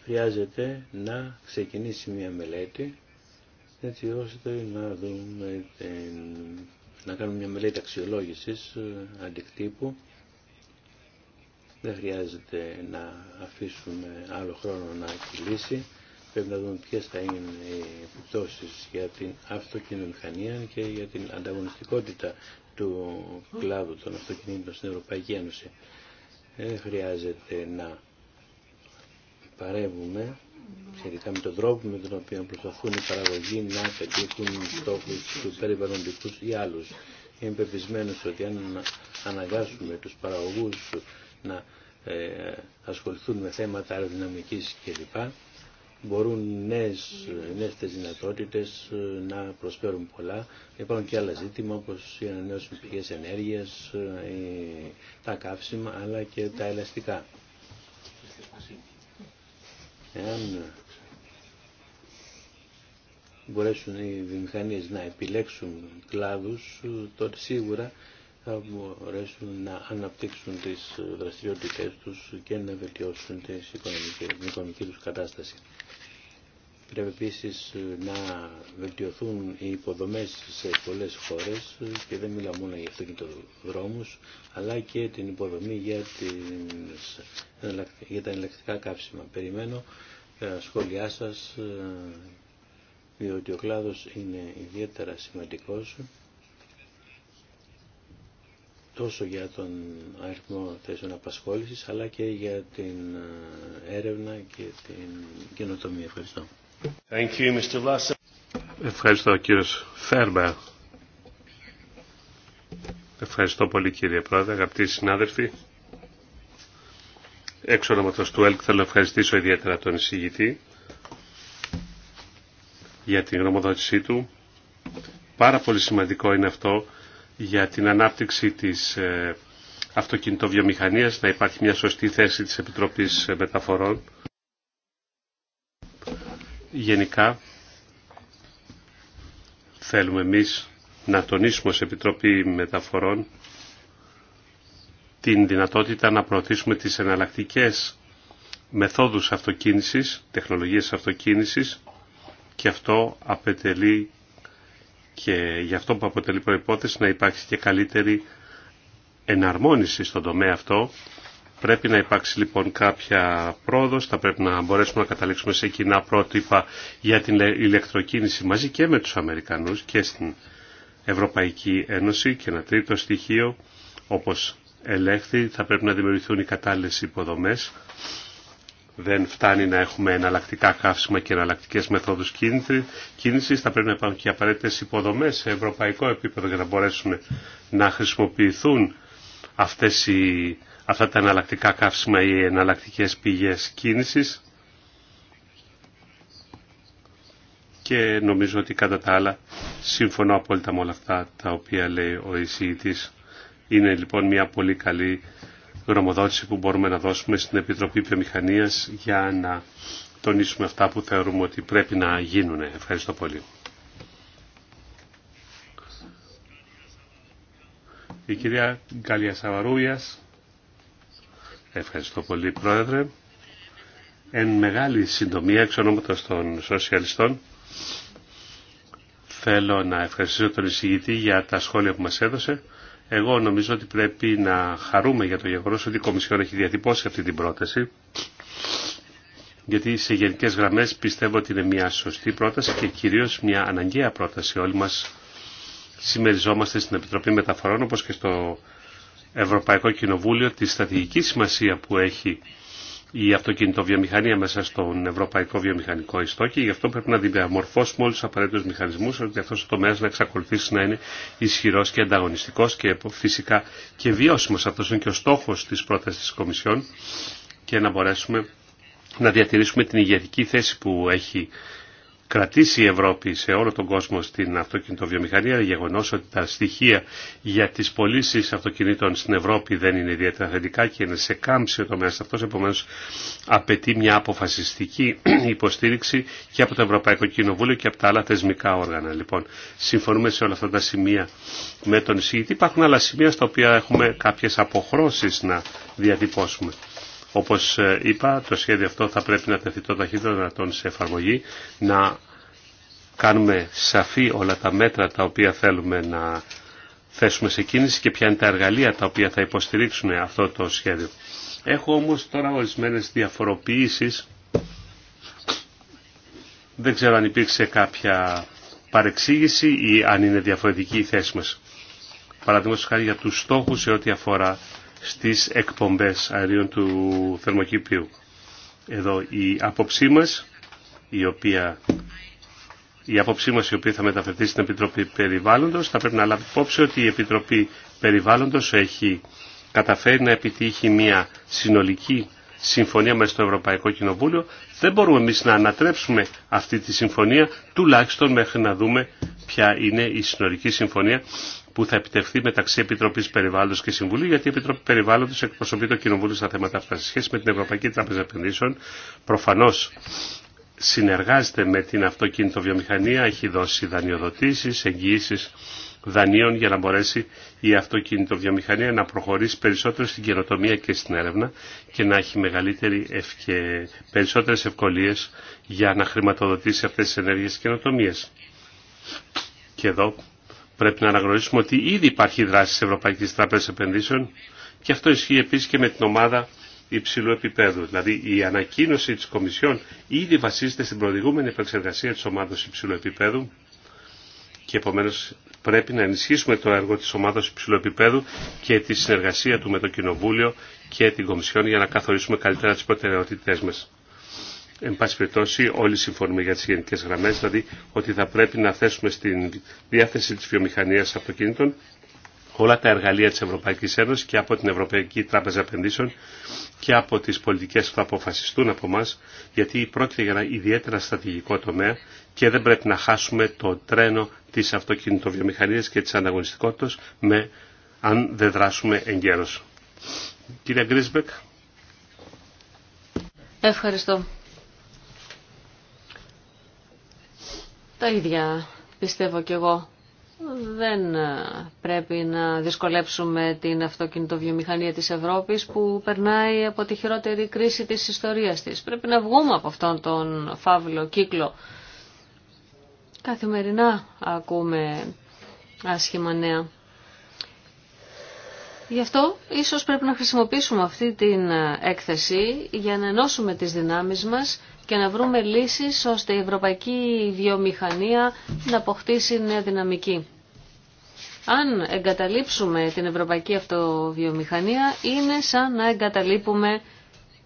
χρειάζεται να ξεκινήσει μια μελέτη έτσι ώστε να δούμε την να κάνουμε μια μελέτη αξιολόγησης ε, αντικτύπου. Δεν χρειάζεται να αφήσουμε άλλο χρόνο να κυλήσει. Πρέπει να δούμε ποιες θα είναι οι επιπτώσεις για την αυτοκινητομηχανία και για την ανταγωνιστικότητα του κλάδου των αυτοκινήτων στην Ευρωπαϊκή Ένωση. Δεν χρειάζεται να παρεύουμε σχετικά με τον τρόπο με τον οποίο προσπαθούν οι παραγωγοί να πετύχουν στόχους του περιβαλλοντικού ή άλλους. Είμαι πεπισμένο ότι αν αναγκάσουμε τους παραγωγούς να ε, ασχοληθούν με θέματα αεροδυναμικής κλπ. μπορούν νέες, νέες δυνατότητες ε, να προσφέρουν πολλά. Υπάρχουν και άλλα ζήτημα όπω οι ανανεώσιμες πηγές ενέργειας, ε, τα καύσιμα αλλά και τα ελαστικά. Εάν μπορέσουν οι βιομηχανίες να επιλέξουν κλάδους, τότε σίγουρα θα μπορέσουν να αναπτύξουν τις δραστηριότητές τους και να βελτιώσουν την οικονομική τους κατάσταση. Πρέπει επίσης ε, να βελτιωθούν οι υποδομές σε πολλές χώρες ε, και δεν μιλάω μόνο για δρόμους αλλά και την υποδομή για, την, για τα ελεκτικά καύσιμα. Περιμένω τα ε, σχόλιά διότι ο κλάδος είναι ιδιαίτερα σημαντικός τόσο για τον αριθμό θέσεων απασχόλησης αλλά και για την έρευνα και την καινοτομία. Ευχαριστώ. Ευχαριστώ κύριος Φέρμπα. Ευχαριστώ πολύ κύριε Πρόεδρε, αγαπητοί συνάδελφοι. Έξω ονόματος του ΕΛΚ θέλω να ευχαριστήσω ιδιαίτερα τον εισηγητή για την γνωμοδότησή του. Πάρα πολύ σημαντικό είναι αυτό για την ανάπτυξη της ε, αυτοκινητοβιομηχανίας να υπάρχει μια σωστή θέση της Επιτροπής Μεταφορών γενικά θέλουμε εμείς να τονίσουμε ως Επιτροπή Μεταφορών την δυνατότητα να προωθήσουμε τις εναλλακτικές μεθόδους αυτοκίνησης, τεχνολογίες αυτοκίνησης και αυτό απαιτελεί και γι' αυτό που αποτελεί προϋπόθεση να υπάρξει και καλύτερη εναρμόνιση στον τομέα αυτό Πρέπει να υπάρξει λοιπόν κάποια πρόοδος, θα πρέπει να μπορέσουμε να καταλήξουμε σε κοινά πρότυπα για την ηλεκτροκίνηση μαζί και με τους Αμερικανούς και στην Ευρωπαϊκή Ένωση. Και ένα τρίτο στοιχείο, όπως ελέγχθη, θα πρέπει να δημιουργηθούν οι κατάλληλες υποδομές. Δεν φτάνει να έχουμε εναλλακτικά καύσιμα και εναλλακτικέ μεθόδου κίνηση. Θα πρέπει να υπάρχουν και απαραίτητε υποδομέ σε ευρωπαϊκό επίπεδο για να μπορέσουν να χρησιμοποιηθούν αυτέ οι αυτά τα εναλλακτικά καύσιμα ή εναλλακτικέ πηγές κίνησης και νομίζω ότι κατά τα άλλα συμφωνώ απόλυτα με όλα αυτά τα οποία λέει ο εισηγητής. Είναι λοιπόν μια πολύ καλή γνωμοδότηση που μπορούμε να δώσουμε στην Επιτροπή Βιομηχανίας για να τονίσουμε αυτά που θεωρούμε ότι πρέπει να γίνουν. Ευχαριστώ πολύ. Η κυρία Γκάλια Ευχαριστώ πολύ Πρόεδρε. Εν μεγάλη συντομία εξ ονόματος των σοσιαλιστών θέλω να ευχαριστήσω τον εισηγητή για τα σχόλια που μας έδωσε. Εγώ νομίζω ότι πρέπει να χαρούμε για το γεγονός ότι η Κομισιόν έχει διατυπώσει αυτή την πρόταση γιατί σε γενικές γραμμές πιστεύω ότι είναι μια σωστή πρόταση και κυρίως μια αναγκαία πρόταση όλοι μας συμμεριζόμαστε στην Επιτροπή Μεταφορών όπως και στο Ευρωπαϊκό Κοινοβούλιο τη στρατηγική σημασία που έχει η αυτοκινητοβιομηχανία μέσα στον ευρωπαϊκό βιομηχανικό ιστό και γι' αυτό πρέπει να διαμορφώσουμε όλου του απαραίτητου μηχανισμού ώστε αυτό ο τομέα να εξακολουθήσει να είναι ισχυρό και ανταγωνιστικό και φυσικά και βιώσιμο. Αυτό είναι και ο στόχο τη πρόταση τη Κομισιόν και να μπορέσουμε να διατηρήσουμε την ηγετική θέση που έχει κρατήσει η Ευρώπη σε όλο τον κόσμο στην αυτοκινητοβιομηχανία, γεγονό ότι τα στοιχεία για τι πωλήσει αυτοκινήτων στην Ευρώπη δεν είναι ιδιαίτερα θετικά και είναι σε κάμψη ο τομέα αυτό. Επομένω, απαιτεί μια αποφασιστική υποστήριξη και από το Ευρωπαϊκό Κοινοβούλιο και από τα άλλα θεσμικά όργανα. Λοιπόν, συμφωνούμε σε όλα αυτά τα σημεία με τον εισηγητή. Υπάρχουν άλλα σημεία στα οποία έχουμε κάποιε αποχρώσει να διατυπώσουμε. Όπως ε, είπα, το σχέδιο αυτό θα πρέπει να τεθεί το ταχύτερο δυνατόν σε εφαρμογή, να κάνουμε σαφή όλα τα μέτρα τα οποία θέλουμε να θέσουμε σε κίνηση και ποια είναι τα εργαλεία τα οποία θα υποστηρίξουν αυτό το σχέδιο. Έχω όμως τώρα ορισμένες διαφοροποιήσεις. Δεν ξέρω αν υπήρξε κάποια παρεξήγηση ή αν είναι διαφορετική η θέση μας. Παραδείγματος χάρη για τους στόχους σε ό,τι αφορά στις εκπομπές αερίων του θερμοκηπίου. Εδώ η άποψή μας, η οποία... Η άποψή η οποία θα μεταφερθεί στην Επιτροπή Περιβάλλοντος θα πρέπει να λάβει υπόψη ότι η Επιτροπή Περιβάλλοντος έχει καταφέρει να επιτύχει μια συνολική συμφωνία μέσα στο Ευρωπαϊκό Κοινοβούλιο. Δεν μπορούμε εμείς να ανατρέψουμε αυτή τη συμφωνία τουλάχιστον μέχρι να δούμε ποια είναι η συνολική συμφωνία που θα επιτευχθεί μεταξύ Επιτροπή Περιβάλλοντο και Συμβουλίου, γιατί η Επιτροπή Περιβάλλοντο εκπροσωπεί το Κοινοβούλιο στα θέματα αυτά. Σε σχέση με την Ευρωπαϊκή Τράπεζα Επενδύσεων, προφανώ συνεργάζεται με την αυτοκίνητο βιομηχανία, έχει δώσει δανειοδοτήσει, εγγυήσει δανείων για να μπορέσει η αυτοκίνητο βιομηχανία να προχωρήσει περισσότερο στην καινοτομία και στην έρευνα και να έχει μεγαλύτερη ευκαι... περισσότερες ευκολίες για να χρηματοδοτήσει αυτές τις ενέργειες καινοτομίες. Και εδώ Πρέπει να αναγνωρίσουμε ότι ήδη υπάρχει δράση τη Ευρωπαϊκή Τράπεζες Επενδύσεων και αυτό ισχύει επίσης και με την ομάδα υψηλού επίπεδου. Δηλαδή η ανακοίνωση της Κομισιόν ήδη βασίζεται στην προηγούμενη επεξεργασία της ομάδας υψηλού επίπεδου και επομένως πρέπει να ενισχύσουμε το έργο της ομάδας υψηλού επίπεδου και τη συνεργασία του με το Κοινοβούλιο και την Κομισιόν για να καθορίσουμε καλύτερα τις προτεραιότητές μας. Εν πάση περιπτώσει όλοι συμφωνούμε για τις γενικές γραμμές, δηλαδή ότι θα πρέπει να θέσουμε στην διάθεση της βιομηχανίας αυτοκίνητων όλα τα εργαλεία της Ευρωπαϊκής Ένωσης και από την Ευρωπαϊκή Τράπεζα Επενδύσεων και από τις πολιτικές που θα αποφασιστούν από εμά, γιατί πρόκειται για ένα ιδιαίτερα στρατηγικό τομέα και δεν πρέπει να χάσουμε το τρένο της αυτοκινητοβιομηχανίας και της ανταγωνιστικότητας με, αν δεν δράσουμε εγκαίρως. Κύριε Γκρίσμπεκ. Ευχαριστώ. Τα ίδια πιστεύω κι εγώ. Δεν ε, πρέπει να δυσκολέψουμε την αυτοκινητοβιομηχανία της Ευρώπης που περνάει από τη χειρότερη κρίση της ιστορίας της. Πρέπει να βγούμε από αυτόν τον φαύλο κύκλο. Καθημερινά ακούμε άσχημα νέα. Γι' αυτό ίσως πρέπει να χρησιμοποιήσουμε αυτή την ε, έκθεση για να ενώσουμε τις δυνάμεις μας και να βρούμε λύσεις ώστε η ευρωπαϊκή βιομηχανία να αποκτήσει νέα δυναμική. Αν εγκαταλείψουμε την ευρωπαϊκή αυτοβιομηχανία είναι σαν να εγκαταλείπουμε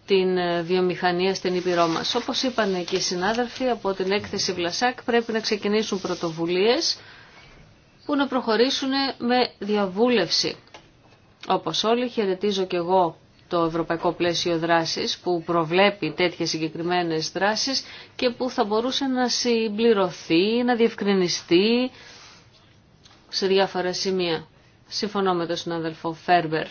την ε, βιομηχανία στην Ήπειρό μας. Όπως είπαν και οι συνάδελφοι από την έκθεση Βλασάκ πρέπει να ξεκινήσουν πρωτοβουλίες που να προχωρήσουν με διαβούλευση όπως όλοι χαιρετίζω και εγώ το Ευρωπαϊκό Πλαίσιο Δράσης που προβλέπει τέτοιες συγκεκριμένες δράσεις και που θα μπορούσε να συμπληρωθεί, να διευκρινιστεί σε διάφορα σημεία. Συμφωνώ με τον συνάδελφο Φέρμπερ.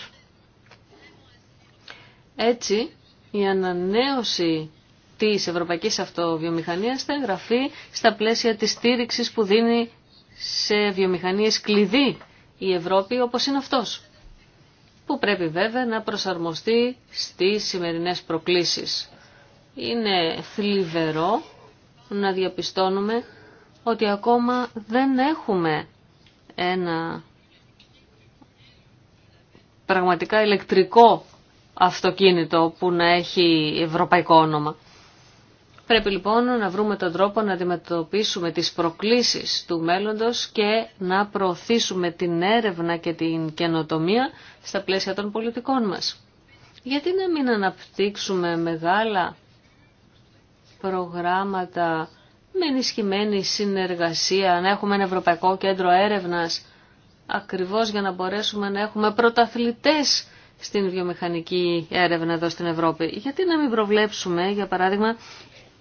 Έτσι, η ανανέωση της ευρωπαϊκής αυτοβιομηχανίας θα εγγραφεί στα πλαίσια της στήριξης που δίνει σε βιομηχανίες κλειδί η Ευρώπη όπως είναι αυτός που πρέπει βέβαια να προσαρμοστεί στις σημερινές προκλήσεις. Είναι θλιβερό να διαπιστώνουμε ότι ακόμα δεν έχουμε ένα πραγματικά ηλεκτρικό αυτοκίνητο που να έχει ευρωπαϊκό όνομα. Πρέπει λοιπόν να βρούμε τον τρόπο να αντιμετωπίσουμε τις προκλήσεις του μέλλοντος και να προωθήσουμε την έρευνα και την καινοτομία στα πλαίσια των πολιτικών μας. Γιατί να μην αναπτύξουμε μεγάλα προγράμματα με ενισχυμένη συνεργασία, να έχουμε ένα Ευρωπαϊκό Κέντρο Έρευνας, ακριβώς για να μπορέσουμε να έχουμε πρωταθλητές στην βιομηχανική έρευνα εδώ στην Ευρώπη. Γιατί να μην προβλέψουμε, για παράδειγμα,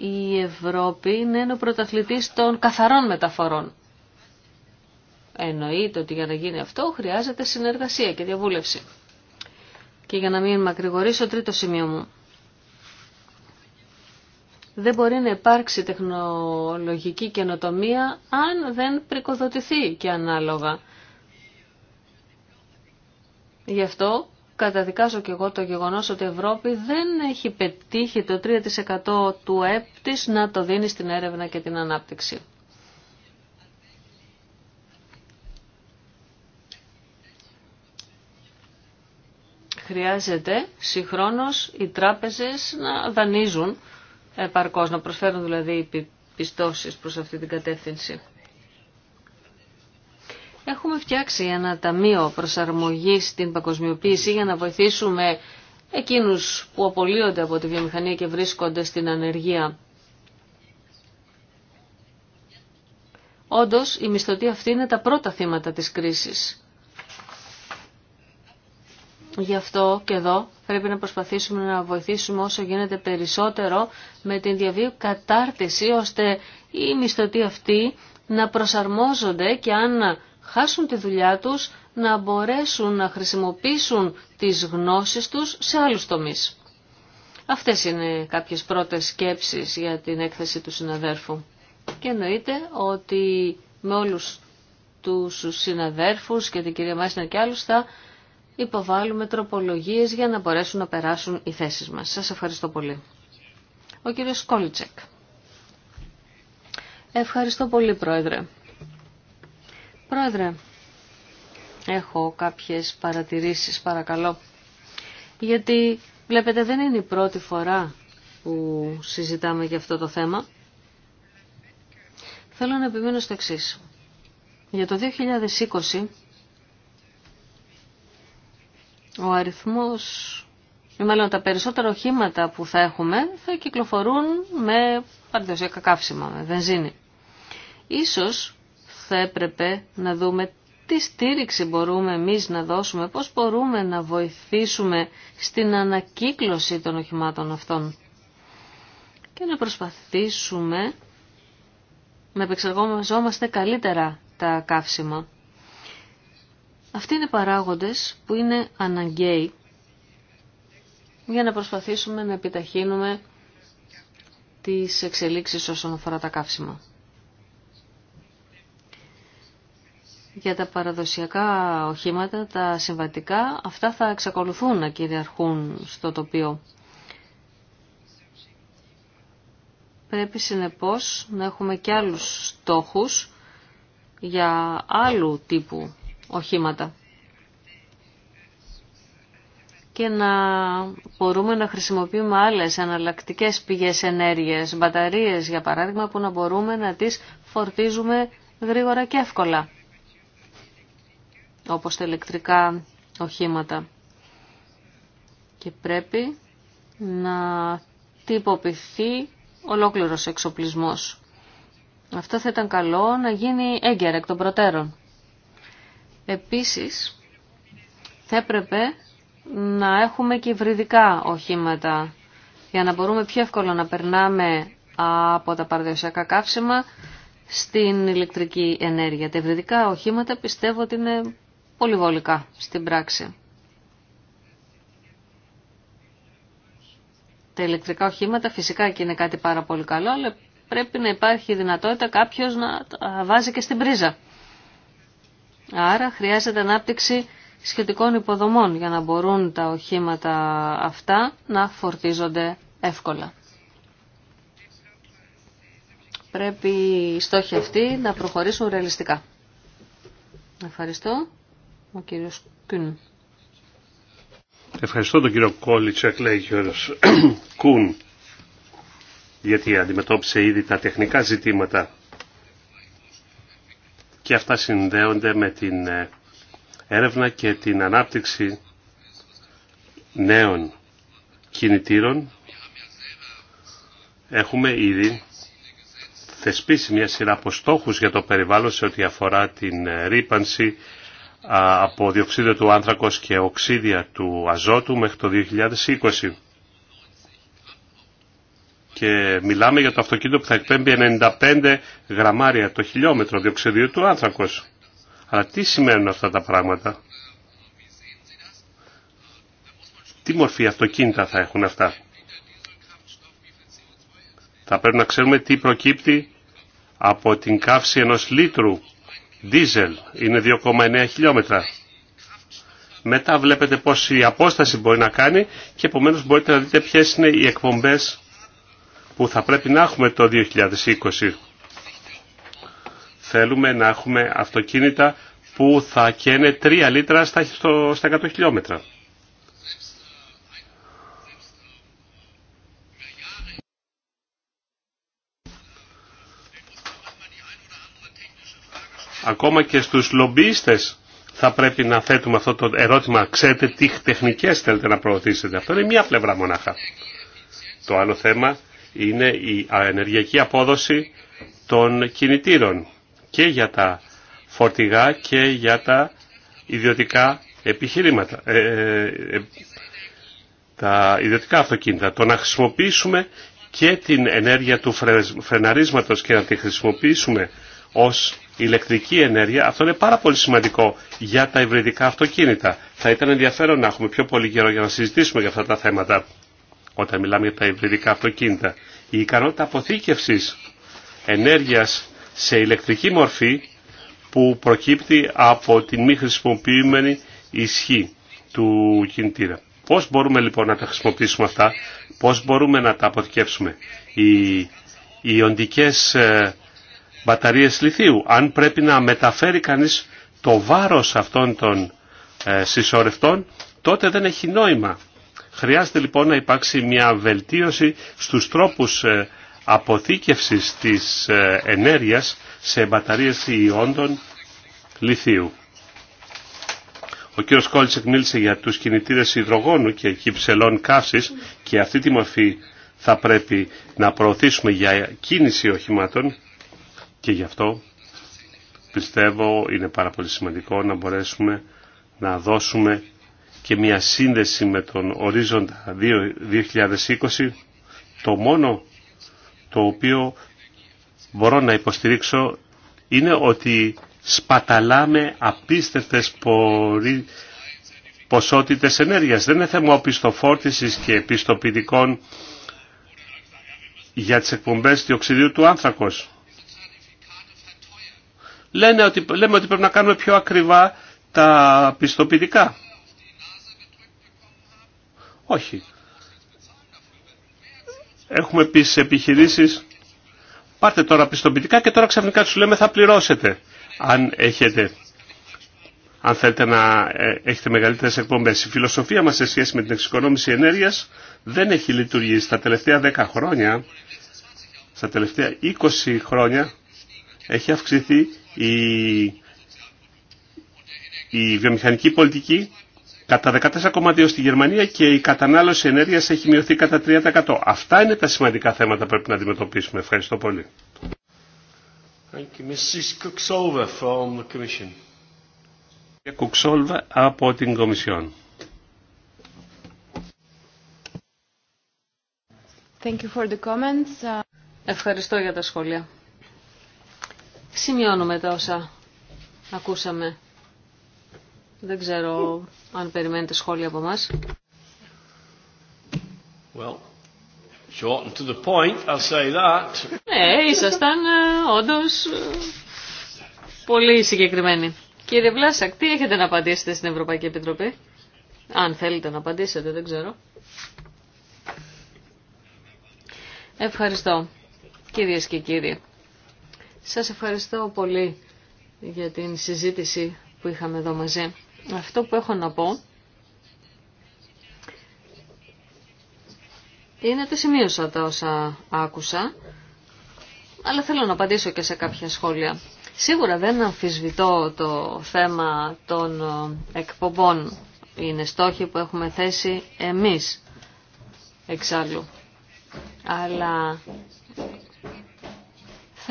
η Ευρώπη είναι ο πρωταθλητής των καθαρών μεταφορών. Εννοείται ότι για να γίνει αυτό χρειάζεται συνεργασία και διαβούλευση. Και για να μην μακρηγορήσω, τρίτο σημείο μου. Δεν μπορεί να υπάρξει τεχνολογική καινοτομία αν δεν πρικοδοτηθεί και ανάλογα. Γι' αυτό καταδικάζω και εγώ το γεγονός ότι η Ευρώπη δεν έχει πετύχει το 3% του έπτης να το δίνει στην έρευνα και την ανάπτυξη. Χρειάζεται συγχρόνως οι τράπεζες να δανείζουν επαρκώς, να προσφέρουν δηλαδή πιστώσεις προς αυτή την κατεύθυνση. Έχουμε φτιάξει ένα ταμείο προσαρμογής στην παγκοσμιοποίηση για να βοηθήσουμε εκείνους που απολύονται από τη βιομηχανία και βρίσκονται στην ανεργία. Όντως, οι μισθωτοί αυτοί είναι τα πρώτα θύματα της κρίσης. Γι' αυτό και εδώ πρέπει να προσπαθήσουμε να βοηθήσουμε όσο γίνεται περισσότερο με την διαβίου κατάρτιση, ώστε οι μισθωτοί αυτοί να προσαρμόζονται και αν χάσουν τη δουλειά τους να μπορέσουν να χρησιμοποιήσουν τις γνώσεις τους σε άλλους τομείς. Αυτές είναι κάποιες πρώτες σκέψεις για την έκθεση του συναδέρφου. Και εννοείται ότι με όλους τους συναδέρφους και την κυρία Μάσινα και άλλους θα υποβάλουμε τροπολογίες για να μπορέσουν να περάσουν οι θέσεις μας. Σας ευχαριστώ πολύ. Ο κύριος Κόλτσεκ. Ευχαριστώ πολύ, Πρόεδρε. Πρόεδρε, έχω κάποιες παρατηρήσεις παρακαλώ. Γιατί βλέπετε δεν είναι η πρώτη φορά που συζητάμε για αυτό το θέμα. Θέλω να επιμείνω στο εξής. Για το 2020 ο αριθμός ή μάλλον τα περισσότερα οχήματα που θα έχουμε θα κυκλοφορούν με παραδοσιακά καύσιμα, με βενζίνη. Ίσως θα έπρεπε να δούμε τι στήριξη μπορούμε εμείς να δώσουμε, πώς μπορούμε να βοηθήσουμε στην ανακύκλωση των οχημάτων αυτών και να προσπαθήσουμε να επεξεργόμαστε καλύτερα τα καύσιμα. Αυτοί είναι παράγοντες που είναι αναγκαίοι για να προσπαθήσουμε να επιταχύνουμε τις εξελίξεις όσον αφορά τα καύσιμα. για τα παραδοσιακά οχήματα, τα συμβατικά, αυτά θα εξακολουθούν να κυριαρχούν στο τοπίο. Πρέπει συνεπώς να έχουμε και άλλους στόχους για άλλου τύπου οχήματα και να μπορούμε να χρησιμοποιούμε άλλες αναλλακτικές πηγές ενέργειας, μπαταρίες για παράδειγμα που να μπορούμε να τις φορτίζουμε γρήγορα και εύκολα όπως τα ηλεκτρικά οχήματα. Και πρέπει να τυποποιηθεί ολόκληρος εξοπλισμός. Αυτό θα ήταν καλό να γίνει έγκαιρα εκ των προτέρων. Επίσης, θα έπρεπε να έχουμε και βρυδικά οχήματα για να μπορούμε πιο εύκολα να περνάμε από τα παραδοσιακά καύσιμα στην ηλεκτρική ενέργεια. Τα ευρυδικά οχήματα πιστεύω ότι είναι πολυβολικά στην πράξη. Τα ηλεκτρικά οχήματα φυσικά και είναι κάτι πάρα πολύ καλό, αλλά πρέπει να υπάρχει δυνατότητα κάποιος να βάζει και στην πρίζα. Άρα χρειάζεται ανάπτυξη σχετικών υποδομών για να μπορούν τα οχήματα αυτά να φορτίζονται εύκολα. Πρέπει οι στόχοι αυτοί να προχωρήσουν ρεαλιστικά. Ευχαριστώ. Ο κύριος Κουν. Ευχαριστώ τον κύριο Κόλιτσεκ, λέει κύριος Κουν, γιατί αντιμετώπισε ήδη τα τεχνικά ζητήματα και αυτά συνδέονται με την ε, έρευνα και την ανάπτυξη νέων κινητήρων. Έχουμε ήδη θεσπίσει μια σειρά από για το περιβάλλον σε ό,τι αφορά την ε, ρήπανση, από διοξίδιο του άνθρακος και οξίδια του αζότου μέχρι το 2020. Και μιλάμε για το αυτοκίνητο που θα εκπέμπει 95 γραμμάρια το χιλιόμετρο διοξιδίου του άνθρακος. Αλλά τι σημαίνουν αυτά τα πράγματα. Τι μορφή αυτοκίνητα θα έχουν αυτά. Θα πρέπει να ξέρουμε τι προκύπτει από την καύση ενός λίτρου δίζελ είναι 2,9 χιλιόμετρα. Μετά βλέπετε πόση απόσταση μπορεί να κάνει και επομένως μπορείτε να δείτε ποιες είναι οι εκπομπές που θα πρέπει να έχουμε το 2020. Θέλουμε να έχουμε αυτοκίνητα που θα καίνε 3 λίτρα στα 100 χιλιόμετρα. ακόμα και στους λομπίστες θα πρέπει να θέτουμε αυτό το ερώτημα. Ξέρετε τι τεχνικές θέλετε να προωθήσετε. Αυτό είναι μία πλευρά μονάχα. Το άλλο θέμα είναι η ενεργειακή απόδοση των κινητήρων και για τα φορτηγά και για τα ιδιωτικά επιχειρήματα, ε, ε, ε, τα ιδιωτικά αυτοκίνητα. Το να χρησιμοποιήσουμε και την ενέργεια του φρεναρίσματος και να τη χρησιμοποιήσουμε ως ηλεκτρική ενέργεια. Αυτό είναι πάρα πολύ σημαντικό για τα υβριδικά αυτοκίνητα. Θα ήταν ενδιαφέρον να έχουμε πιο πολύ καιρό για να συζητήσουμε για αυτά τα θέματα όταν μιλάμε για τα υβριδικά αυτοκίνητα. Η ικανότητα αποθήκευσης ενέργειας σε ηλεκτρική μορφή που προκύπτει από την μη χρησιμοποιημένη ισχύ του κινητήρα. Πώς μπορούμε λοιπόν να τα χρησιμοποιήσουμε αυτά, πώς μπορούμε να τα αποθηκεύσουμε. Οι, ιοντικές μπαταρίες λιθίου. Αν πρέπει να μεταφέρει κανείς το βάρος αυτών των ε, συσσωρευτών, τότε δεν έχει νόημα. Χρειάζεται λοιπόν να υπάρξει μια βελτίωση στους τρόπους ε, αποθήκευσης της ε, ενέργειας σε μπαταρίες ιόντων λιθίου. Ο κύριος Κόλτσεκ μίλησε για τους κινητήρες υδρογόνου και κυψελών καύσης και αυτή τη μορφή θα πρέπει να προωθήσουμε για κίνηση οχημάτων και γι' αυτό πιστεύω είναι πάρα πολύ σημαντικό να μπορέσουμε να δώσουμε και μια σύνδεση με τον ορίζοντα 2020 το μόνο το οποίο μπορώ να υποστηρίξω είναι ότι σπαταλάμε απίστευτες πορεί, ποσότητες ενέργειας. Δεν είναι θέμα οπισθοφόρτησης και επιστοποιητικών για τις εκπομπές διοξιδίου του άνθρακος. Λένε ότι, λέμε ότι πρέπει να κάνουμε πιο ακριβά τα πιστοποιητικά. Όχι. Έχουμε πει σε επιχειρήσεις, πάρτε τώρα πιστοποιητικά και τώρα ξαφνικά τους λέμε θα πληρώσετε. Αν έχετε αν θέλετε να ε, έχετε μεγαλύτερες εκπομπές. Η φιλοσοφία μας σε σχέση με την εξοικονόμηση ενέργειας δεν έχει λειτουργήσει. Στα τελευταία 10 χρόνια, στα τελευταία 20 χρόνια έχει αυξηθεί η, η βιομηχανική πολιτική κατά 14,2 στη Γερμανία και η κατανάλωση ενέργειας έχει μειωθεί κατά 3%. Αυτά είναι τα σημαντικά θέματα που πρέπει να αντιμετωπίσουμε. Ευχαριστώ πολύ. Thank you for the comments. Ευχαριστώ για τα σχόλια. Σημειώνουμε τα όσα ακούσαμε. Δεν ξέρω αν περιμένετε σχόλια από μας. Well, short and to the point, I'll say that. Ναι, ήσασταν ε, όντως ε, πολύ συγκεκριμένοι. Κύριε Βλάσακ, τι έχετε να απαντήσετε στην Ευρωπαϊκή Επιτροπή. Αν θέλετε να απαντήσετε, δεν ξέρω. Ευχαριστώ. Κυρίες και κύριοι. Σας ευχαριστώ πολύ για την συζήτηση που είχαμε εδώ μαζί. Αυτό που έχω να πω είναι ότι σημείωσα τα όσα άκουσα, αλλά θέλω να απαντήσω και σε κάποια σχόλια. Σίγουρα δεν αμφισβητώ το θέμα των ε, εκπομπών. Είναι στόχοι που έχουμε θέσει εμείς εξάλλου. Αλλά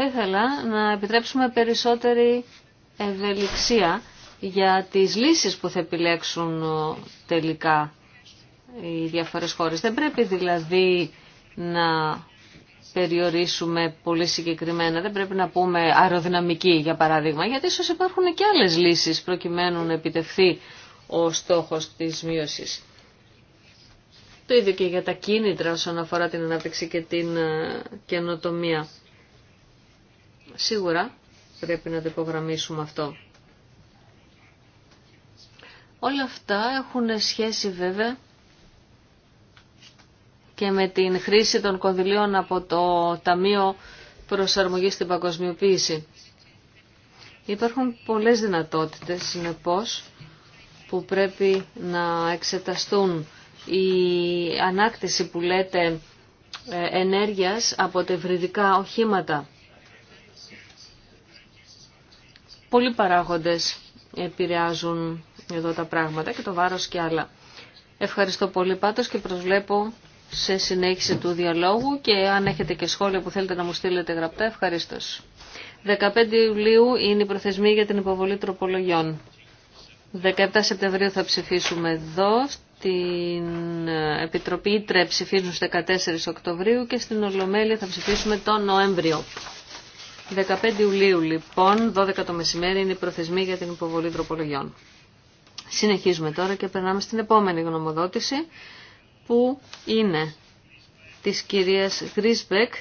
θα ήθελα να επιτρέψουμε περισσότερη ευελιξία για τις λύσεις που θα επιλέξουν ε, τελικά οι διάφορες χώρες. Δεν πρέπει δηλαδή να περιορίσουμε πολύ συγκεκριμένα. Δεν πρέπει να πούμε αεροδυναμική για παράδειγμα, γιατί ίσως υπάρχουν και άλλες λύσεις προκειμένου να επιτευχθεί ο στόχος της μείωσης. Το ίδιο και για τα κίνητρα όσον αφορά την ανάπτυξη και την ε, καινοτομία. Σίγουρα πρέπει να το υπογραμμίσουμε αυτό. Όλα αυτά έχουν σχέση βέβαια και με την χρήση των κονδυλίων από το Ταμείο Προσαρμογής στην Παγκοσμιοποίηση. Υπάρχουν πολλές δυνατότητες, συνεπώς, που πρέπει να εξεταστούν η ανάκτηση που λέτε ε, ενέργειας από τα ευρυδικά οχήματα. Πολλοί παράγοντες επηρεάζουν εδώ τα πράγματα και το βάρος και άλλα. Ευχαριστώ πολύ πάντως και προσβλέπω σε συνέχιση του διαλόγου και αν έχετε και σχόλια που θέλετε να μου στείλετε γραπτά, ευχαριστώ. 15 Ιουλίου είναι η προθεσμία για την υποβολή τροπολογιών. 17 Σεπτεμβρίου θα ψηφίσουμε εδώ, στην Επιτροπή Ήτρε ψηφίζουν στις 14 Οκτωβρίου και στην Ολομέλεια θα ψηφίσουμε τον Νοέμβριο. 15 Ιουλίου λοιπόν, 12 το μεσημέρι είναι η προθεσμία για την υποβολή τροπολογιών. Συνεχίζουμε τώρα και περνάμε στην επόμενη γνωμοδότηση που είναι της κυρίας Γκρίσμπεκ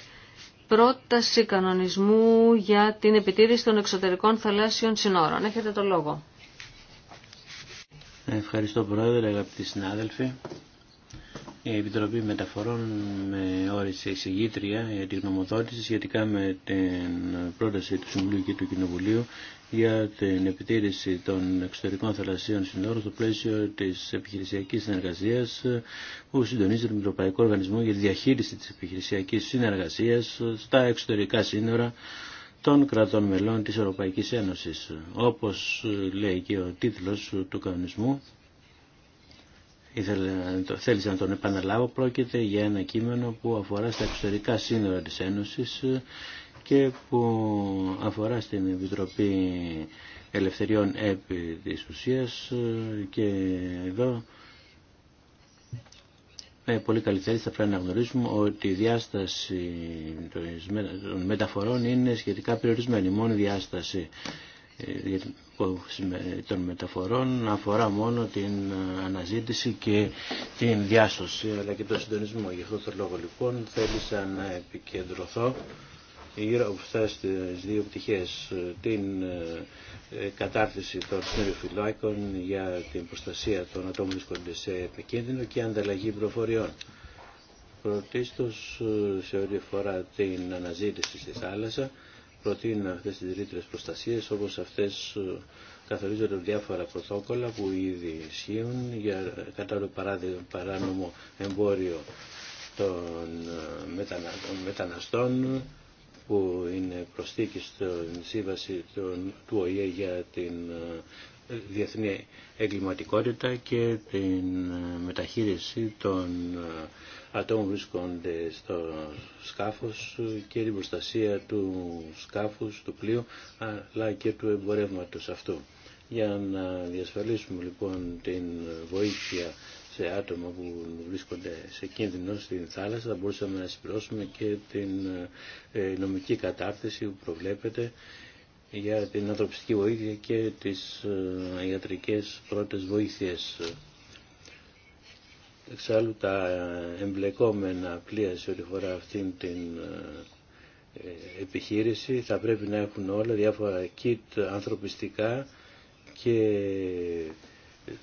πρόταση κανονισμού για την επιτήρηση των εξωτερικών θαλάσσιων συνόρων. Έχετε το λόγο. Ευχαριστώ Πρόεδρε, αγαπητοί συνάδελφοι. Η Επιτροπή Μεταφορών με όρισε εισηγήτρια για τη γνωμοδότηση σχετικά με την πρόταση του Συμβουλίου και του Κοινοβουλίου για την επιτήρηση των εξωτερικών θαλασσίων συνόρων στο πλαίσιο τη επιχειρησιακή συνεργασία που συντονίζεται με τον Ευρωπαϊκό Οργανισμό για τη διαχείριση τη επιχειρησιακή συνεργασία στα εξωτερικά σύνορα των κρατών μελών της Ευρωπαϊκής Ένωσης. Όπως λέει και ο τίτλος του κανονισμού, ήθελε, θέλησα να τον επαναλάβω, πρόκειται για ένα κείμενο που αφορά στα εξωτερικά σύνορα της Ένωσης και που αφορά στην Επιτροπή Ελευθεριών επί της και εδώ με πολύ καλή θέση θα πρέπει να γνωρίζουμε ότι η διάσταση των μεταφορών είναι σχετικά περιορισμένη, μόνο η διάσταση ε, των μεταφορών αφορά μόνο την ε, αναζήτηση και την διάσωση αλλά και τον συντονισμό. Γι' αυτό τον λόγο λοιπόν θέλησα να επικεντρωθώ γύρω από αυτές τις δύο πτυχές την ε, κατάρτιση των συνεργοφυλάκων για την προστασία των ατόμων βρίσκονται σε επικίνδυνο και ανταλλαγή προφοριών. Πρωτίστως σε ό,τι αφορά την αναζήτηση στη θάλασσα Προτείνω αυτές τις ρήτρες προστασίες όπως αυτές ε, καθορίζονται διάφορα πρωτόκολλα που ήδη ισχύουν για το παράνομο εμπόριο ε, των μεταναστών που είναι προσθήκη στην σύμβαση του ΟΗΕ για την ε, διεθνή εγκληματικότητα και την ε, μεταχείριση των ε, ατόμων που βρίσκονται στο σκάφος και την προστασία του σκάφους, του πλοίου, αλλά και του εμπορεύματος αυτού. Για να διασφαλίσουμε λοιπόν την βοήθεια σε άτομα που βρίσκονται σε κίνδυνο στην θάλασσα θα μπορούσαμε να συμπληρώσουμε και την ε, νομική κατάρτιση που προβλέπεται για την ανθρωπιστική βοήθεια και τις ε, ιατρικές πρώτες βοήθειες. Εξάλλου τα εμπλεκόμενα πλοία σε όλη φορά αυτήν την ε, ε, επιχείρηση θα πρέπει να έχουν όλα διάφορα kit ανθρωπιστικά και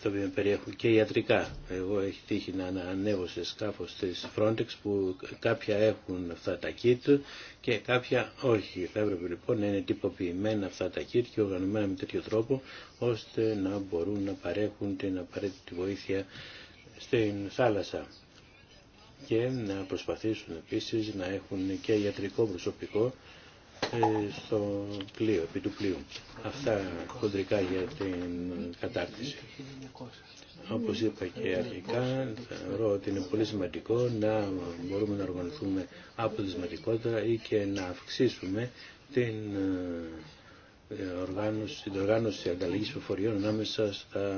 το οποίο περιέχουν και ιατρικά. Εγώ έχει τύχει να ανέβω σε σκάφος της Frontex που κάποια έχουν αυτά τα kit και κάποια όχι. Θα έπρεπε λοιπόν να είναι τυποποιημένα αυτά τα kit και οργανωμένα με τέτοιο τρόπο ώστε να μπορούν να παρέχουν την απαραίτητη βοήθεια στην θάλασσα και να προσπαθήσουν επίσης να έχουν και ιατρικό προσωπικό ε, στο πλοίο, επί του πλοίου. Αυτά χοντρικά για την κατάρτιση. Όπως είπα και αρχικά, θεωρώ ότι είναι πολύ σημαντικό να μπορούμε να οργανωθούμε αποτελεσματικότερα ή και να αυξήσουμε την ε, οργάνωση, την οργάνωση ανταλλαγής προφοριών ανάμεσα στα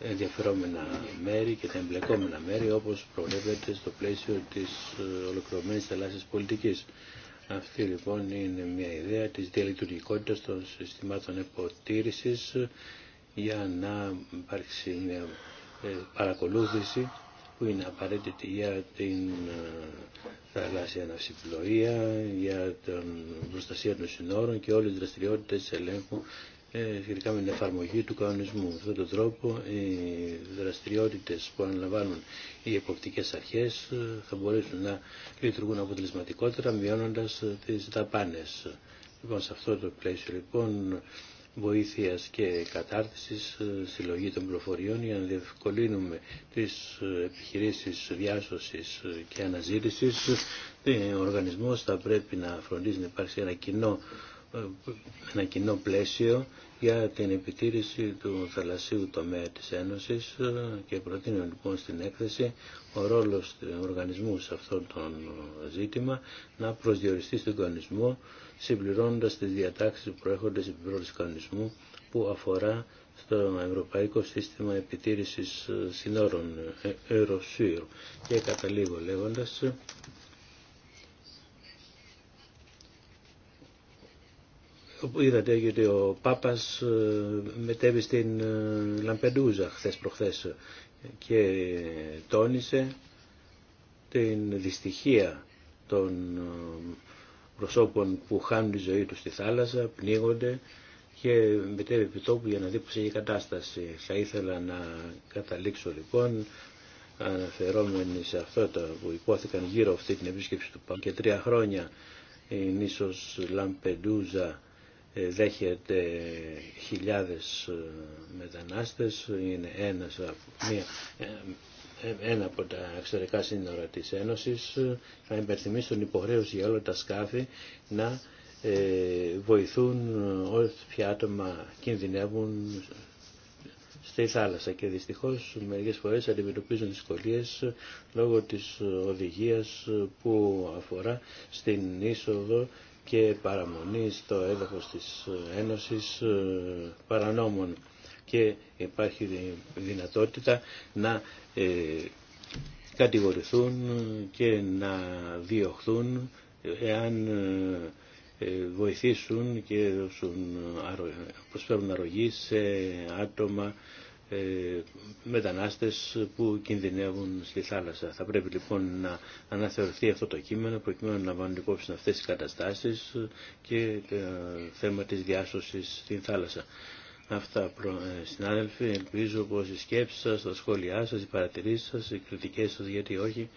ενδιαφερόμενα μέρη και τα εμπλεκόμενα μέρη όπως προβλέπεται στο πλαίσιο της ε, ολοκληρωμένης θαλάσσιας πολιτικής. Αυτή λοιπόν είναι μια ιδέα της διαλειτουργικότητας των συστημάτων εποτήρησης για να υπάρξει μια ε, παρακολούθηση που είναι απαραίτητη για την ε, θαλάσσια ναυσιπλοεία, για την προστασία των συνόρων και όλες τις δραστηριότητες ελέγχου ε, σχετικά με την εφαρμογή του κανονισμού. Με αυτόν τον τρόπο οι δραστηριότητες που αναλαμβάνουν οι εποπτικές αρχές ε, θα μπορέσουν να λειτουργούν αποτελεσματικότερα μειώνοντας ε, τις δαπάνες. Λοιπόν, σε αυτό το πλαίσιο λοιπόν βοήθειας και κατάρτισης, συλλογή των πληροφοριών για να διευκολύνουμε τις επιχειρήσεις διάσωσης και αναζήτησης. Ο οργανισμός θα πρέπει να φροντίζει να υπάρξει ένα κοινό, ένα κοινό πλαίσιο για την επιτήρηση του θαλασσίου τομέα της Ένωσης ε, και προτείνω λοιπόν στην έκθεση ο ρόλος του οργανισμού σε αυτό το ζήτημα να προσδιοριστεί στον κανονισμό συμπληρώνοντας τις διατάξεις που προέρχονται στην πληρώση που αφορά στο Ευρωπαϊκό Σύστημα Επιτήρησης ε, Συνόρων Ευρωσύρου και καταλήγω λέγοντας Είδατε γιατί ο Πάπας ε, μετέβη στην ε, Λαμπεντούζα χθες προχθές και τόνισε την δυστυχία των ε, προσώπων που χάνουν τη ζωή τους στη θάλασσα, πνίγονται και μετέβη επί για να δει πως έχει κατάσταση. Θα ήθελα να καταλήξω λοιπόν αναφερόμενοι σε αυτό το που υπόθηκαν γύρω αυτή την επίσκεψη του Πάπα και τρία χρόνια η νήσος Λαμπεντούζα ε, δέχεται χιλιάδες ε, μετανάστες, είναι ένας, μία, ε, ένα από τα εξωτερικά σύνορα της Ένωσης. Θα υπερθυμίσω τον υποχρέωση για όλα τα σκάφη να βοηθούν όποια άτομα κινδυνεύουν στη θάλασσα και δυστυχώς μερικές φορές αντιμετωπίζουν δυσκολίες λόγω της οδηγίας που αφορά στην είσοδο και παραμονή στο έδαφος της Ένωσης ε, παρανόμων και υπάρχει δυνατότητα να ε, κατηγορηθούν και να διωχθούν εάν ε, βοηθήσουν και προσφέρουν αρρωγή σε άτομα ε, μετανάστες που κινδυνεύουν στη θάλασσα. Θα πρέπει λοιπόν να αναθεωρηθεί αυτό το κείμενο προκειμένου να λαμβάνουν υπόψη αυτές τις καταστάσεις και το ε, θέμα της διάσωσης στην θάλασσα. Αυτά ε, συνάδελφοι, ελπίζω πως οι σκέψεις σας, τα σχόλιά σας, οι παρατηρήσεις σας, οι κριτικές σας γιατί όχι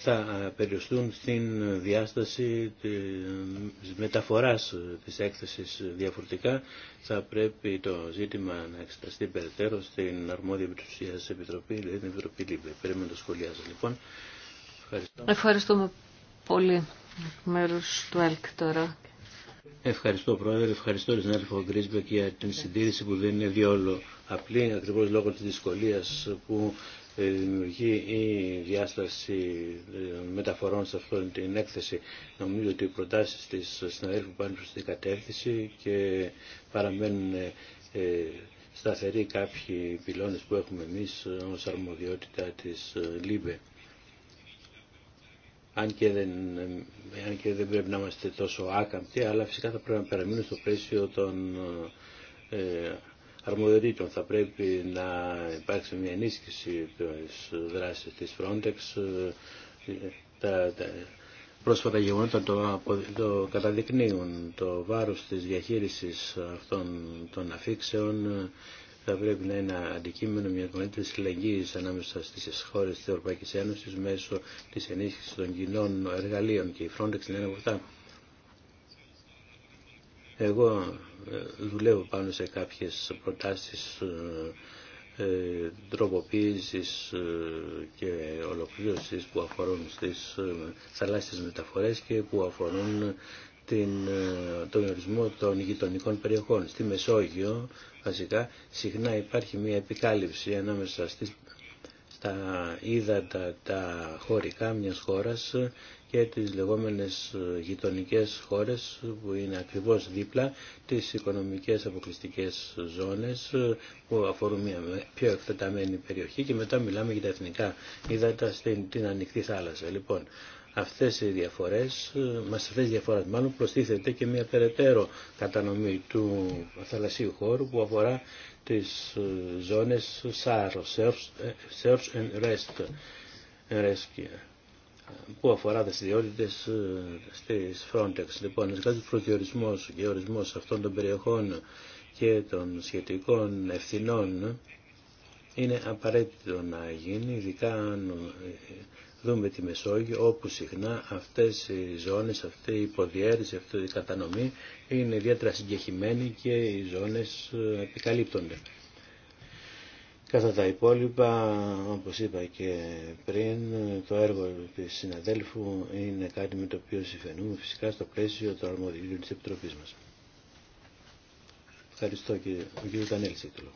θα περιοριστούν στην διάσταση της μεταφοράς της έκθεσης διαφορετικά. Θα πρέπει το ζήτημα να εξεταστεί περαιτέρω στην αρμόδια επιτροπή της Επιτροπής, δηλαδή την Επιτροπή Λίμπε. περίμενε το σχολιάζω, λοιπόν. Ευχαριστώ. Ευχαριστούμε πολύ μέρους του ΕΛΚ τώρα. Ευχαριστώ Πρόεδρε, ευχαριστώ τον συνάδελφο Γκρίσμπεκ για την συντήρηση που δεν είναι διόλου απλή, ακριβώς λόγω της δυσκολίας που ε, δημιουργεί η διάσταση ε, μεταφορών σε αυτή την έκθεση. Νομίζω ότι οι προτάσεις της συναδέλφου πάνε προς την κατεύθυνση και παραμένουν ε, σταθεροί κάποιοι πυλώνες που έχουμε εμείς ως αρμοδιότητα της ΛΥΜΠΕ. Αν και, δεν, αν και δεν πρέπει να είμαστε τόσο άκαμπτοι, αλλά φυσικά θα πρέπει να περιμένουμε στο πλαίσιο των αρμοδιοτήτων. Θα πρέπει να υπάρξει μια ενίσχυση της δράσης της Frontex. Τα, τα πρόσφατα γεγονότα το, το καταδεικνύουν. Το βάρος της διαχείρισης αυτών των αφήξεων θα πρέπει να είναι αντικείμενο μια της συλλεγγύη ανάμεσα στις χώρες της Ευρωπαϊκής Ένωσης μέσω της ενίσχυσης των κοινών εργαλείων και η Frontex είναι ένα από αυτά. Εγώ ε, δουλεύω πάνω σε κάποιες προτάσεις ε, ε, τροποποίησης και ολοκλήρωσης που αφορούν στις θαλάσσιες μεταφορές και που αφορούν την, τον ορισμό των γειτονικών περιοχών. Στη Μεσόγειο βασικά συχνά υπάρχει μια επικάλυψη ανάμεσα στις, στα ύδατα τα χωρικά μιας χώρας και τις λεγόμενες ε, γειτονικές χώρες που είναι ακριβώς δίπλα τις οικονομικές αποκλειστικές ζώνες ε, που αφορούν μια πιο εκτεταμένη περιοχή και μετά μιλάμε για τα εθνικά ύδατα στην την ανοιχτή θάλασσα. Λοιπόν, αυτές οι διαφορές, ε, μας αυτές οι διαφορές μάλλον προστίθεται και μια περαιτέρω κατανομή του θαλασσίου χώρου που αφορά τις ζώνες SAR, Search and Rest, που αφορά τις ιδιότητες ε, στις Frontex. Λοιπόν, ένας προκειορισμός και ορισμός αυτών των περιοχών και των σχετικών ευθυνών είναι απαραίτητο να γίνει, ειδικά αν ε, δούμε τη Μεσόγειο, όπου συχνά αυτές οι ζώνες, αυτή η υποδιέρεση, αυτή η κατανομή είναι ιδιαίτερα συγκεχημένη και οι ζώνες ε, επικαλύπτονται. Κατά τα υπόλοιπα, όπως είπα και πριν, το έργο της συναδέλφου είναι κάτι με το οποίο συμφωνούμε φυσικά στο πλαίσιο των αρμοδιών της Επιτροπής μας. Ευχαριστώ κύριε, ο το λόγο.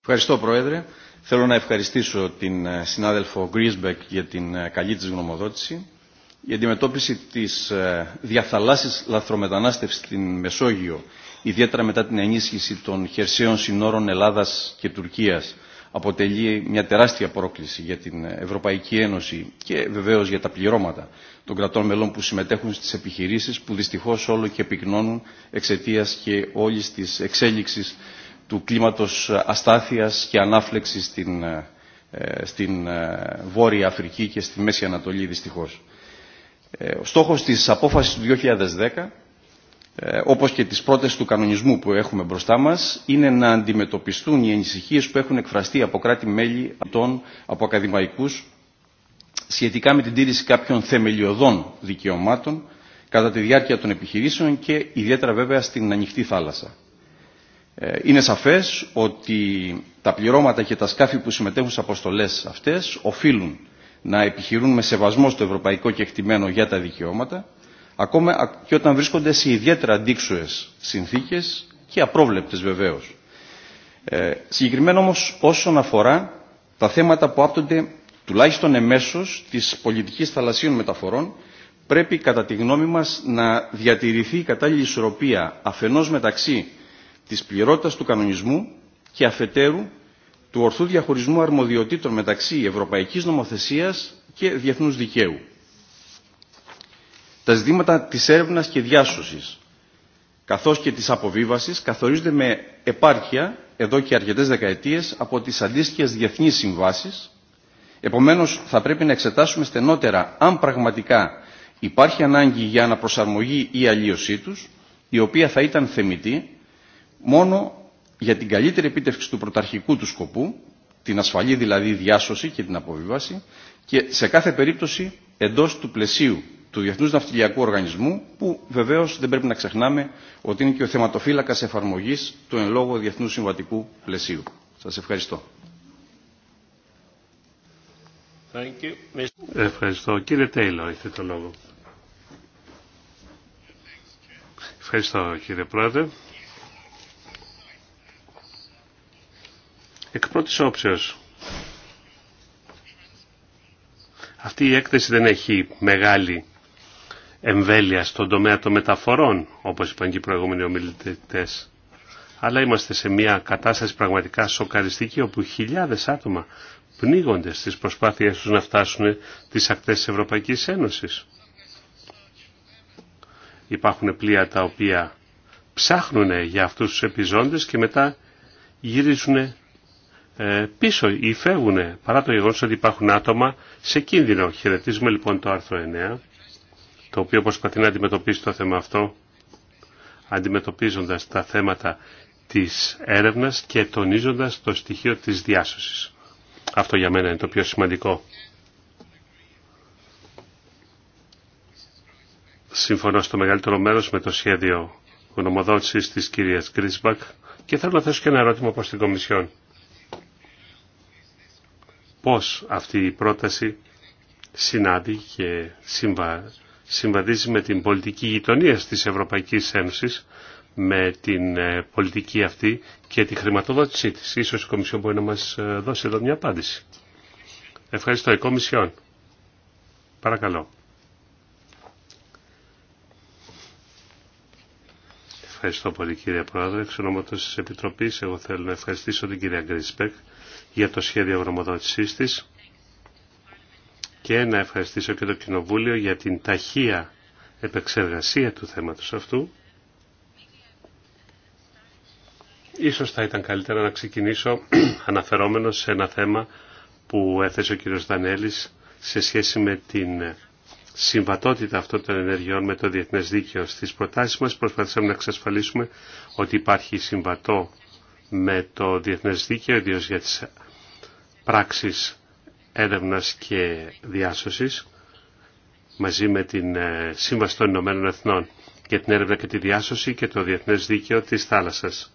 Ευχαριστώ Πρόεδρε. Θέλω να ευχαριστήσω την ε, συνάδελφο Γκρίσμπεκ για την ε, καλή της γνωμοδότηση. Η αντιμετώπιση της ε, διαθαλάσσης λαθρομετανάστευσης στην Μεσόγειο ιδιαίτερα μετά την ενίσχυση των χερσαίων συνόρων Ελλάδας και Τουρκίας, αποτελεί μια τεράστια πρόκληση για την Ευρωπαϊκή Ένωση και βεβαίως για τα πληρώματα των κρατών μελών που συμμετέχουν στις επιχειρήσεις που δυστυχώς όλο και πυκνώνουν εξαιτίας και όλης της εξέλιξης του κλίματος αστάθειας και ανάφλεξης στην, ε, στην ε, Βόρεια Αφρική και στη Μέση Ανατολή δυστυχώς. Ε, ο στόχος της απόφασης του 2010 ε, όπως και τις πρώτες του κανονισμού που έχουμε μπροστά μας, είναι να αντιμετωπιστούν οι ανησυχίε που έχουν εκφραστεί από κράτη-μέλη, από ακαδημαϊκούς, σχετικά με την τήρηση κάποιων θεμελιωδών δικαιωμάτων κατά τη διάρκεια των επιχειρήσεων και ιδιαίτερα βέβαια στην ανοιχτή θάλασσα. Ε, είναι σαφές ότι τα πληρώματα και τα σκάφη που συμμετέχουν σε αποστολές αυτές οφείλουν να επιχειρούν με σεβασμό στο ευρωπαϊκό κεκτημένο για τα δικαιώματα ακόμα και όταν βρίσκονται σε ιδιαίτερα αντίξουες συνθήκες και απρόβλεπτες βεβαίως. Ε, συγκεκριμένα όμως όσον αφορά τα θέματα που άπτονται τουλάχιστον εμέσως της πολιτικής θαλασσίων μεταφορών πρέπει κατά τη γνώμη μας να διατηρηθεί η κατάλληλη ισορροπία αφενός μεταξύ της πληρότητας του κανονισμού και αφετέρου του ορθού διαχωρισμού αρμοδιοτήτων μεταξύ ευρωπαϊκής νομοθεσίας και διεθνούς δικαίου. Τα ζητήματα της έρευνας και διάσωσης, καθώς και της αποβίβασης, καθορίζονται με επάρκεια εδώ και αρκετές δεκαετίες από τις αντίστοιχες διεθνείς συμβάσεις. Επομένως, θα πρέπει να εξετάσουμε στενότερα αν πραγματικά υπάρχει ανάγκη για αναπροσαρμογή ή αλλίωσή τους, η οποία θα ήταν θεμητή μόνο για την καλύτερη επίτευξη του πρωταρχικού του σκοπού, την ασφαλή δηλαδή διάσωση και την αποβίβαση, και σε κάθε περίπτωση εντός του πλαισίου του Διεθνούς Ναυτιλιακού Οργανισμού, που βεβαίως δεν πρέπει να ξεχνάμε ότι είναι και ο θεματοφύλακας εφαρμογής του εν λόγω Διεθνού Συμβατικού Πλαισίου. Σας ευχαριστώ. Ευχαριστώ. Κύριε Τέιλο, έχετε το λόγο. Ευχαριστώ κύριε Πρόεδρε. Εκ πρώτης όψεως, αυτή η έκθεση δεν έχει μεγάλη εμβέλεια στον τομέα των μεταφορών, όπως είπαν και οι προηγούμενοι ομιλητές. Αλλά είμαστε σε μια κατάσταση πραγματικά σοκαριστική, όπου χιλιάδες άτομα πνίγονται στις προσπάθειές τους να φτάσουν τις ακτές της Ευρωπαϊκής Ένωσης. Υπάρχουν πλοία τα οποία ψάχνουν για αυτούς τους επιζώντες και μετά γυρίζουν ε, πίσω ή φεύγουν παρά το γεγονός ότι υπάρχουν άτομα σε κίνδυνο. Χαιρετίζουμε λοιπόν το άρθρο 9 το οποίο προσπαθεί να αντιμετωπίσει το θέμα αυτό αντιμετωπίζοντας τα θέματα της έρευνας και τονίζοντας το στοιχείο της διάσωσης. Αυτό για μένα είναι το πιο σημαντικό. Συμφωνώ στο μεγαλύτερο μέρος με το σχέδιο γνωμοδότησης της κυρίας Γκρίσμπακ και θέλω να θέσω και ένα ερώτημα προς την Κομισιόν. Πώς αυτή η πρόταση συνάδει και συμβαίνει συμβαδίζει με την πολιτική γειτονία της Ευρωπαϊκής Ένωσης, με την ε, πολιτική αυτή και τη χρηματοδότησή της. Ίσως η Κομισιόν μπορεί να μας ε, δώσει εδώ μια απάντηση. Ευχαριστώ. Η Κομισιόν. Παρακαλώ. Ευχαριστώ πολύ κύριε Πρόεδρε. Εξ ονόματος της Επιτροπής εγώ θέλω να ευχαριστήσω την κυρία Γκρίσπεκ για το σχέδιο γνωμοδότησής της και να ευχαριστήσω και το Κοινοβούλιο για την ταχεία επεξεργασία του θέματος αυτού. Ίσως θα ήταν καλύτερα να ξεκινήσω αναφερόμενος σε ένα θέμα που έθεσε ο κύριος Δανέλης σε σχέση με την συμβατότητα αυτών των ενεργειών με το Διεθνές Δίκαιο. Στις προτάσεις μας προσπαθήσαμε να εξασφαλίσουμε ότι υπάρχει συμβατό με το Διεθνές Δίκαιο, ιδίω για τις πράξεις έρευνας και διάσωσης μαζί με την ε, Σύμβαση των Ηνωμένων Εθνών για την έρευνα και τη διάσωση και το Διεθνές Δίκαιο της Θάλασσας.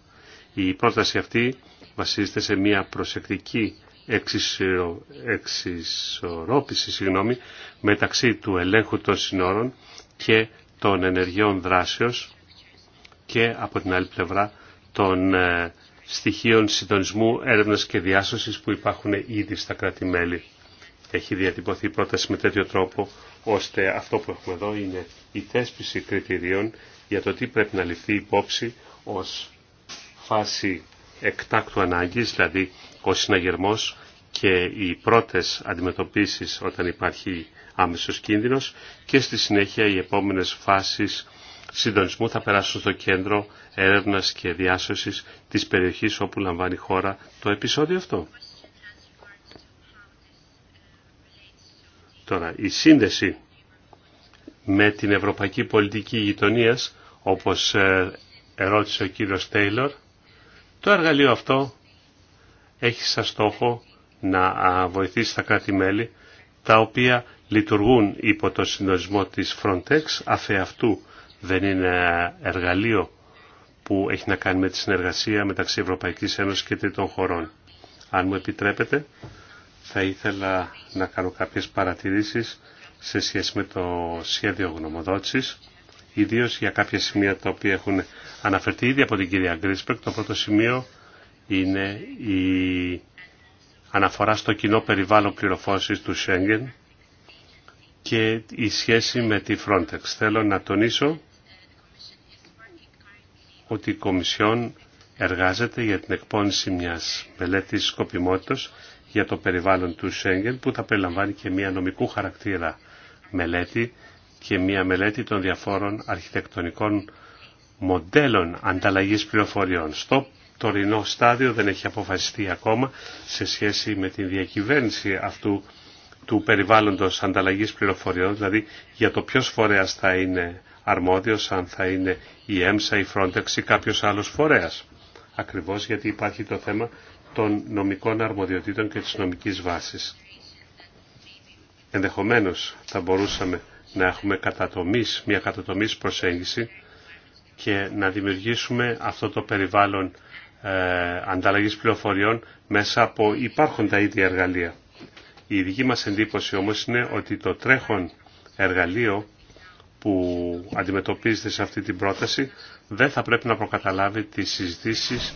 Η πρόταση αυτή βασίζεται σε μια προσεκτική εξισορ... εξισορρόπηση συγγνώμη, μεταξύ του ελέγχου των συνόρων και των ενεργειών δράσεως και από την άλλη πλευρά των ε, στοιχείων συντονισμού, έρευνα και διάσωση που υπάρχουν ήδη στα κράτη-μέλη. Έχει διατυπωθεί η πρόταση με τέτοιο τρόπο, ώστε αυτό που έχουμε εδώ είναι η θέσπιση κριτηρίων για το τι πρέπει να ληφθεί υπόψη ως φάση εκτάκτου ανάγκης, δηλαδή ο συναγερμό και οι πρώτες αντιμετωπίσεις όταν υπάρχει άμεσος κίνδυνος και στη συνέχεια οι επόμενες φάσεις συντονισμού θα περάσουν στο κέντρο έρευνας και διάσωσης της περιοχής όπου λαμβάνει η χώρα το επεισόδιο αυτό. Τώρα, η σύνδεση με την ευρωπαϊκή πολιτική γειτονίας, όπως ε, ερώτησε ο κύριος Τέιλορ, το εργαλείο αυτό έχει σαν στόχο να βοηθήσει τα κράτη-μέλη τα οποία λειτουργούν υπό το συντονισμό της Frontex αφεαυτού δεν είναι εργαλείο που έχει να κάνει με τη συνεργασία μεταξύ Ευρωπαϊκής Ένωσης και τρίτων χωρών. Αν μου επιτρέπετε, θα ήθελα να κάνω κάποιες παρατηρήσεις σε σχέση με το σχέδιο γνωμοδότησης, ιδίως για κάποια σημεία τα οποία έχουν αναφερθεί ήδη από την κυρία Γκρίσπεκ. Το πρώτο σημείο είναι η αναφορά στο κοινό περιβάλλον πληροφόρησης του Σέγγεν και η σχέση με τη Frontex. Θέλω να τονίσω ότι η Κομισιόν εργάζεται για την εκπόνηση μιας μελέτης σκοπιμότητας για το περιβάλλον του Σέγγεν που θα περιλαμβάνει και μια νομικού χαρακτήρα μελέτη και μια μελέτη των διαφόρων αρχιτεκτονικών μοντέλων ανταλλαγής πληροφοριών. Στο τωρινό στάδιο δεν έχει αποφασιστεί ακόμα σε σχέση με την διακυβέρνηση αυτού του περιβάλλοντος ανταλλαγής πληροφοριών, δηλαδή για το ποιος φορέας θα είναι αρμόδιος αν θα είναι η ΕΜΣΑ, η Frontex ή κάποιος άλλος φορέας. Ακριβώς γιατί υπάρχει το θέμα των νομικών αρμοδιοτήτων και της νομικής βάσης. Ενδεχομένως θα μπορούσαμε να έχουμε κατατομής, μια κατατομής προσέγγιση και να δημιουργήσουμε αυτό το περιβάλλον ε, ανταλλαγής πληροφοριών μέσα από υπάρχοντα ίδια εργαλεία. Η δική μας εντύπωση όμως είναι ότι το τρέχον εργαλείο που αντιμετωπίζεται σε αυτή την πρόταση δεν θα πρέπει να προκαταλάβει τις συζητήσεις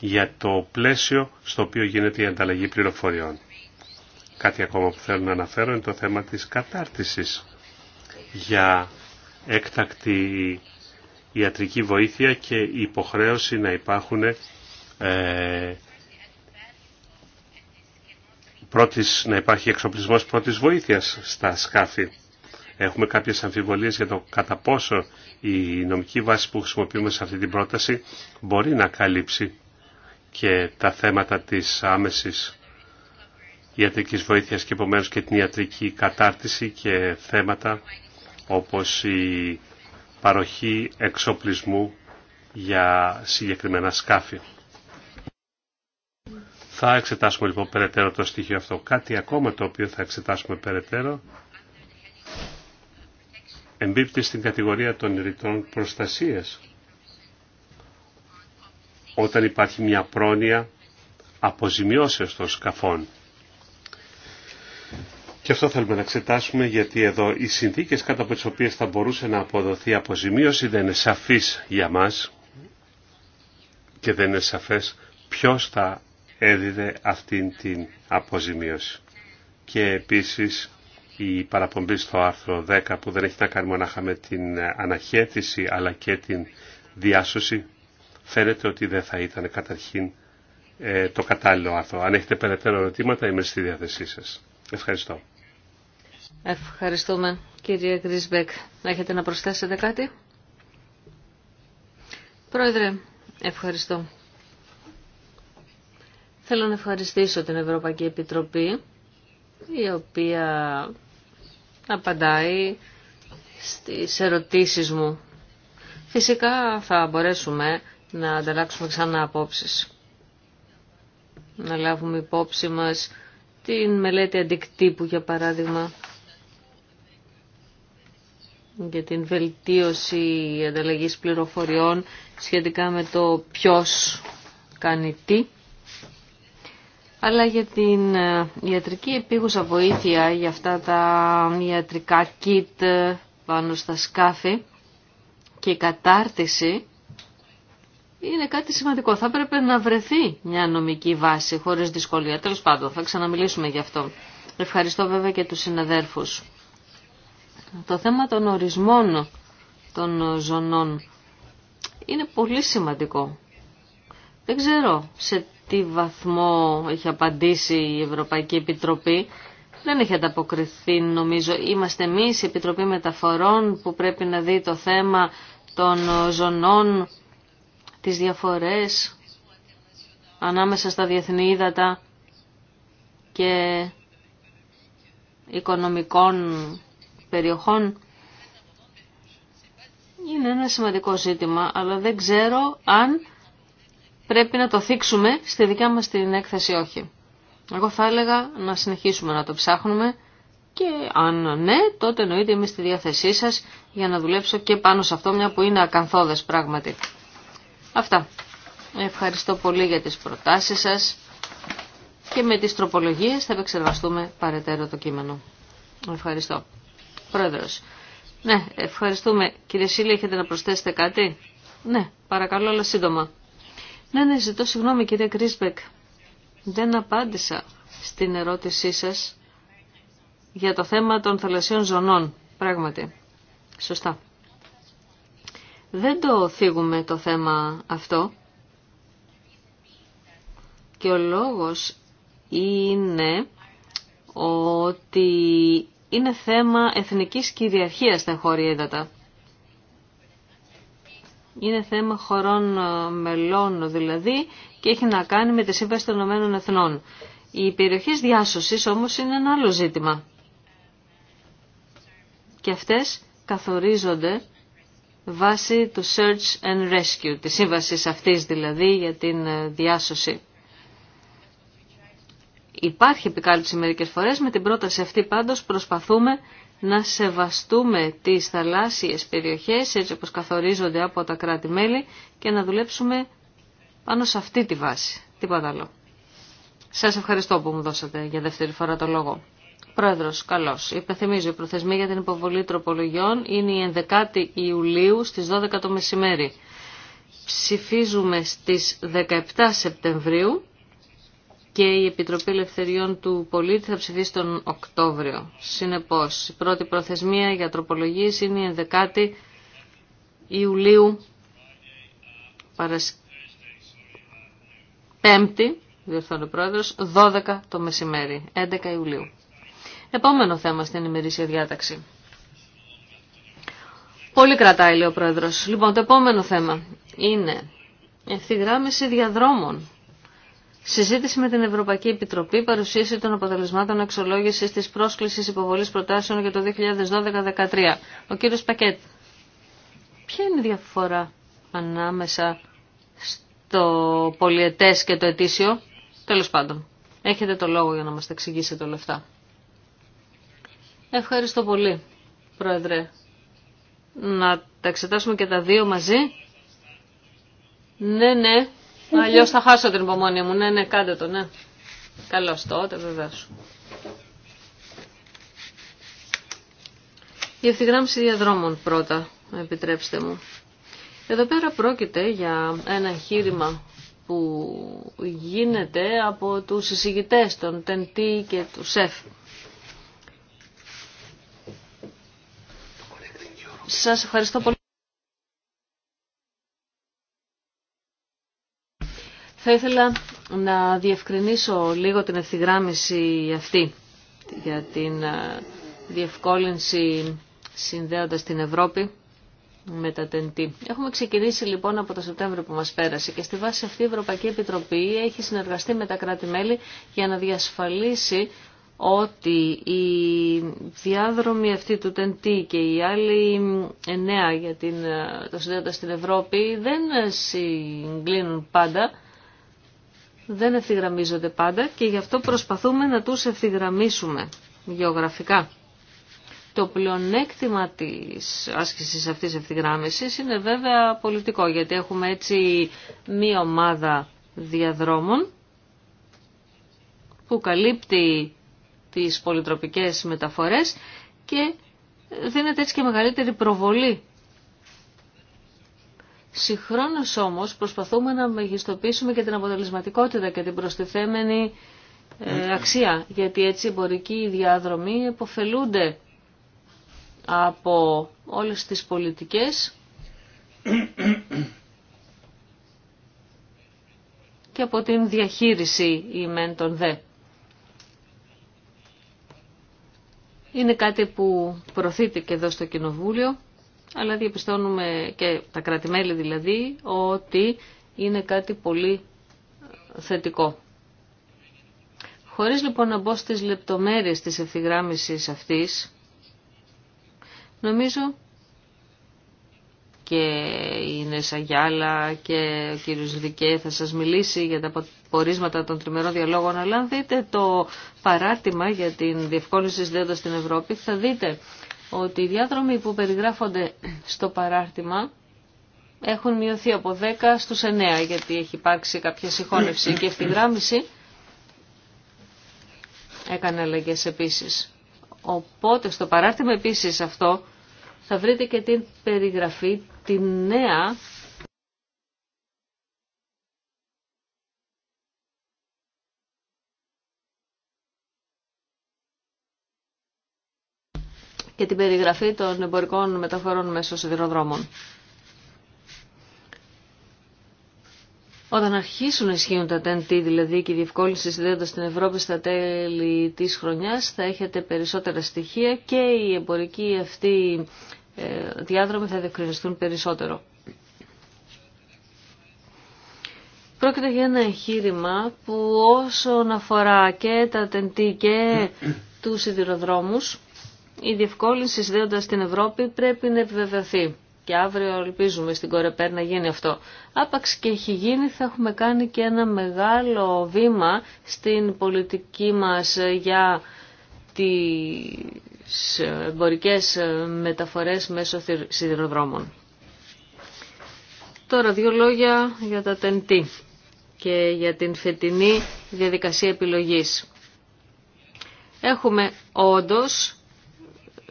για το πλαίσιο στο οποίο γίνεται η ανταλλαγή πληροφοριών. Κάτι ακόμα που θέλω να αναφέρω είναι το θέμα της κατάρτισης για έκτακτη ιατρική βοήθεια και υποχρέωση να υπάρχουν ε, πρώτης, να υπάρχει εξοπλισμός πρώτης βοήθειας στα σκάφη. Έχουμε κάποιες αμφιβολίες για το κατά πόσο η νομική βάση που χρησιμοποιούμε σε αυτή την πρόταση μπορεί να καλύψει και τα θέματα της άμεσης ιατρικής βοήθειας και επομένως και την ιατρική κατάρτιση και θέματα όπως η παροχή εξοπλισμού για συγκεκριμένα σκάφη. Θα εξετάσουμε λοιπόν περαιτέρω το στοιχείο αυτό. Κάτι ακόμα το οποίο θα εξετάσουμε περαιτέρω εμπίπτει στην κατηγορία των ρητών προστασίας. Όταν υπάρχει μια πρόνοια αποζημιώσεως των σκαφών. Και αυτό θέλουμε να εξετάσουμε γιατί εδώ οι συνθήκες κάτω από τις οποίες θα μπορούσε να αποδοθεί αποζημίωση δεν είναι σαφείς για μας και δεν είναι σαφές ποιος θα έδιδε αυτήν την αποζημίωση. Και επίσης η παραπομπή στο άρθρο 10 που δεν έχει να κάνει μονάχα με την αναχέτηση αλλά και την διάσωση φαίνεται ότι δεν θα ήταν καταρχήν ε, το κατάλληλο άρθρο. Αν έχετε περαιτέρω ερωτήματα είμαι στη διάθεσή σας. Ευχαριστώ. Ευχαριστούμε κύριε Γκρισμπεκ. Έχετε να προσθέσετε κάτι. Πρόεδρε, ευχαριστώ. Θέλω να ευχαριστήσω την Ευρωπαϊκή Επιτροπή η οποία απαντάει στις ερωτήσεις μου. Φυσικά θα μπορέσουμε να ανταλλάξουμε ξανά απόψεις. Να λάβουμε υπόψη μας την μελέτη αντικτύπου για παράδειγμα για την βελτίωση ανταλλαγής πληροφοριών σχετικά με το ποιος κάνει τι αλλά για την ε, ιατρική επίγουσα βοήθεια για αυτά τα ιατρικά kit ε, πάνω στα σκάφη και η κατάρτιση είναι κάτι σημαντικό. Θα έπρεπε να βρεθεί μια νομική βάση χωρίς δυσκολία. Τέλος πάντων, θα ξαναμιλήσουμε γι' αυτό. Ευχαριστώ βέβαια και τους συναδέρφους. Το θέμα των ορισμών των ζωνών είναι πολύ σημαντικό. Δεν ξέρω σε τι βαθμό έχει απαντήσει η Ευρωπαϊκή Επιτροπή. Δεν έχει ανταποκριθεί νομίζω. Είμαστε εμείς η Επιτροπή Μεταφορών που πρέπει να δει το θέμα των ζωνών, τις διαφορές ανάμεσα στα διεθνή ύδατα και οικονομικών περιοχών. Είναι ένα σημαντικό ζήτημα, αλλά δεν ξέρω αν πρέπει να το θίξουμε, στη δικιά μας την έκθεση όχι. Εγώ θα έλεγα να συνεχίσουμε να το ψάχνουμε και αν ναι, τότε εννοείται είμαι στη διάθεσή σας για να δουλέψω και πάνω σε αυτό μια που είναι ακαθόδες πράγματι. Αυτά. Ευχαριστώ πολύ για τις προτάσεις σας και με τις τροπολογίες θα επεξεργαστούμε παρετέρω το κείμενο. Ευχαριστώ. Πρόεδρος. Ναι, ευχαριστούμε. Κύριε Σίλη, έχετε να προσθέσετε κάτι. Ναι, παρακαλώ, αλλά σύντομα. Ναι, ναι, ζητώ συγγνώμη κύριε Κρίσμπεκ. Δεν απάντησα στην ερώτησή σας για το θέμα των θαλασσίων ζωνών. Πράγματι. Σωστά. Δεν το θίγουμε το θέμα αυτό. Και ο λόγος είναι ότι είναι θέμα εθνικής κυριαρχίας στα χώρια είναι θέμα χωρών ε, μελών δηλαδή και έχει να κάνει με τη Σύμβαση των Ηνωμένων Εθνών. Οι περιοχές διάσωσης όμως είναι ένα άλλο ζήτημα. Και αυτές καθορίζονται βάσει του Search and Rescue, της σύμβαση αυτής δηλαδή για την ε, διάσωση. Υπάρχει επικάλυψη μερικές φορές, με την πρόταση αυτή πάντως προσπαθούμε να σεβαστούμε τις θαλάσσιες περιοχές έτσι όπως καθορίζονται από τα κράτη-μέλη και να δουλέψουμε πάνω σε αυτή τη βάση. Τίποτα άλλο. Σας ευχαριστώ που μου δώσατε για δεύτερη φορά το λόγο. Πρόεδρος, καλώς. Υπενθυμίζω, η προθεσμία για την υποβολή τροπολογιών είναι η 11η Ιουλίου στις 12 το μεσημέρι. Ψηφίζουμε στις 17 Σεπτεμβρίου και η Επιτροπή Ελευθεριών του Πολίτη θα ψηφίσει τον Οκτώβριο. Συνεπώς, η πρώτη προθεσμία για τροπολογίες είναι η 11η Ιουλίου Παρασκευή. Πέμπτη, διορθώνει ο πρόεδρος, 12 το μεσημέρι, 11 Ιουλίου. Επόμενο θέμα στην ημερήσια διάταξη. Πολύ κρατάει, λέει ο πρόεδρος. Λοιπόν, το επόμενο θέμα είναι ευθυγράμμιση διαδρόμων Συζήτηση με την Ευρωπαϊκή Επιτροπή, παρουσίαση των αποτελεσμάτων αξιολόγηση τη πρόσκληση υποβολή προτάσεων για το 2012-2013. Ο κύριο Πακέτ. Ποια είναι η διαφορά ανάμεσα στο πολιετέ και το ετήσιο. Τέλο πάντων, έχετε το λόγο για να μα τα εξηγήσετε όλα αυτά. Ευχαριστώ πολύ, Πρόεδρε. Να τα εξετάσουμε και τα δύο μαζί. Ναι, ναι, Αλλιώ θα χάσω την υπομονή μου. Ναι, ναι, κάντε το, ναι. Καλώ τότε, βεβαίω. Η ευθυγράμμιση διαδρόμων πρώτα, επιτρέψτε μου. Εδώ πέρα πρόκειται για ένα εγχείρημα που γίνεται από τους εισηγητές των ΤΕΝΤΗ και του ΣΕΦ. Σας ευχαριστώ πολύ. Θα ήθελα να διευκρινίσω λίγο την ευθυγράμμιση αυτή για την ε, διευκόλυνση συνδέοντας την Ευρώπη με τα TNT. Έχουμε ξεκινήσει λοιπόν από το Σεπτέμβριο που μας πέρασε και στη βάση αυτή η Ευρωπαϊκή Επιτροπή έχει συνεργαστεί με τα κράτη-μέλη για να διασφαλίσει ότι η διάδρομη αυτή του ΤΕΝΤΗ και οι άλλοι εννέα για την, ε, το συνδέοντα στην Ευρώπη δεν συγκλίνουν πάντα δεν ευθυγραμμίζονται πάντα και γι' αυτό προσπαθούμε να τους ευθυγραμμίσουμε γεωγραφικά. Το πλεονέκτημα της άσκησης αυτής ευθυγράμμισης είναι βέβαια πολιτικό, γιατί έχουμε έτσι μία ομάδα διαδρόμων που καλύπτει τις πολυτροπικές μεταφορές και δίνεται έτσι και μεγαλύτερη προβολή Συγχρόνως όμως προσπαθούμε να μεγιστοποιήσουμε και την αποτελεσματικότητα και την προστιθέμενη ε, αξία, γιατί έτσι οι εμπορικοί διάδρομοι υποφελούνται από όλες τις πολιτικές και από την διαχείριση ημέν των δε. Είναι κάτι που προωθείται και εδώ στο Κοινοβούλιο αλλά διαπιστώνουμε και τα κρατημέλη δηλαδή ότι είναι κάτι πολύ ε, θετικό. Χωρίς λοιπόν να μπω στις λεπτομέρειες της ευθυγράμμισης αυτής, νομίζω και η Νέσα Γιάλα και ο κύριος Δικέ θα σας μιλήσει για τα πορίσματα των τριμερών διαλόγων, αλλά αν δείτε το παράτημα για την διευκόλυνση της στην Ευρώπη, θα δείτε ότι οι διάδρομοι που περιγράφονται στο παράρτημα έχουν μειωθεί από 10 στους 9 γιατί έχει υπάρξει κάποια συγχώνευση και γράμμιση έκανε αλλαγέ επίσης. Οπότε στο παράρτημα επίσης αυτό θα βρείτε και την περιγραφή, την νέα ...και την περιγραφή των εμπορικών μεταφορών μέσω σιδηροδρόμων. Όταν αρχίσουν να ισχύουν τα TNT, δηλαδή και η διευκόλυνση συνδέοντα την Ευρώπη στα τέλη τη χρονιά, θα έχετε περισσότερα στοιχεία και οι εμπορικοί αυτοί ε, διάδρομοι θα διευκρινιστούν περισσότερο. Πρόκειται για ένα εγχείρημα που όσον αφορά και τα TNT και του σιδηροδρόμους, η διευκόλυνση συνδέοντα την Ευρώπη πρέπει να επιβεβαιωθεί. Και αύριο ελπίζουμε στην Κορεπέρ να γίνει αυτό. Άπαξ και έχει γίνει θα έχουμε κάνει και ένα μεγάλο βήμα στην πολιτική μας για τις εμπορικές μεταφορές μέσω σιδηροδρόμων. Τώρα δύο λόγια για τα τεντή και για την φετινή διαδικασία επιλογής. Έχουμε όντως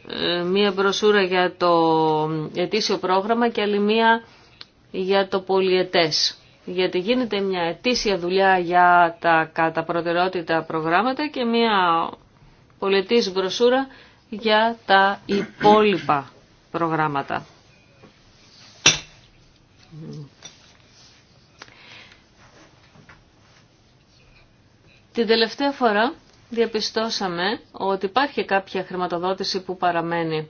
ε, μία μπροσούρα για το ετήσιο πρόγραμμα και άλλη μία για το πολιετές. Γιατί γίνεται μια ετήσια δουλειά για τα κατά προγράμματα και μια πολιετής μπροσούρα για τα υπόλοιπα προγράμματα. Την τελευταία φορά διαπιστώσαμε ότι υπάρχει κάποια χρηματοδότηση που παραμένει.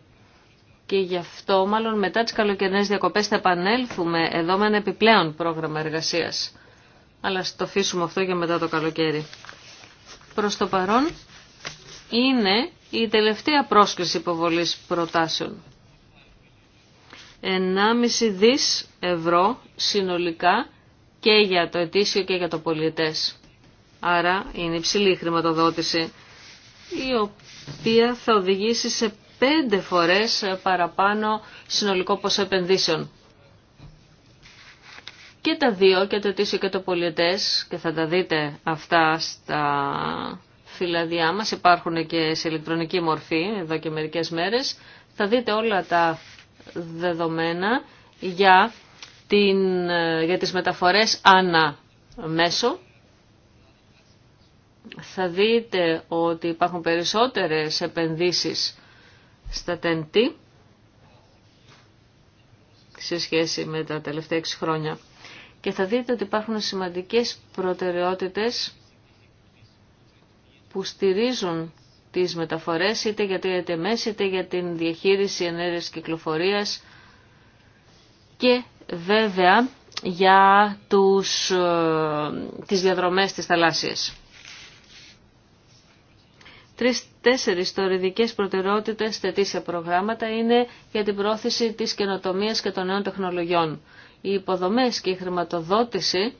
Και γι' αυτό μάλλον μετά τις καλοκαιρινές διακοπές θα επανέλθουμε εδώ με ένα επιπλέον πρόγραμμα εργασίας. Αλλά το αφήσουμε αυτό για μετά το καλοκαίρι. Προς το παρόν είναι η τελευταία πρόσκληση υποβολής προτάσεων. 1,5 δις ευρώ συνολικά και για το ετήσιο και για το πολιτές. Άρα είναι υψηλή η χρηματοδότηση, η οποία θα οδηγήσει σε πέντε φορές παραπάνω συνολικό ποσό επενδύσεων. Και τα δύο, και το τίσιο και το πολιτές, και θα τα δείτε αυτά στα φυλαδιά μας, υπάρχουν και σε ηλεκτρονική μορφή εδώ και μερικές μέρες, θα δείτε όλα τα δεδομένα για, την, για τις μεταφορές ανά μέσο θα δείτε ότι υπάρχουν περισσότερες επενδύσεις στα TNT σε σχέση με τα τελευταία 6 χρόνια. Και θα δείτε ότι υπάρχουν σημαντικές προτεραιότητες που στηρίζουν τις μεταφορές είτε για την ΕΤΜΕΣ είτε για την διαχείριση ενέργειας κυκλοφορίας και βέβαια για τους, ε, τις διαδρομές της θαλάσσιας τρεις-τέσσερις τορυδικές προτεραιότητες σε προγράμματα είναι για την πρόθεση της καινοτομίας και των νέων τεχνολογιών. Οι υποδομές και η χρηματοδότηση,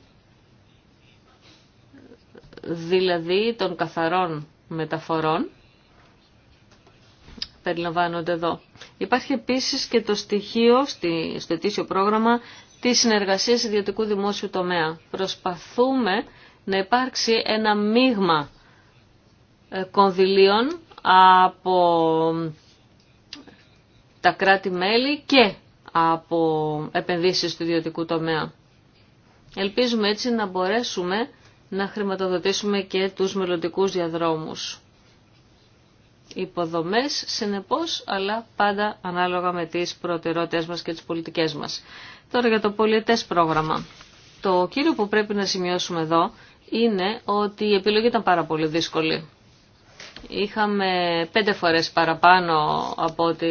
δηλαδή των καθαρών μεταφορών, περιλαμβάνονται εδώ. Υπάρχει επίσης και το στοιχείο στο ετήσιο πρόγραμμα της συνεργασίας ιδιωτικού δημόσιου τομέα. Προσπαθούμε να υπάρξει ένα μείγμα ε, κονδυλίων από τα κράτη-μέλη και από επενδύσεις του ιδιωτικού τομέα. Ελπίζουμε έτσι να μπορέσουμε να χρηματοδοτήσουμε και τους μελλοντικού διαδρόμους. Υποδομές, συνεπώς, αλλά πάντα ανάλογα με τις προτεραιότητες μας και τις πολιτικές μας. Τώρα για το πολιτες πρόγραμμα. Το κύριο που πρέπει να σημειώσουμε εδώ είναι ότι η επιλογή ήταν πάρα πολύ δύσκολη. Είχαμε πέντε φορές παραπάνω από ό,τι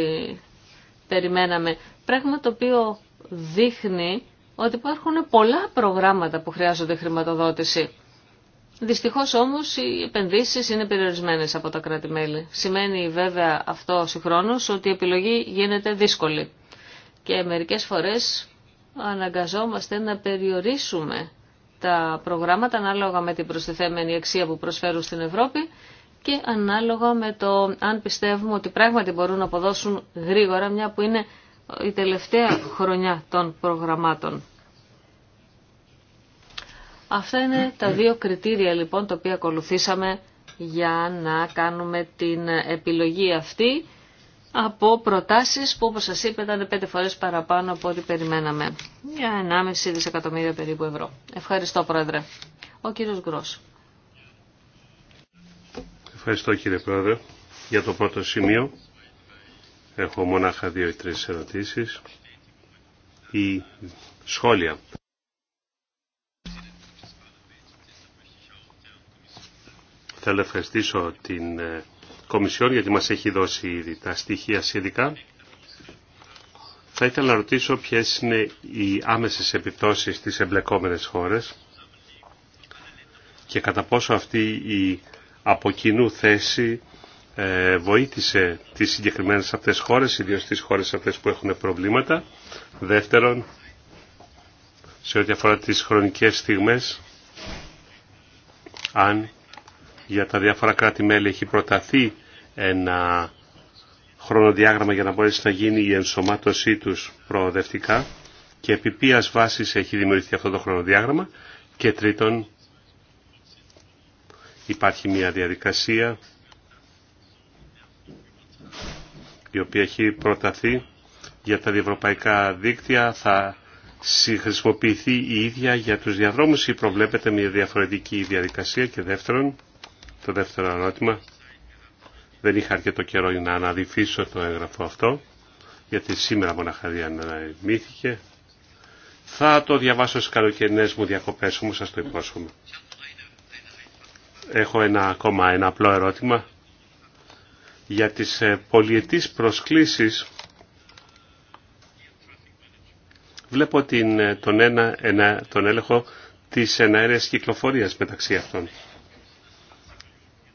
περιμέναμε. Πράγμα το οποίο δείχνει ότι υπάρχουν πολλά προγράμματα που χρειάζονται χρηματοδότηση. Δυστυχώς όμως οι επενδύσεις είναι περιορισμένες από τα κράτη-μέλη. Σημαίνει βέβαια αυτό συγχρόνως ότι η επιλογή γίνεται δύσκολη. Και μερικές φορές αναγκαζόμαστε να περιορίσουμε τα προγράμματα ανάλογα με την προστιθέμενη αξία που προσφέρουν στην Ευρώπη και ανάλογα με το αν πιστεύουμε ότι πράγματι μπορούν να αποδώσουν γρήγορα μια που είναι η τελευταία χρονιά των προγραμμάτων. Αυτά είναι τα δύο κριτήρια λοιπόν τα οποία ακολουθήσαμε για να κάνουμε την επιλογή αυτή από προτάσεις που όπως σας είπα ήταν πέντε φορές παραπάνω από ό,τι περιμέναμε. Για 1,5 δισεκατομμύρια περίπου ευρώ. Ευχαριστώ Πρόεδρε. Ο κύριος Γκρός. Ευχαριστώ κύριε Πρόεδρε για το πρώτο σημείο. Έχω μονάχα δύο ή τρεις ερωτήσεις ή σχόλια. Θέλω να ευχαριστήσω την ε, Κομισιόν γιατί μας έχει δώσει ήδη τα στοιχεία σχετικά. Θα ήθελα να ρωτήσω ποιες είναι οι άμεσες επιπτώσεις στις εμπλεκόμενες χώρες και κατά πόσο αυτή η από κοινού θέση ε, βοήθησε τις συγκεκριμένες αυτές χώρες, ιδίως τις χώρες αυτές που έχουν προβλήματα. Δεύτερον, σε ό,τι αφορά τις χρονικές στιγμές, αν για τα διάφορα κράτη-μέλη έχει προταθεί ένα χρονοδιάγραμμα για να μπορέσει να γίνει η ενσωμάτωσή τους προοδευτικά και επί ποιας βάσης έχει δημιουργηθεί αυτό το χρονοδιάγραμμα και τρίτον Υπάρχει μια διαδικασία η οποία έχει προταθεί για τα διευρωπαϊκά δίκτυα. Θα συγχρησιμοποιηθεί η ίδια για τους διαδρόμους ή προβλέπεται μια διαφορετική διαδικασία. Και δεύτερον, το δεύτερο ερώτημα, δεν είχα αρκετό καιρό να αναδειφίσω το έγγραφο αυτό, γιατί σήμερα μοναχαρία διανεμήθηκε. Θα το διαβάσω στις καλοκαιρινές μου διακοπές, όμως σας το υπόσχομαι. Έχω ένα ακόμα ένα απλό ερώτημα για τις ε, πολιετής προσκλήσεις βλέπω την, ε, τον, ένα, ένα, τον έλεγχο της εναέρειας κυκλοφορίας μεταξύ αυτών.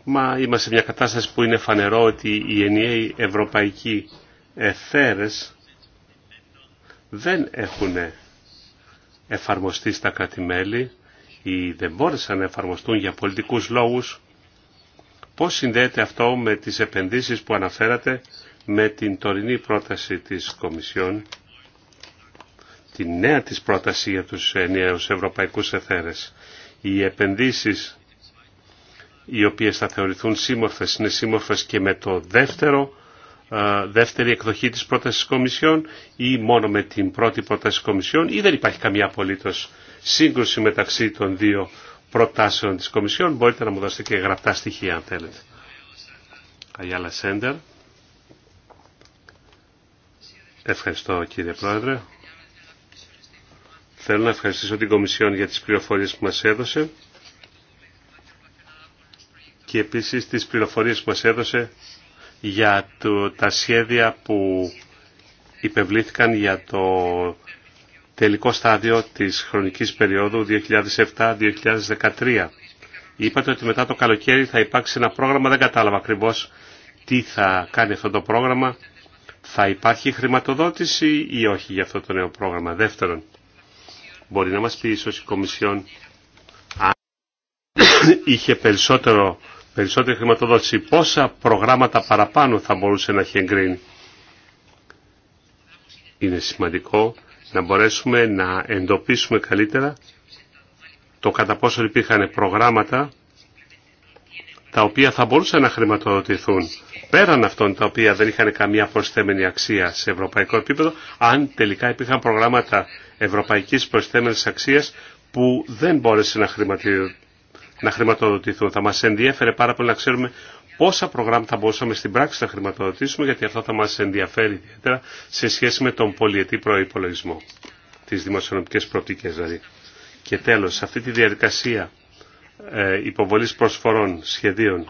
Μα είμαστε σε μια κατάσταση που είναι φανερό ότι οι ενιαίοι ευρωπαϊκοί εθέρες δεν έχουν εφαρμοστεί στα κράτη-μέλη, ή δεν μπόρεσαν να εφαρμοστούν για πολιτικούς λόγους, πώς συνδέεται αυτό με τις επενδύσεις που αναφέρατε με την τωρινή πρόταση της Κομισιόν, την νέα της πρόταση για τους ενιαίους ευρωπαϊκούς εθέρες. Οι επενδύσεις οι οποίες θα θεωρηθούν σύμμορφες είναι σύμμορφες και με το δεύτερο δεύτερη εκδοχή της πρότασης Κομισιόν ή μόνο με την πρώτη πρόταση Κομισιόν ή δεν υπάρχει καμία απολύτως σύγκρουση μεταξύ των δύο προτάσεων της Κομισιόν. Μπορείτε να μου δώσετε και γραπτά στοιχεία αν θέλετε. Αγιάλα Σέντερ. Ευχαριστώ κύριε Πρόεδρε. Θέλω να ευχαριστήσω την Κομισιόν για τις πληροφορίες που μας έδωσε και επίσης τις πληροφορίες που μας έδωσε για το, τα σχέδια που υπευλήθηκαν για το τελικό στάδιο της χρονικής περίοδου 2007-2013. Είπατε ότι μετά το καλοκαίρι θα υπάρξει ένα πρόγραμμα, δεν κατάλαβα ακριβώς τι θα κάνει αυτό το πρόγραμμα. Θα υπάρχει χρηματοδότηση ή όχι για αυτό το νέο πρόγραμμα. Δεύτερον, μπορεί να μας πει ίσως η Κομισιόν αν είχε περισσότερο, περισσότερη χρηματοδότηση, πόσα προγράμματα παραπάνω θα μπορούσε να έχει εγκρίνει. Είναι σημαντικό να μπορέσουμε να εντοπίσουμε καλύτερα το κατά πόσο υπήρχαν προγράμματα τα οποία θα μπορούσαν να χρηματοδοτηθούν πέραν αυτών τα οποία δεν είχαν καμία προσθέμενη αξία σε ευρωπαϊκό επίπεδο, αν τελικά υπήρχαν προγράμματα ευρωπαϊκής προσθέμενης αξίας που δεν μπόρεσαν να, χρηματοδοτηθούν. Θα μας ενδιέφερε πάρα πολύ να ξέρουμε πόσα προγράμματα μπορούσαμε στην πράξη να χρηματοδοτήσουμε, γιατί αυτό θα μας ενδιαφέρει ιδιαίτερα σε σχέση με τον πολιετή προϋπολογισμό, τι δημοσιονομικής προοπτικές δηλαδή. Και τέλος, σε αυτή τη διαδικασία ε, υποβολής προσφορών σχεδίων,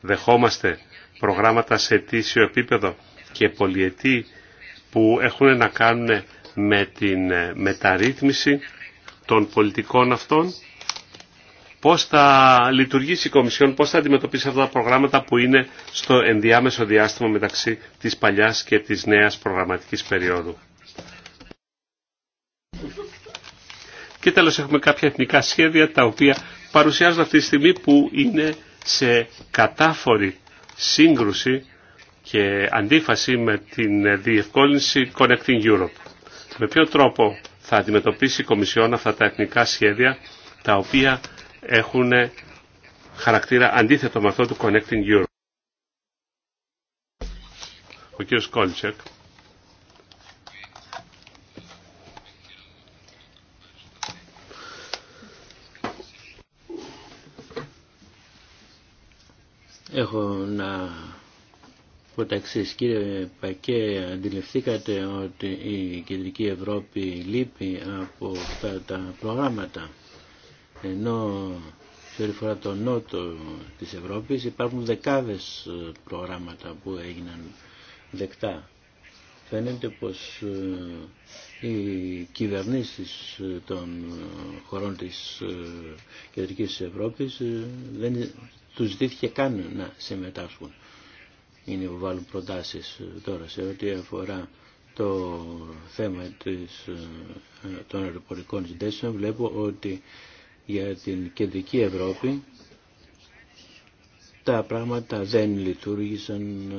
δεχόμαστε προγράμματα σε αιτήσιο επίπεδο και πολιετή που έχουν να κάνουν με την ε, μεταρρύθμιση των πολιτικών αυτών πώς θα λειτουργήσει η Κομισιόν, πώς θα αντιμετωπίσει αυτά τα προγράμματα που είναι στο ενδιάμεσο διάστημα μεταξύ της παλιάς και της νέας προγραμματικής περίοδου. Και τέλος έχουμε κάποια εθνικά σχέδια τα οποία παρουσιάζονται αυτή τη στιγμή που είναι σε κατάφορη σύγκρουση και αντίφαση με την διευκόλυνση Connecting Europe. Με ποιο τρόπο θα αντιμετωπίσει η Κομισιόν αυτά τα εθνικά σχέδια τα οποία έχουν χαρακτήρα αντίθετο με αυτό του Connecting Europe. Ο κ. Κόλτσεκ. Έχω να πω τα Κύριε Πακέ, αντιληφθήκατε ότι η Κεντρική Ευρώπη λείπει από αυτά τα προγράμματα. Ενώ σε φορά το νότο της Ευρώπης υπάρχουν δεκάδες ε, προγράμματα που έγιναν δεκτά. Φαίνεται πως ε, οι κυβερνήσεις ε, των χωρών της Κεντρικής Ευρώπης δεν τους ζητήθηκε καν να συμμετάσχουν. Είναι που βάλουν προτάσεις τώρα σε ό,τι αφορά το θέμα της, των αεροπορικών συντέσεων. Βλέπω ότι για την κεντρική Ευρώπη τα πράγματα δεν λειτουργήσαν,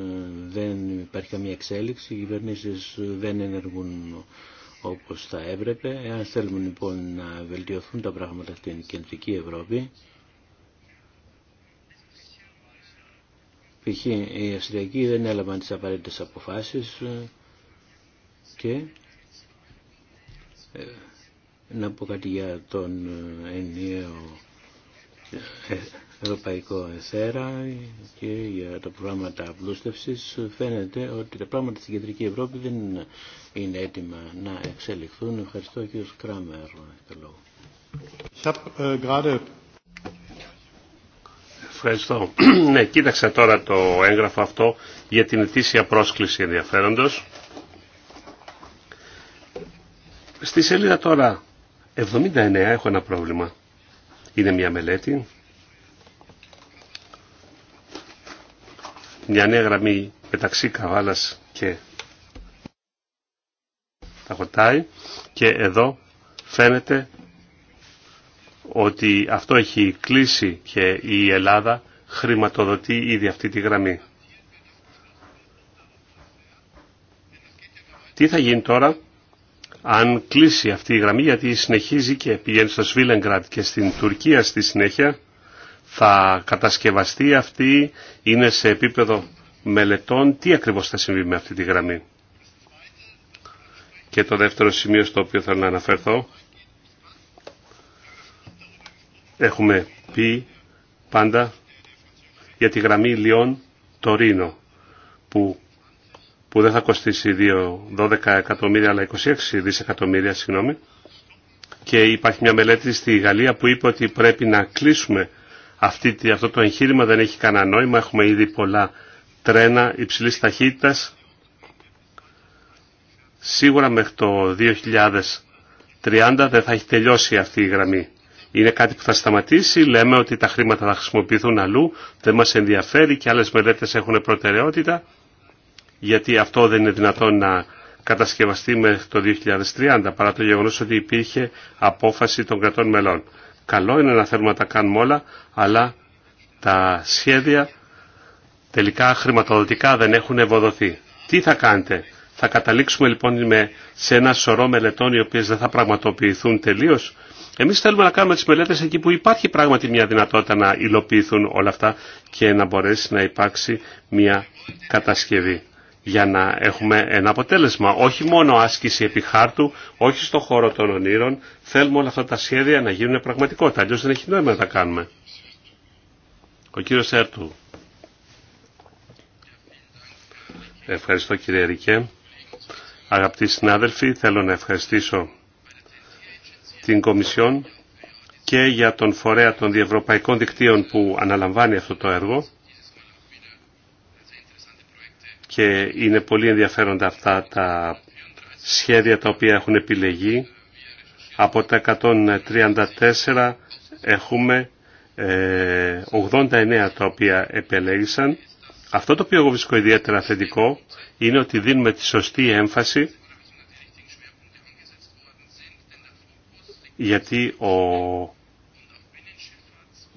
δεν υπάρχει καμία εξέλιξη, οι κυβερνήσεις δεν ενεργούν όπως θα έπρεπε. Εάν θέλουμε λοιπόν να βελτιωθούν τα πράγματα στην κεντρική Ευρώπη, π.χ. οι Αυστριακοί δεν έλαβαν τις απαραίτητες αποφάσεις και ε, να πω κάτι για τον ε, ενιαίο ε, ευρωπαϊκό εθέρα και για τα προγράμματα απλούστευσης φαίνεται ότι τα πράγματα στην Κεντρική Ευρώπη δεν είναι έτοιμα να εξελιχθούν. Ευχαριστώ κύριο Κράμερ. Ε, Ευχαριστώ. ναι, κοίταξα τώρα το έγγραφο αυτό για την ετήσια πρόσκληση ενδιαφέροντος. Στη σελίδα τώρα 79 έχω ένα πρόβλημα. Είναι μια μελέτη. Μια νέα γραμμή μεταξύ Καβάλας και τα χωτάει. και εδώ φαίνεται ότι αυτό έχει κλείσει και η Ελλάδα χρηματοδοτεί ήδη αυτή τη γραμμή. Τι θα γίνει τώρα αν κλείσει αυτή η γραμμή γιατί συνεχίζει και πηγαίνει στο Σβίλεγκρατ και στην Τουρκία στη συνέχεια θα κατασκευαστεί αυτή, είναι σε επίπεδο μελετών τι ακριβώς θα συμβεί με αυτή τη γραμμή. Και το δεύτερο σημείο στο οποίο θέλω να αναφερθώ έχουμε πει πάντα για τη γραμμή Λιών Τωρίνο που που δεν θα κοστίσει 2, 12 εκατομμύρια αλλά 26 δισεκατομμύρια συγγνώμη και υπάρχει μια μελέτη στη Γαλλία που είπε ότι πρέπει να κλείσουμε αυτή, αυτό το εγχείρημα δεν έχει κανένα νόημα έχουμε ήδη πολλά τρένα υψηλής ταχύτητας σίγουρα μέχρι το 2030 δεν θα έχει τελειώσει αυτή η γραμμή είναι κάτι που θα σταματήσει, λέμε ότι τα χρήματα θα χρησιμοποιηθούν αλλού, δεν μας ενδιαφέρει και άλλες μελέτες έχουν προτεραιότητα γιατί αυτό δεν είναι δυνατόν να κατασκευαστεί με το 2030 παρά το γεγονός ότι υπήρχε απόφαση των κρατών μελών. Καλό είναι να θέλουμε να τα κάνουμε όλα, αλλά τα σχέδια τελικά χρηματοδοτικά δεν έχουν ευοδοθεί. Τι θα κάνετε, θα καταλήξουμε λοιπόν με, σε ένα σωρό μελετών οι οποίες δεν θα πραγματοποιηθούν τελείως. Εμείς θέλουμε να κάνουμε τις μελέτες εκεί που υπάρχει πράγματι μια δυνατότητα να υλοποιηθούν όλα αυτά και να μπορέσει να υπάρξει μια κατασκευή για να έχουμε ένα αποτέλεσμα. Όχι μόνο άσκηση επιχάρτου, όχι στο χώρο των ονείρων. Θέλουμε όλα αυτά τα σχέδια να γίνουν πραγματικότητα. Αλλιώ δεν έχει νόημα να τα κάνουμε. Ο κύριος Έρτου. Ευχαριστώ κύριε Ρικέ. Αγαπητοί συνάδελφοι, θέλω να ευχαριστήσω την Κομισιόν και για τον φορέα των διευρωπαϊκών δικτύων που αναλαμβάνει αυτό το έργο και είναι πολύ ενδιαφέροντα αυτά τα σχέδια τα οποία έχουν επιλεγεί. Από τα 134 έχουμε 89 ε, τα οποία επελέγησαν. Αυτό το οποίο εγώ βρίσκω ιδιαίτερα θετικό είναι ότι δίνουμε τη σωστή έμφαση γιατί ο,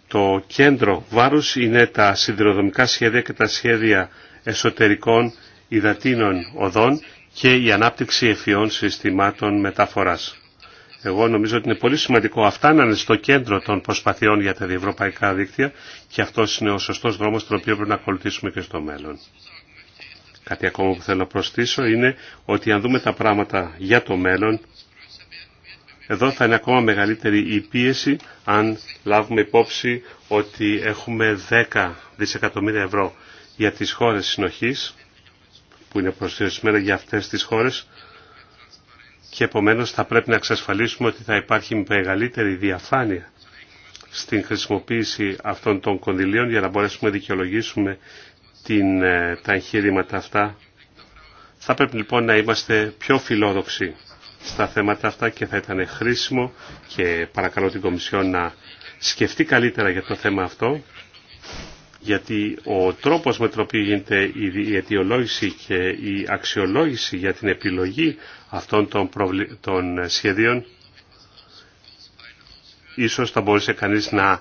το κέντρο βάρους είναι τα σιδηροδομικά σχέδια και τα σχέδια εσωτερικών υδατίνων οδών και η ανάπτυξη ευφυών συστημάτων μεταφοράς. Εγώ νομίζω ότι είναι πολύ σημαντικό αυτά να είναι στο κέντρο των προσπαθειών για τα διευρωπαϊκά δίκτυα και αυτό είναι ο σωστός δρόμος τον οποίο πρέπει να ακολουθήσουμε και στο μέλλον. Κάτι ακόμα που θέλω να προσθέσω είναι ότι αν δούμε τα πράγματα για το μέλλον, εδώ θα είναι ακόμα μεγαλύτερη η πίεση αν λάβουμε υπόψη ότι έχουμε 10 δισεκατομμύρια ευρώ για τις χώρες συνοχής που είναι προσδιορισμένα για αυτές τις χώρες και επομένως θα πρέπει να εξασφαλίσουμε ότι θα υπάρχει μεγαλύτερη διαφάνεια στην χρησιμοποίηση αυτών των κονδυλίων για να μπορέσουμε να δικαιολογήσουμε την, ε, τα εγχείρηματα αυτά. Θα πρέπει λοιπόν να είμαστε πιο φιλόδοξοι στα θέματα αυτά και θα ήταν χρήσιμο και παρακαλώ την Κομισιόν να σκεφτεί καλύτερα για το θέμα αυτό γιατί ο τρόπος με τον οποίο γίνεται η αιτιολόγηση και η αξιολόγηση για την επιλογή αυτών των, των σχεδίων ίσως θα μπορούσε κανείς να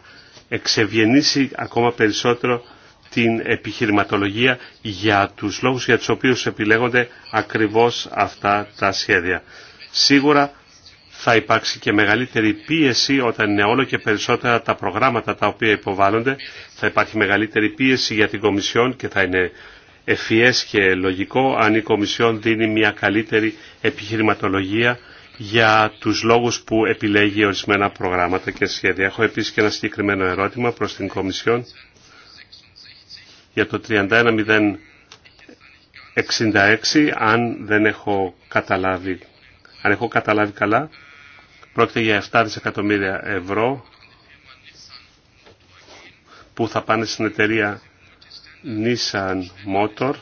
εξευγενήσει ακόμα περισσότερο την επιχειρηματολογία για τους λόγους για τους οποίους επιλέγονται ακριβώς αυτά τα σχέδια. Σίγουρα θα υπάρξει και μεγαλύτερη πίεση όταν είναι όλο και περισσότερα τα προγράμματα τα οποία υποβάλλονται θα υπάρχει μεγαλύτερη πίεση για την Κομισιόν και θα είναι ευφυέ και λογικό αν η Κομισιόν δίνει μια καλύτερη επιχειρηματολογία για τους λόγους που επιλέγει ορισμένα προγράμματα και σχέδια. Έχω επίσης και ένα συγκεκριμένο ερώτημα προς την Κομισιόν για το 31066 αν δεν έχω καταλάβει αν έχω καταλάβει καλά πρόκειται για 7 δισεκατομμύρια ευρώ που θα πάνε στην εταιρεία Nissan Motor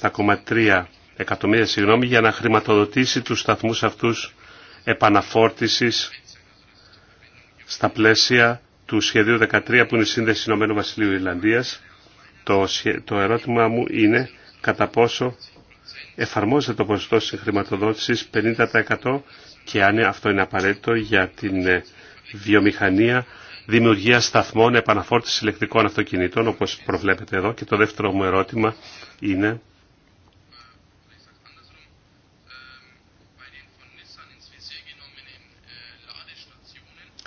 7,3 εκατομμύρια συγγνώμη, για να χρηματοδοτήσει τους σταθμούς αυτούς επαναφόρτισης στα πλαίσια του σχεδίου 13 που είναι η σύνδεση Ηνωμένου Βασιλείου Ιρλανδίας. Το, το ερώτημα μου είναι κατά πόσο εφαρμόζεται το ποσοστό συγχρηματοδότησης 50% και αν αυτό είναι απαραίτητο για την ε, βιομηχανία δημιουργία σταθμών επαναφόρτηση ηλεκτρικών αυτοκινήτων, όπως προβλέπετε εδώ. Και το δεύτερο μου ερώτημα είναι...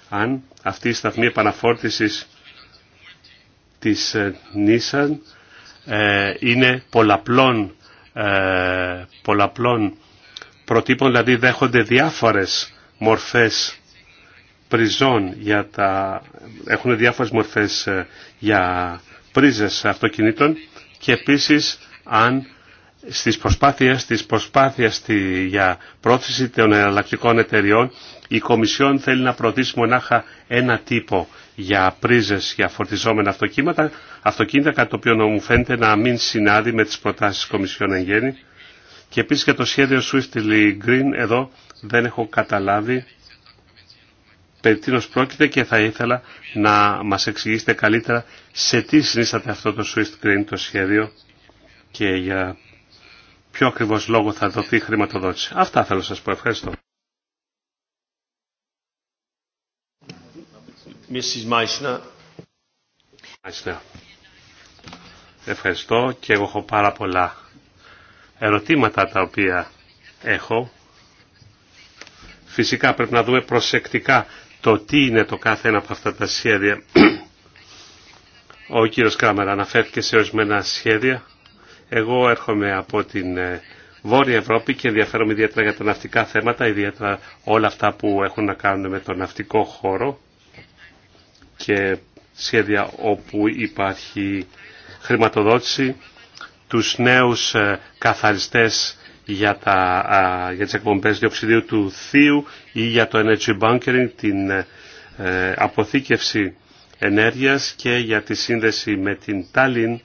αν αυτή η σταθμή επαναφόρτησης της ε, Nissan ε, είναι πολλαπλών, ε, πολλαπλών προτύπων, δηλαδή δέχονται διάφορες μορφές πριζών για τα... έχουν διάφορες μορφές ε, για πρίζες αυτοκινήτων και επίσης αν στις προσπάθειες, στις προσπάθειες στη... για πρόθεση των εναλλακτικών εταιριών η Κομισιόν θέλει να προωθήσει μονάχα ένα τύπο για πρίζες, για φορτιζόμενα αυτοκίνητα, αυτοκίνητα κατά το οποίο μου φαίνεται να μην συνάδει με τις προτάσεις της Κομισιόν εν γέννη. Και επίσης για το σχέδιο Swiftly Green εδώ δεν έχω καταλάβει περί πρόκειται και θα ήθελα να μας εξηγήσετε καλύτερα σε τι συνίσταται αυτό το Swiss Green το σχέδιο και για ποιο ακριβώς λόγο θα δοθεί η χρηματοδότηση. Αυτά θέλω να σας πω. Ευχαριστώ. Ευχαριστώ και εγώ έχω πάρα πολλά ερωτήματα τα οποία έχω. Φυσικά πρέπει να δούμε προσεκτικά το τι είναι το κάθε ένα από αυτά τα σχέδια. Ο κύριος Κράμερα αναφέρθηκε σε ορισμένα σχέδια. Εγώ έρχομαι από την ε, Βόρεια Ευρώπη και ενδιαφέρομαι ιδιαίτερα για τα ναυτικά θέματα, ιδιαίτερα όλα αυτά που έχουν να κάνουν με τον ναυτικό χώρο και σχέδια όπου υπάρχει χρηματοδότηση, τους νέους ε, καθαριστές για, τα, για τις εκπομπές διοξιδίου του θείου ή για το energy bunkering, την ε, αποθήκευση ενέργειας και για τη σύνδεση με την Τάλιν.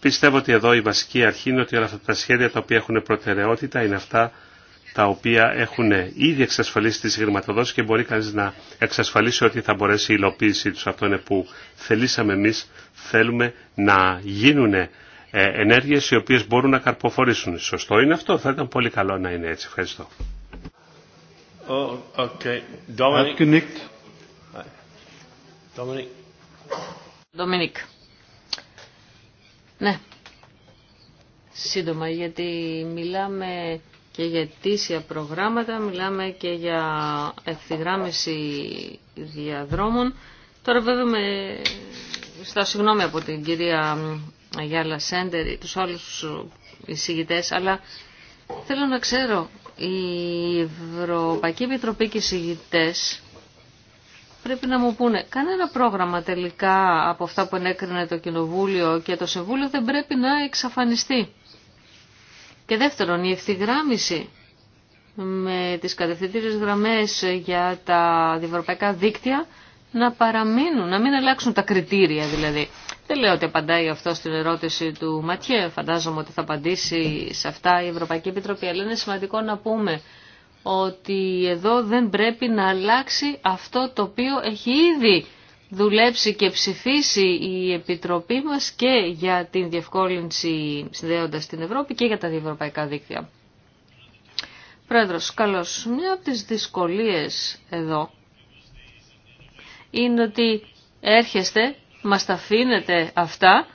Πιστεύω ότι εδώ η βασική αρχή είναι ότι όλα αυτά τα σχέδια τα οποία έχουν προτεραιότητα είναι αυτά τα οποία έχουν ήδη εξασφαλίσει τις γρηματοδόσεις και μπορεί κανείς να εξασφαλίσει ότι θα μπορέσει η υλοποίησή τους. Αυτό είναι που θελήσαμε εμείς, θέλουμε να γίνουν ε, ενέργειες οι οποίες μπορούν να καρποφορήσουν. Σωστό είναι αυτό, θα ήταν πολύ καλό να είναι έτσι. Ευχαριστώ. Oh, okay. Dominic. Dominic. Dominic. Ναι. Σύντομα, γιατί μιλάμε και για αιτήσια προγράμματα, μιλάμε και για ευθυγράμμιση διαδρόμων. Τώρα βέβαια με... Στα συγγνώμη από την κυρία Λασέντερ Σέντερ, τους άλλους ε, εισηγητές, αλλά θέλω να ξέρω, οι Ευρωπαϊκή Επιτροπή και οι εισηγητές πρέπει να μου πούνε, κανένα πρόγραμμα τελικά από αυτά που ενέκρινε το Κοινοβούλιο και το Συμβούλιο δεν πρέπει να εξαφανιστεί. Και δεύτερον, η ευθυγράμμιση με τις κατευθυντήριες γραμμές για τα διευρωπαϊκά δίκτυα να παραμείνουν, να μην αλλάξουν τα κριτήρια δηλαδή. Δεν λέω ότι απαντάει αυτό στην ερώτηση του Ματιέ. Φαντάζομαι ότι θα απαντήσει σε αυτά η Ευρωπαϊκή Επιτροπή. Αλλά είναι σημαντικό να πούμε ότι εδώ δεν πρέπει να αλλάξει αυτό το οποίο έχει ήδη δουλέψει και ψηφίσει η Επιτροπή μας και για την διευκόλυνση συνδέοντας την Ευρώπη και για τα διευρωπαϊκά δίκτυα. Πρόεδρος, καλώς. Μια από τις δυσκολίες εδώ είναι ότι έρχεστε, μα τα αφήνετε αυτά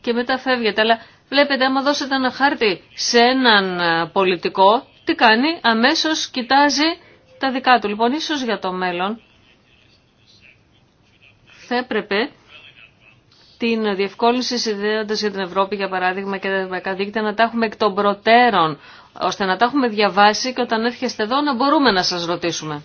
και μετά φεύγετε. Αλλά βλέπετε άμα δώσετε ένα χάρτη σε έναν πολιτικό, τι κάνει, αμέσως κοιτάζει τα δικά του. Λοιπόν, ίσω για το μέλλον θα έπρεπε την διευκόλυνση συνδέοντα για την Ευρώπη, για παράδειγμα, και τα ευρωπαϊκά δίκτυα να τα έχουμε εκ των προτέρων, ώστε να τα έχουμε διαβάσει και όταν έρχεστε εδώ να μπορούμε να σας ρωτήσουμε.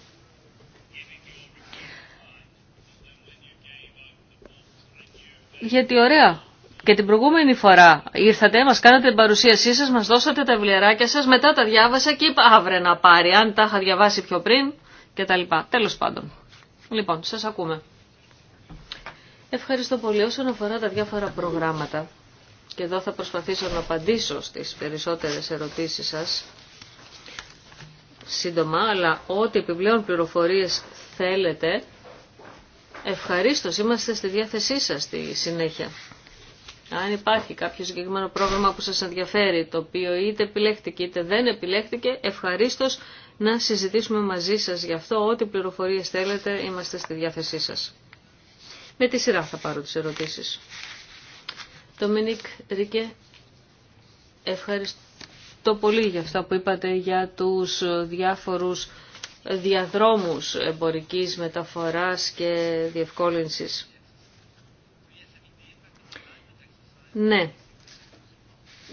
Γιατί ωραία. Και την προηγούμενη φορά ήρθατε, μας κάνατε την παρουσίασή σας, μας δώσατε τα βιβλιαράκια σας, μετά τα διάβασα και είπα αύριο να πάρει, αν τα είχα διαβάσει πιο πριν και τα λοιπά. Τέλος πάντων. Λοιπόν, σας ακούμε. Ευχαριστώ πολύ. Όσον αφορά τα διάφορα προγράμματα, και εδώ θα προσπαθήσω να απαντήσω στις περισσότερες ερωτήσεις σας, σύντομα, αλλά ό,τι επιπλέον πληροφορίες θέλετε, Ευχαριστώ. είμαστε στη διάθεσή σας στη συνέχεια. Αν υπάρχει κάποιο συγκεκριμένο πρόγραμμα που σας ενδιαφέρει, το οποίο είτε επιλέχτηκε είτε δεν επιλέχτηκε, ευχαρίστως να συζητήσουμε μαζί σας γι' αυτό. Ό,τι πληροφορίες θέλετε, είμαστε στη διάθεσή σας. Με τη σειρά θα πάρω τις ερωτήσεις. Ντομινίκ Ρίκε, ευχαριστώ πολύ για αυτά που είπατε για τους διάφορους διαδρόμους εμπορικής μεταφοράς και διευκόλυνσης. Ναι,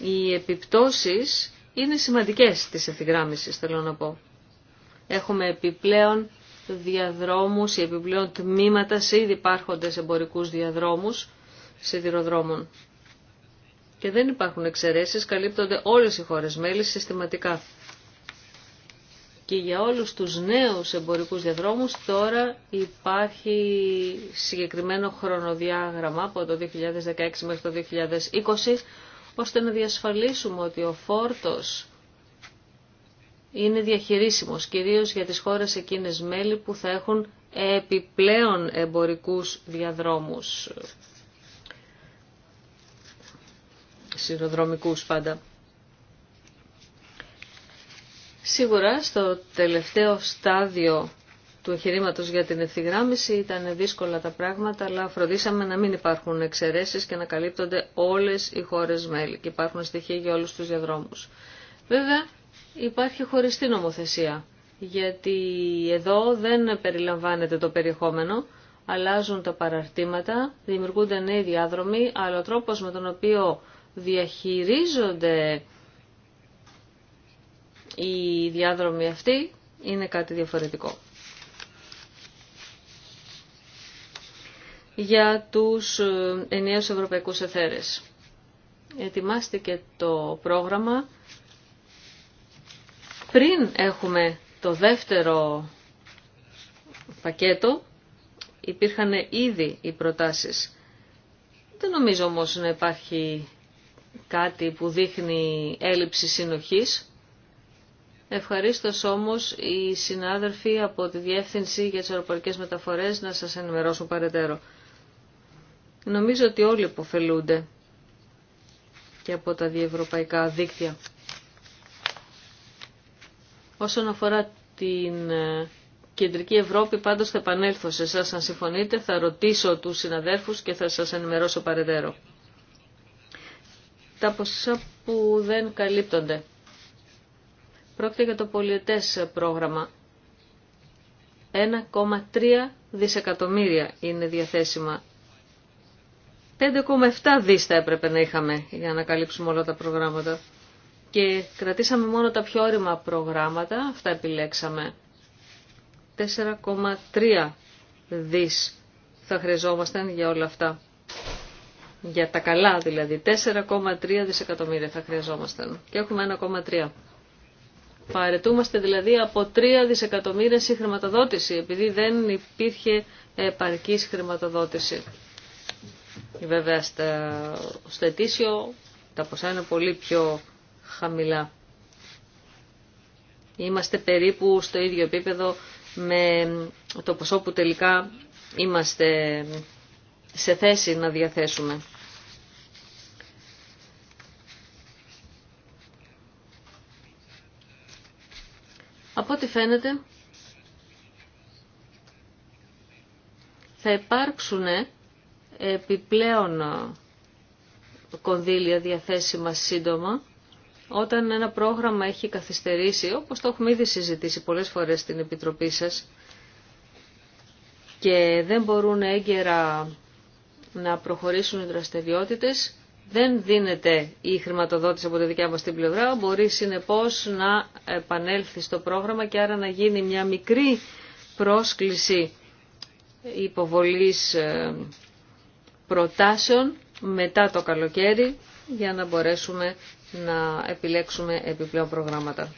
οι επιπτώσεις είναι σημαντικές της ευθυγράμμισης, θέλω να πω. Έχουμε επιπλέον διαδρόμους ή επιπλέον τμήματα σε ήδη υπάρχοντες εμπορικούς διαδρόμους σιδηροδρόμων. Και δεν υπάρχουν εξαιρέσεις, καλύπτονται όλες οι χώρες μέλη συστηματικά και για όλους τους νέους εμπορικούς διαδρόμους τώρα υπάρχει συγκεκριμένο χρονοδιάγραμμα από το 2016 μέχρι το 2020 ώστε να διασφαλίσουμε ότι ο φόρτος είναι διαχειρίσιμος κυρίως για τις χώρες εκείνες μέλη που θα έχουν επιπλέον εμπορικούς διαδρόμους Συνοδρομικούς πάντα. Σίγουρα στο τελευταίο στάδιο του εγχειρήματο για την ευθυγράμμιση ήταν δύσκολα τα πράγματα, αλλά φροντίσαμε να μην υπάρχουν εξαιρέσει και να καλύπτονται όλε οι χώρε μέλη και υπάρχουν στοιχεία για όλου του διαδρόμου. Βέβαια, υπάρχει χωριστή νομοθεσία, γιατί εδώ δεν περιλαμβάνεται το περιεχόμενο, αλλάζουν τα παραρτήματα, δημιουργούνται νέοι διάδρομοι, αλλά ο τρόπο με τον οποίο διαχειρίζονται η διάδρομη αυτή είναι κάτι διαφορετικό. Για τους ε, ενιαίους ευρωπαϊκούς εθέρες. Ετοιμάστηκε το πρόγραμμα πριν έχουμε το δεύτερο πακέτο υπήρχαν ήδη οι προτάσεις. Δεν νομίζω όμως να υπάρχει κάτι που δείχνει έλλειψη συνοχής. Ευχαριστώ όμως οι συνάδελφοι από τη Διεύθυνση για τις Αεροπορικές Μεταφορές να σας ενημερώσουν παρετέρω. Νομίζω ότι όλοι υποφελούνται και από τα διευρωπαϊκά δίκτυα. Όσον αφορά την ε, κεντρική Ευρώπη, πάντως θα επανέλθω σε εσάς αν συμφωνείτε, θα ρωτήσω τους συναδέρφους και θα σας ενημερώσω παρετέρω. Τα ποσά που δεν καλύπτονται. Πρόκειται για το πολιετές πρόγραμμα. 1,3 δισεκατομμύρια είναι διαθέσιμα. 5,7 δις θα έπρεπε να είχαμε για να καλύψουμε όλα τα προγράμματα. Και κρατήσαμε μόνο τα πιο όριμα προγράμματα, αυτά επιλέξαμε. 4,3 δις θα χρειαζόμασταν για όλα αυτά. Για τα καλά δηλαδή, 4,3 δισεκατομμύρια θα χρειαζόμασταν. Και έχουμε 1,3. Παρετούμαστε δηλαδή από 3 δισεκατομμύρια συγχρηματοδότηση χρηματοδότηση, επειδή δεν υπήρχε επαρκή χρηματοδότηση. Βέβαια, στο ετήσιο τα ποσά είναι πολύ πιο χαμηλά. Είμαστε περίπου στο ίδιο επίπεδο με το ποσό που τελικά είμαστε σε θέση να διαθέσουμε. ό,τι φαίνεται θα υπάρξουν επιπλέον ε, κονδύλια διαθέσιμα σύντομα όταν ένα πρόγραμμα έχει καθυστερήσει, όπως το έχουμε ήδη συζητήσει πολλές φορές στην Επιτροπή σας, και δεν μπορούν έγκαιρα να προχωρήσουν οι δραστηριότητες, δεν δίνεται η χρηματοδότηση από τη δικιά μας την πλευρά, μπορεί συνεπώς να επανέλθει στο πρόγραμμα και άρα να γίνει μια μικρή πρόσκληση υποβολής ε, προτάσεων μετά το καλοκαίρι για να μπορέσουμε να επιλέξουμε επιπλέον προγράμματα.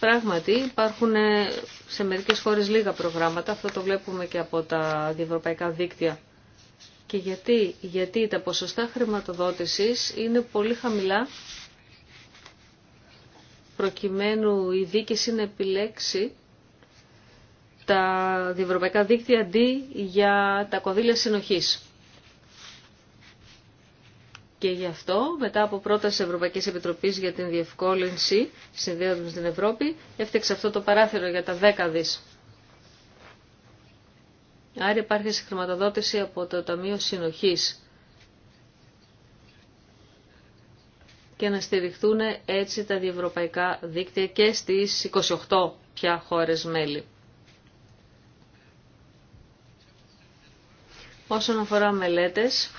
Πράγματι υπάρχουν ε, σε μερικές χώρες λίγα προγράμματα. Αυτό το βλέπουμε και από τα διευρωπαϊκά δίκτυα. Και γιατί, γιατί τα ποσοστά χρηματοδότησης είναι πολύ χαμηλά προκειμένου η δίκηση να επιλέξει τα διευρωπαϊκά δίκτυα αντί για τα κονδύλια συνοχής. Και γι' αυτό, μετά από πρόταση Ευρωπαϊκή Επιτροπή για την διευκόλυνση συνδέοντα την Ευρώπη, έφτιαξε αυτό το παράθυρο για τα δέκαδη. Άρα υπάρχει συγχρηματοδότηση από το Ταμείο Συνοχής και να στηριχθούν έτσι τα διευρωπαϊκά δίκτυα και στις 28 πια χώρες μέλη. Όσον αφορά μελέτες,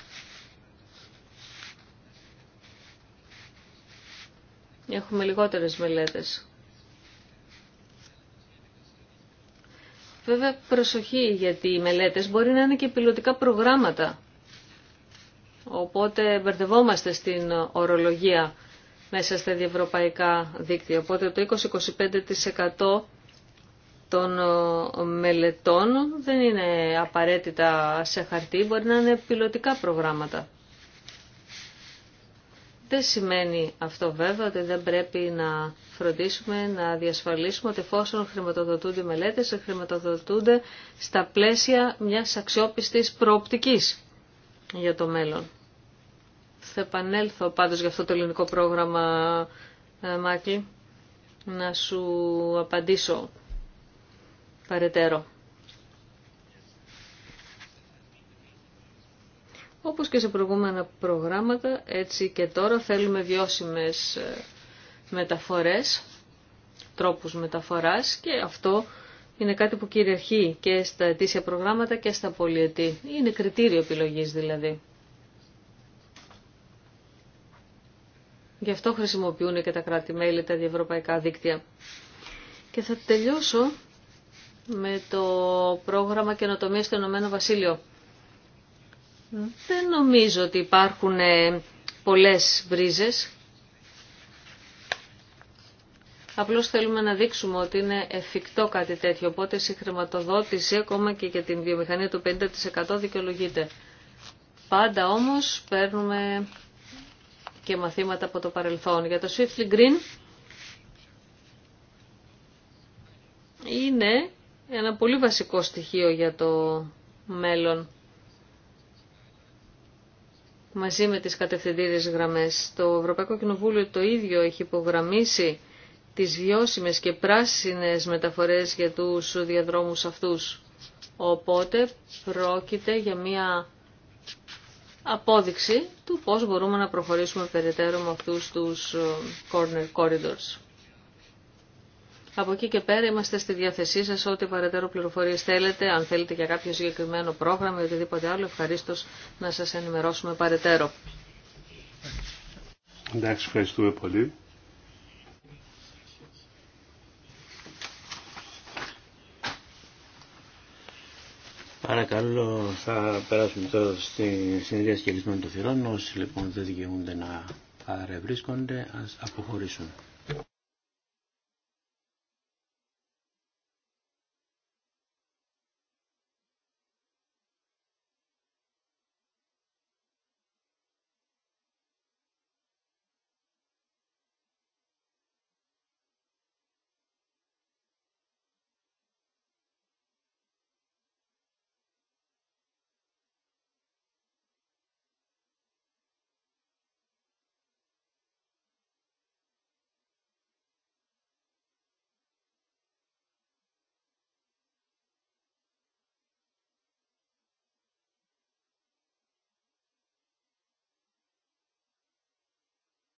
Έχουμε λιγότερες μελέτες. Βέβαια προσοχή γιατί οι μελέτες μπορεί να είναι και πιλωτικά προγράμματα. Οπότε μπερδευόμαστε στην ορολογία μέσα στα διευρωπαϊκά δίκτυα. Οπότε το 20-25% των ε, μελετών δεν είναι απαραίτητα σε χαρτί, μπορεί να είναι πιλωτικά προγράμματα. Δεν σημαίνει αυτό βέβαια ότι δεν πρέπει να φροντίσουμε να διασφαλίσουμε ότι εφόσον χρηματοδοτούνται οι μελέτες, χρηματοδοτούνται στα πλαίσια μιας αξιόπιστης προοπτικής για το μέλλον. Θα επανέλθω πάντως για αυτό το ελληνικό πρόγραμμα, ε, Μάκη, να σου απαντήσω παρετέρω. Όπως και σε προηγούμενα προγράμματα, έτσι και τώρα θέλουμε βιώσιμες ε, μεταφορές, τρόπους μεταφοράς και αυτό είναι κάτι που κυριαρχεί και στα ετήσια προγράμματα και στα πολιετή. Είναι κριτήριο επιλογής δηλαδή. Γι' αυτό χρησιμοποιούν και τα κράτη-μέλη τα διευρωπαϊκά δίκτυα. Και θα τελειώσω με το πρόγραμμα καινοτομία στο Ηνωμένο Βασίλειο. Δεν νομίζω ότι υπάρχουν ε, πολλές βρίζες. Απλώς θέλουμε να δείξουμε ότι είναι εφικτό κάτι τέτοιο, οπότε η χρηματοδότηση ακόμα και για την βιομηχανία του 50% δικαιολογείται. Πάντα όμως παίρνουμε και μαθήματα από το παρελθόν. Για το Swiftly Green είναι ένα πολύ βασικό στοιχείο για το μέλλον μαζί με τις κατευθυντήριες γραμμές. Το Ευρωπαϊκό Κοινοβούλιο το ίδιο έχει υπογραμμίσει τις βιώσιμες και πράσινες μεταφορές για τους διαδρόμους αυτούς. Οπότε πρόκειται για μια απόδειξη του πώς μπορούμε να προχωρήσουμε περαιτέρω με αυτούς τους ε, corner corridors. Από εκεί και πέρα είμαστε στη διάθεσή σας ό,τι παρατέρω πληροφορίες θέλετε, αν θέλετε για κάποιο συγκεκριμένο πρόγραμμα ή οτιδήποτε άλλο, ευχαρίστω να σας ενημερώσουμε παρετέρω. Εντάξει, ευχαριστούμε πολύ. Παρακαλώ, θα περάσουμε τώρα στη συνεδρία των θυρών. Όσοι λοιπόν δεν δικαιούνται να παρευρίσκονται, ας αποχωρήσουν.